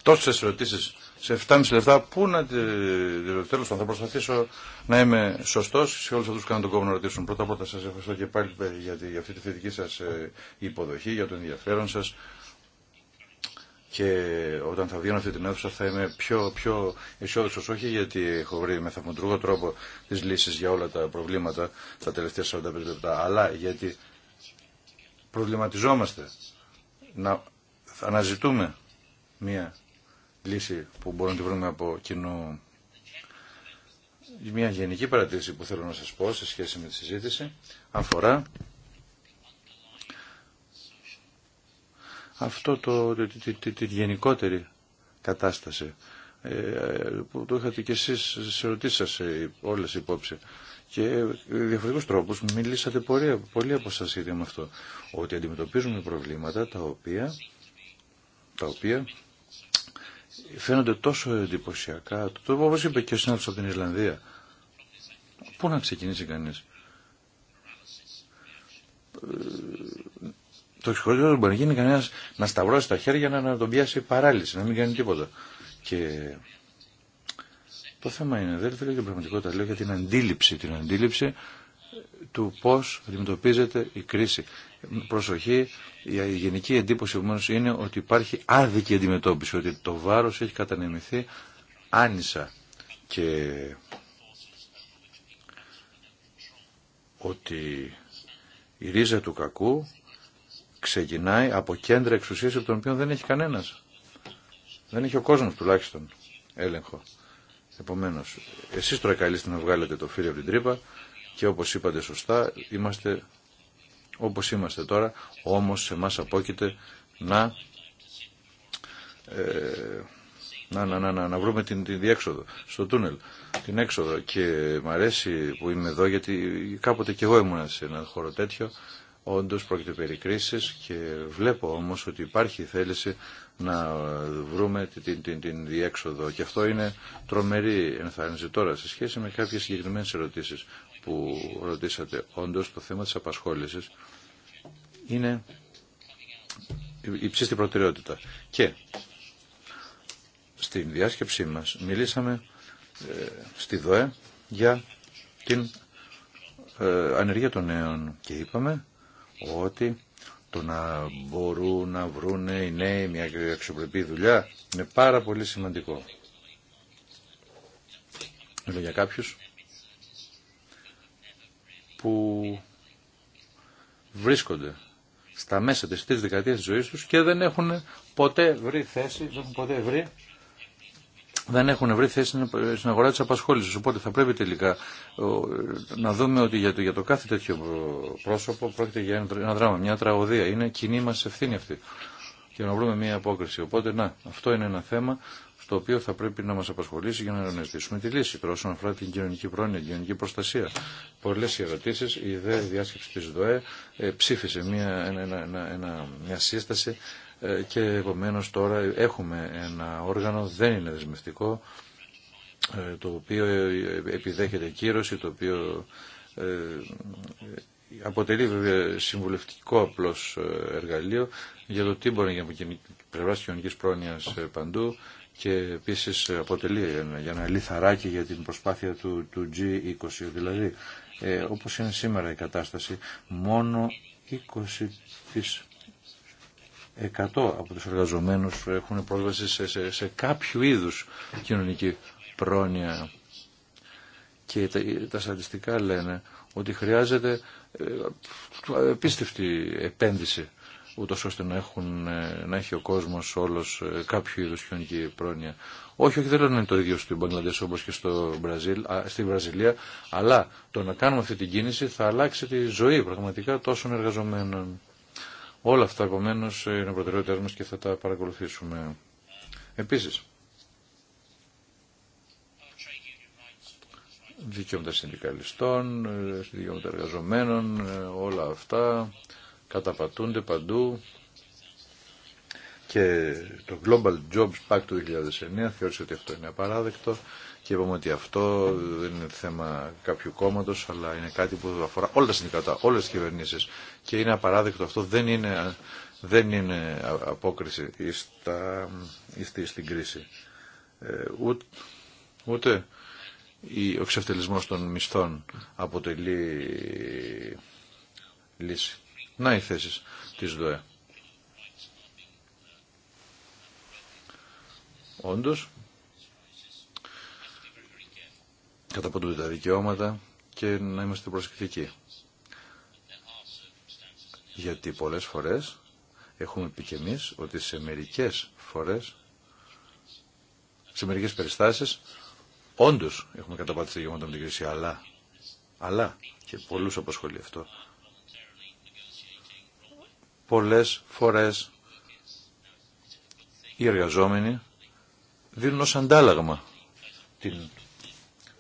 Τόσε ερωτήσει σε 7,5 λεπτά, πού να τέλος θα προσπαθήσω να είμαι σωστός σε όλους αυτούς που κάνουν τον κόμμα να τέλο. θα προσπαθησω να ειμαι σωστό σε όλου αυτού που κανουν τον πρώτα σας ευχαριστώ και πάλι ε, για, για αυτή τη θετική σα ε, υποδοχή, για τον ενδιαφέρον σα. και όταν θα βγαίνω αυτή την αίθουσα θα είμαι πιο, πιο αισιόδοξο, όχι γιατί έχω βρει με θαυματουργό τρόπο τις λύσεις για όλα τα προβλήματα τα τελευταία 45 λεπτά, αλλά γιατί προβληματιζόμαστε να αναζητούμε μια λύση που μπορούμε να τη βρούμε από κοινού. Μια γενική παρατήρηση που θέλω να σας πω σε σχέση με τη συζήτηση αφορά αυτό το, τη, γενικότερη κατάσταση ε, που το είχατε και εσείς σε ερωτήσεις σας ε, όλες υπόψη και διαφορετικούς τρόπους μιλήσατε πολύ, πολύ από σας σχετικά με αυτό ότι αντιμετωπίζουμε προβλήματα τα οποία, τα οποία φαίνονται τόσο εντυπωσιακά. Το όπως είπε και ο συνάδελφος από την Ισλανδία. Πού να ξεκινήσει κανείς. Ε, το συγχωρείτε μπορεί να γίνει κανένα να σταυρώσει τα χέρια να, να τον πιάσει παράλυση, να μην κάνει τίποτα. Και το θέμα είναι, δεν το λέω για πραγματικότητα, λέω για την αντίληψη, την αντίληψη του πώς αντιμετωπίζεται η κρίση προσοχή, η γενική εντύπωση επομένως είναι ότι υπάρχει άδικη αντιμετώπιση, ότι το βάρος έχει κατανεμηθεί άνισα και ότι η ρίζα του κακού ξεκινάει από κέντρα εξουσίας από τον οποίο δεν έχει κανένας. Δεν έχει ο κόσμος τουλάχιστον έλεγχο. Επομένως, εσείς τώρα καλείστε να βγάλετε το φύριο από την τρύπα και όπως είπατε σωστά, είμαστε όπως είμαστε τώρα, όμως σε μας απόκειται να, ε, να, να, να, να, βρούμε την, την διέξοδο στο τούνελ, την έξοδο και μου αρέσει που είμαι εδώ γιατί κάποτε και εγώ ήμουν σε ένα χώρο τέτοιο, όντως πρόκειται περί και βλέπω όμως ότι υπάρχει θέληση να βρούμε την, την, την διέξοδο. Και αυτό είναι τρομερή ενθάρρυνση τώρα σε σχέση με κάποιες συγκεκριμένες ερωτήσεις που ρωτήσατε. Όντως το θέμα της απασχόλησης είναι υψίστη προτεραιότητα. Και στην διάσκεψή μας μιλήσαμε ε, στη ΔΟΕ για την ε, ανεργία των νέων και είπαμε ότι το να μπορούν να βρουν οι νέοι μια αξιοπρεπή δουλειά είναι πάρα πολύ σημαντικό. Εδώ για κάποιους που βρίσκονται στα μέσα της τρεις δεκαετίας της ζωής τους και δεν έχουν ποτέ βρει θέση, δεν έχουν ποτέ βρει δεν έχουν βρει θέση στην αγορά της απασχόλησης. Οπότε θα πρέπει τελικά να δούμε ότι για το, για το κάθε τέτοιο πρόσωπο πρόκειται για ένα δράμα, μια τραγωδία. Είναι κοινή μας ευθύνη αυτή και να βρούμε μια απόκριση. Οπότε να, αυτό είναι ένα θέμα στο οποίο θα πρέπει να μας απασχολήσει για να αναζητήσουμε τη λύση. Τώρα όσον αφορά την κοινωνική πρόνοια, την κοινωνική προστασία. Πολλές ερωτήσεις, η ιδέα διάσκεψη της ΔΟΕ ε, ψήφισε μια, ένα, ένα, ένα, μια σύσταση ε, και επομένως τώρα έχουμε ένα όργανο, δεν είναι δεσμευτικό, ε, το οποίο ε, επιδέχεται κύρωση, το οποίο αποτελεί βέβαια συμβουλευτικό απλώς εργαλείο για το τι μπορεί να γίνει από πλευράς κοινωνικής πρόνοιας παντού και επίσης αποτελεί για ένα λιθαράκι για την προσπάθεια του, του G20. Δηλαδή, όπως είναι σήμερα η κατάσταση, μόνο 20% 100 από τους εργαζομένους έχουν πρόσβαση σε, σε, κάποιο είδους κοινωνική πρόνοια. Και τα, στατιστικά λένε ότι χρειάζεται επίστευτη επένδυση ούτως ώστε να, έχουν, ε, να έχει ο κόσμος όλος ε, κάποιο είδους κοινωνική πρόνοια. Όχι, όχι, δεν είναι το ίδιο στην Μπαγκλαντές όπως και στο Μπραζίλ, στη Βραζιλία, αλλά το να κάνουμε αυτή την κίνηση θα αλλάξει τη ζωή πραγματικά τόσων εργαζομένων. Όλα αυτά επομένω είναι προτεραιότητά μας και θα τα παρακολουθήσουμε. Επίσης, δικαιώματα συνδικαλιστών, δικαιώματα εργαζομένων, όλα αυτά καταπατούνται παντού και το Global Jobs Pact του 2009 θεώρησε ότι αυτό είναι απαράδεκτο και είπαμε ότι αυτό δεν είναι θέμα κάποιου κόμματο, αλλά είναι κάτι που αφορά όλα τα συνδικάτα, όλε τι κυβερνήσει. Και είναι απαράδεκτο αυτό, δεν είναι, δεν είναι απόκριση στην κρίση. Ε, ούτε, ούτε ο ξεφτελισμός των μισθών αποτελεί λύση. Να οι θέσει τη ΔΟΕ. Όντως, καταποντούνται τα δικαιώματα και να είμαστε προσεκτικοί. Γιατί πολλές φορές έχουμε πει και εμείς ότι σε μερικές φορές, σε μερικές περιστάσεις, όντως έχουμε καταπάτηση δικαιώματα με την κρίση, αλλά, αλλά και πολλούς αποσχολεί αυτό. Πολλές φορές οι εργαζόμενοι δίνουν ως αντάλλαγμα την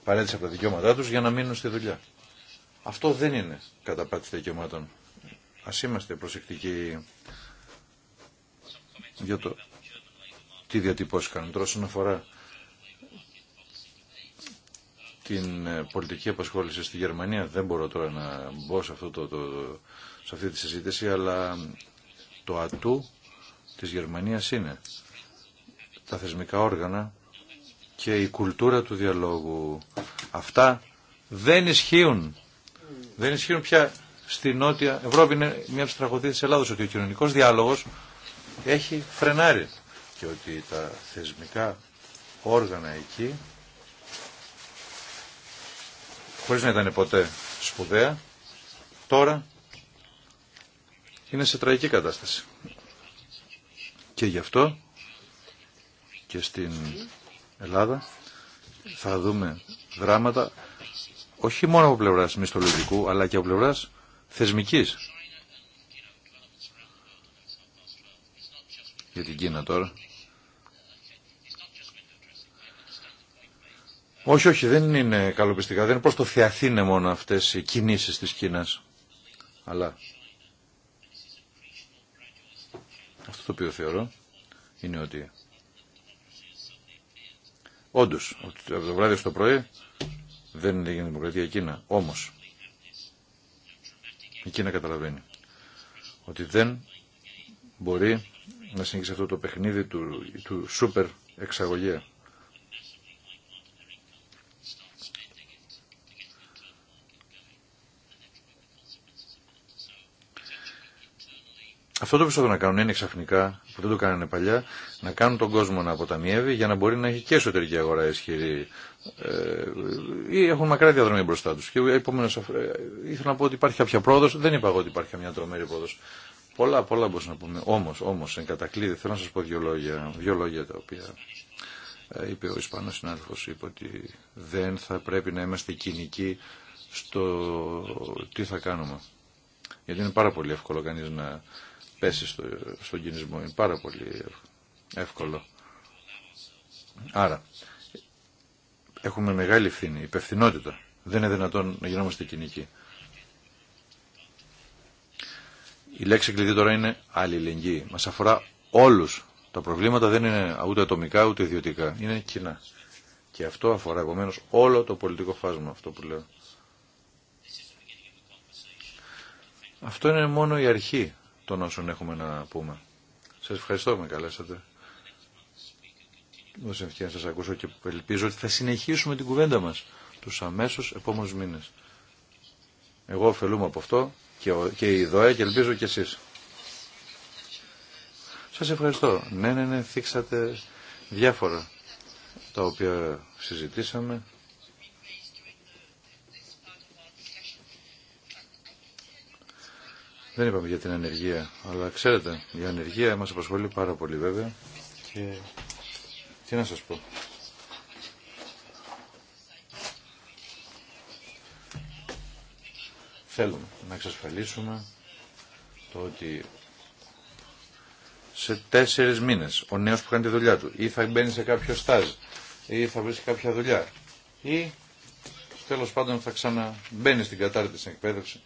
παρέτηση από τα δικαιώματά του για να μείνουν στη δουλειά. Αυτό δεν είναι καταπάτηση δικαιωμάτων. Ας είμαστε προσεκτικοί για το τι διατυπώσει κάνουν. Τώρα όσον αφορά την ε, πολιτική απασχόληση στη Γερμανία δεν μπορώ τώρα να μπω σε, αυτό το, το, σε αυτή τη συζήτηση αλλά το ατού της Γερμανίας είναι τα θεσμικά όργανα και η κουλτούρα του διαλόγου. Αυτά δεν ισχύουν. Δεν ισχύουν πια στη Νότια Ευρώπη. Είναι μια από τι τραγωδίε τη Ελλάδο ότι ο κοινωνικό διάλογο έχει φρενάρει και ότι τα θεσμικά όργανα εκεί χωρίς να ήταν ποτέ σπουδαία τώρα είναι σε τραγική κατάσταση και γι' αυτό και στην Ελλάδα θα δούμε δράματα όχι μόνο από πλευράς μισθολογικού αλλά και από πλευράς θεσμικής. Για την Κίνα τώρα. Όχι, όχι, δεν είναι καλοπιστικά. Δεν είναι προς το Θεαθήνε μόνο αυτές οι κινήσεις της Κίνας. Αλλά αυτό το οποίο θεωρώ είναι ότι Όντω, από το βράδυ στο πρωί δεν είναι δημοκρατία εκείνα, Όμω, η καταλαβαίνει ότι δεν μπορεί να συνεχίσει αυτό το παιχνίδι του, του σούπερ εξαγωγέα. Αυτό το πιστεύω να κάνουν είναι ξαφνικά, που δεν το κάνανε παλιά, να κάνουν τον κόσμο να αποταμιεύει για να μπορεί να έχει και εσωτερική αγορά ισχυρή. Ε, ή έχουν μακρά διαδρομή μπροστά του. Και ε, ήθελα να πω ότι υπάρχει κάποια πρόοδο. Δεν είπα εγώ ότι υπάρχει μια τρομερή πρόοδο. Πολλά, πολλά μπορούσα να πούμε. Όμω, όμω, εν κατακλείδη, θέλω να σα πω δύο λόγια, δύο λόγια τα οποία ε, είπε ο ισπανό συνάδελφο είπε ότι δεν θα πρέπει να είμαστε κοινικοί στο τι θα κάνουμε. Γιατί είναι πάρα πολύ εύκολο κανεί να πέσει στο, στον κινησμό. Είναι πάρα πολύ εύκολο. Άρα, έχουμε μεγάλη ευθύνη, υπευθυνότητα. Δεν είναι δυνατόν να γινόμαστε κοινικοί. Η λέξη κλειδί τώρα είναι αλληλεγγύη. Μα αφορά όλου. Τα προβλήματα δεν είναι ούτε ατομικά ούτε ιδιωτικά. Είναι κοινά. Και αυτό αφορά επομένω όλο το πολιτικό φάσμα, αυτό που λέω. Αυτό είναι μόνο η αρχή των όσων έχουμε να πούμε. Σας ευχαριστώ με καλέσατε. Δώσε ευκαιρία να σας ακούσω και ελπίζω ότι θα συνεχίσουμε την κουβέντα μας τους αμέσως επόμενους μήνες. Εγώ ωφελούμαι από αυτό και, και η ΔΟΕ και ελπίζω και εσείς. Σας ευχαριστώ. Ναι, ναι, ναι, θίξατε διάφορα τα οποία συζητήσαμε. Δεν είπαμε για την ανεργία, αλλά ξέρετε, η ανεργία μας απασχολεί πάρα πολύ βέβαια και τι να σας πω. Θέλουμε να εξασφαλίσουμε το ότι σε τέσσερις μήνες ο νέος που κάνει τη δουλειά του ή θα μπαίνει σε κάποιο στάζ ή θα βρίσκει κάποια δουλειά ή τέλος πάντων θα ξαναμπαίνει στην κατάρτιση στην εκπαίδευση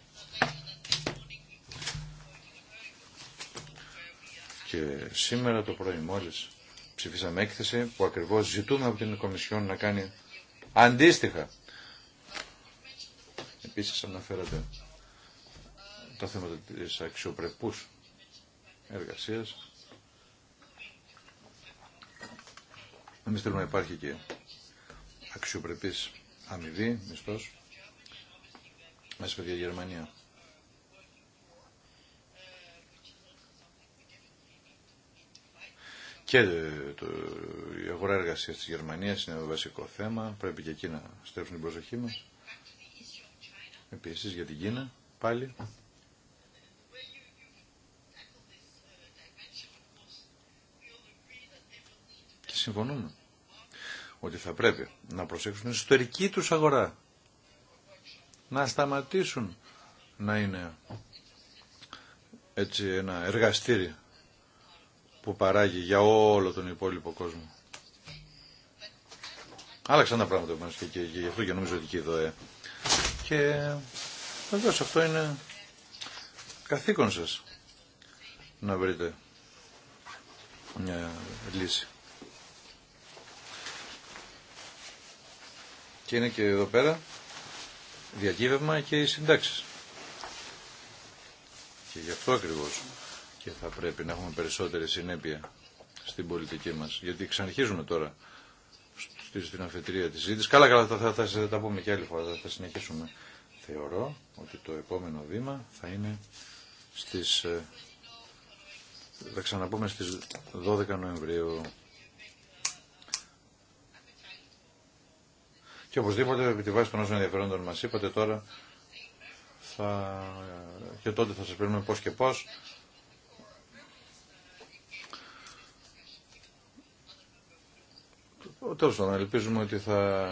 Και σήμερα το πρωί μόλις ψηφίσαμε έκθεση που ακριβώς ζητούμε από την Κομισιόν να κάνει αντίστοιχα. Επίσης αναφέρατε τα θέματα της αξιοπρεπούς εργασίας. Εμείς θέλουμε να υπάρχει και αξιοπρεπής αμοιβή, μισθός, μέσα στη Γερμανία. και ε, το, η αγορά εργασία τη Γερμανία είναι βασικό θέμα, πρέπει και εκεί να στρέψουν την προσοχή μας. Επίση για την Κίνα, πάλι. Και συμφωνούμε ότι θα πρέπει να προσέξουν την εσωτερική τους αγορά. Να σταματήσουν να είναι έτσι ένα εργαστήρι που παράγει για όλο τον υπόλοιπο κόσμο. Άλλαξαν τα πράγματα μας και, και, γι' αυτό και νομίζω ότι και ΔΟΕ. Και βεβαίω αυτό είναι καθήκον σας να βρείτε μια λύση. Και είναι και εδώ πέρα διακύβευμα και οι συντάξεις. Και γι' αυτό ακριβώς και θα πρέπει να έχουμε περισσότερη συνέπεια στην πολιτική μας. Γιατί ξαναρχίζουμε τώρα στην αφετρία της ζήτησης. Καλά, καλά, θα, θα, θα, τα πούμε και άλλη φορά, θα, συνεχίσουμε. Θεωρώ ότι το επόμενο βήμα θα είναι στις... Ε, θα ξαναπούμε στις 12 Νοεμβρίου. Και οπωσδήποτε, επί τη βάση των όσων ενδιαφερόντων μας είπατε τώρα, θα... Ε, και τότε θα σας πούμε πώς και πώς Τέλο πάντων, ελπίζουμε ότι θα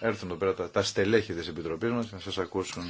έρθουν εδώ πέρα τα, τα στελέχη της Επιτροπής μας να σας ακούσουν.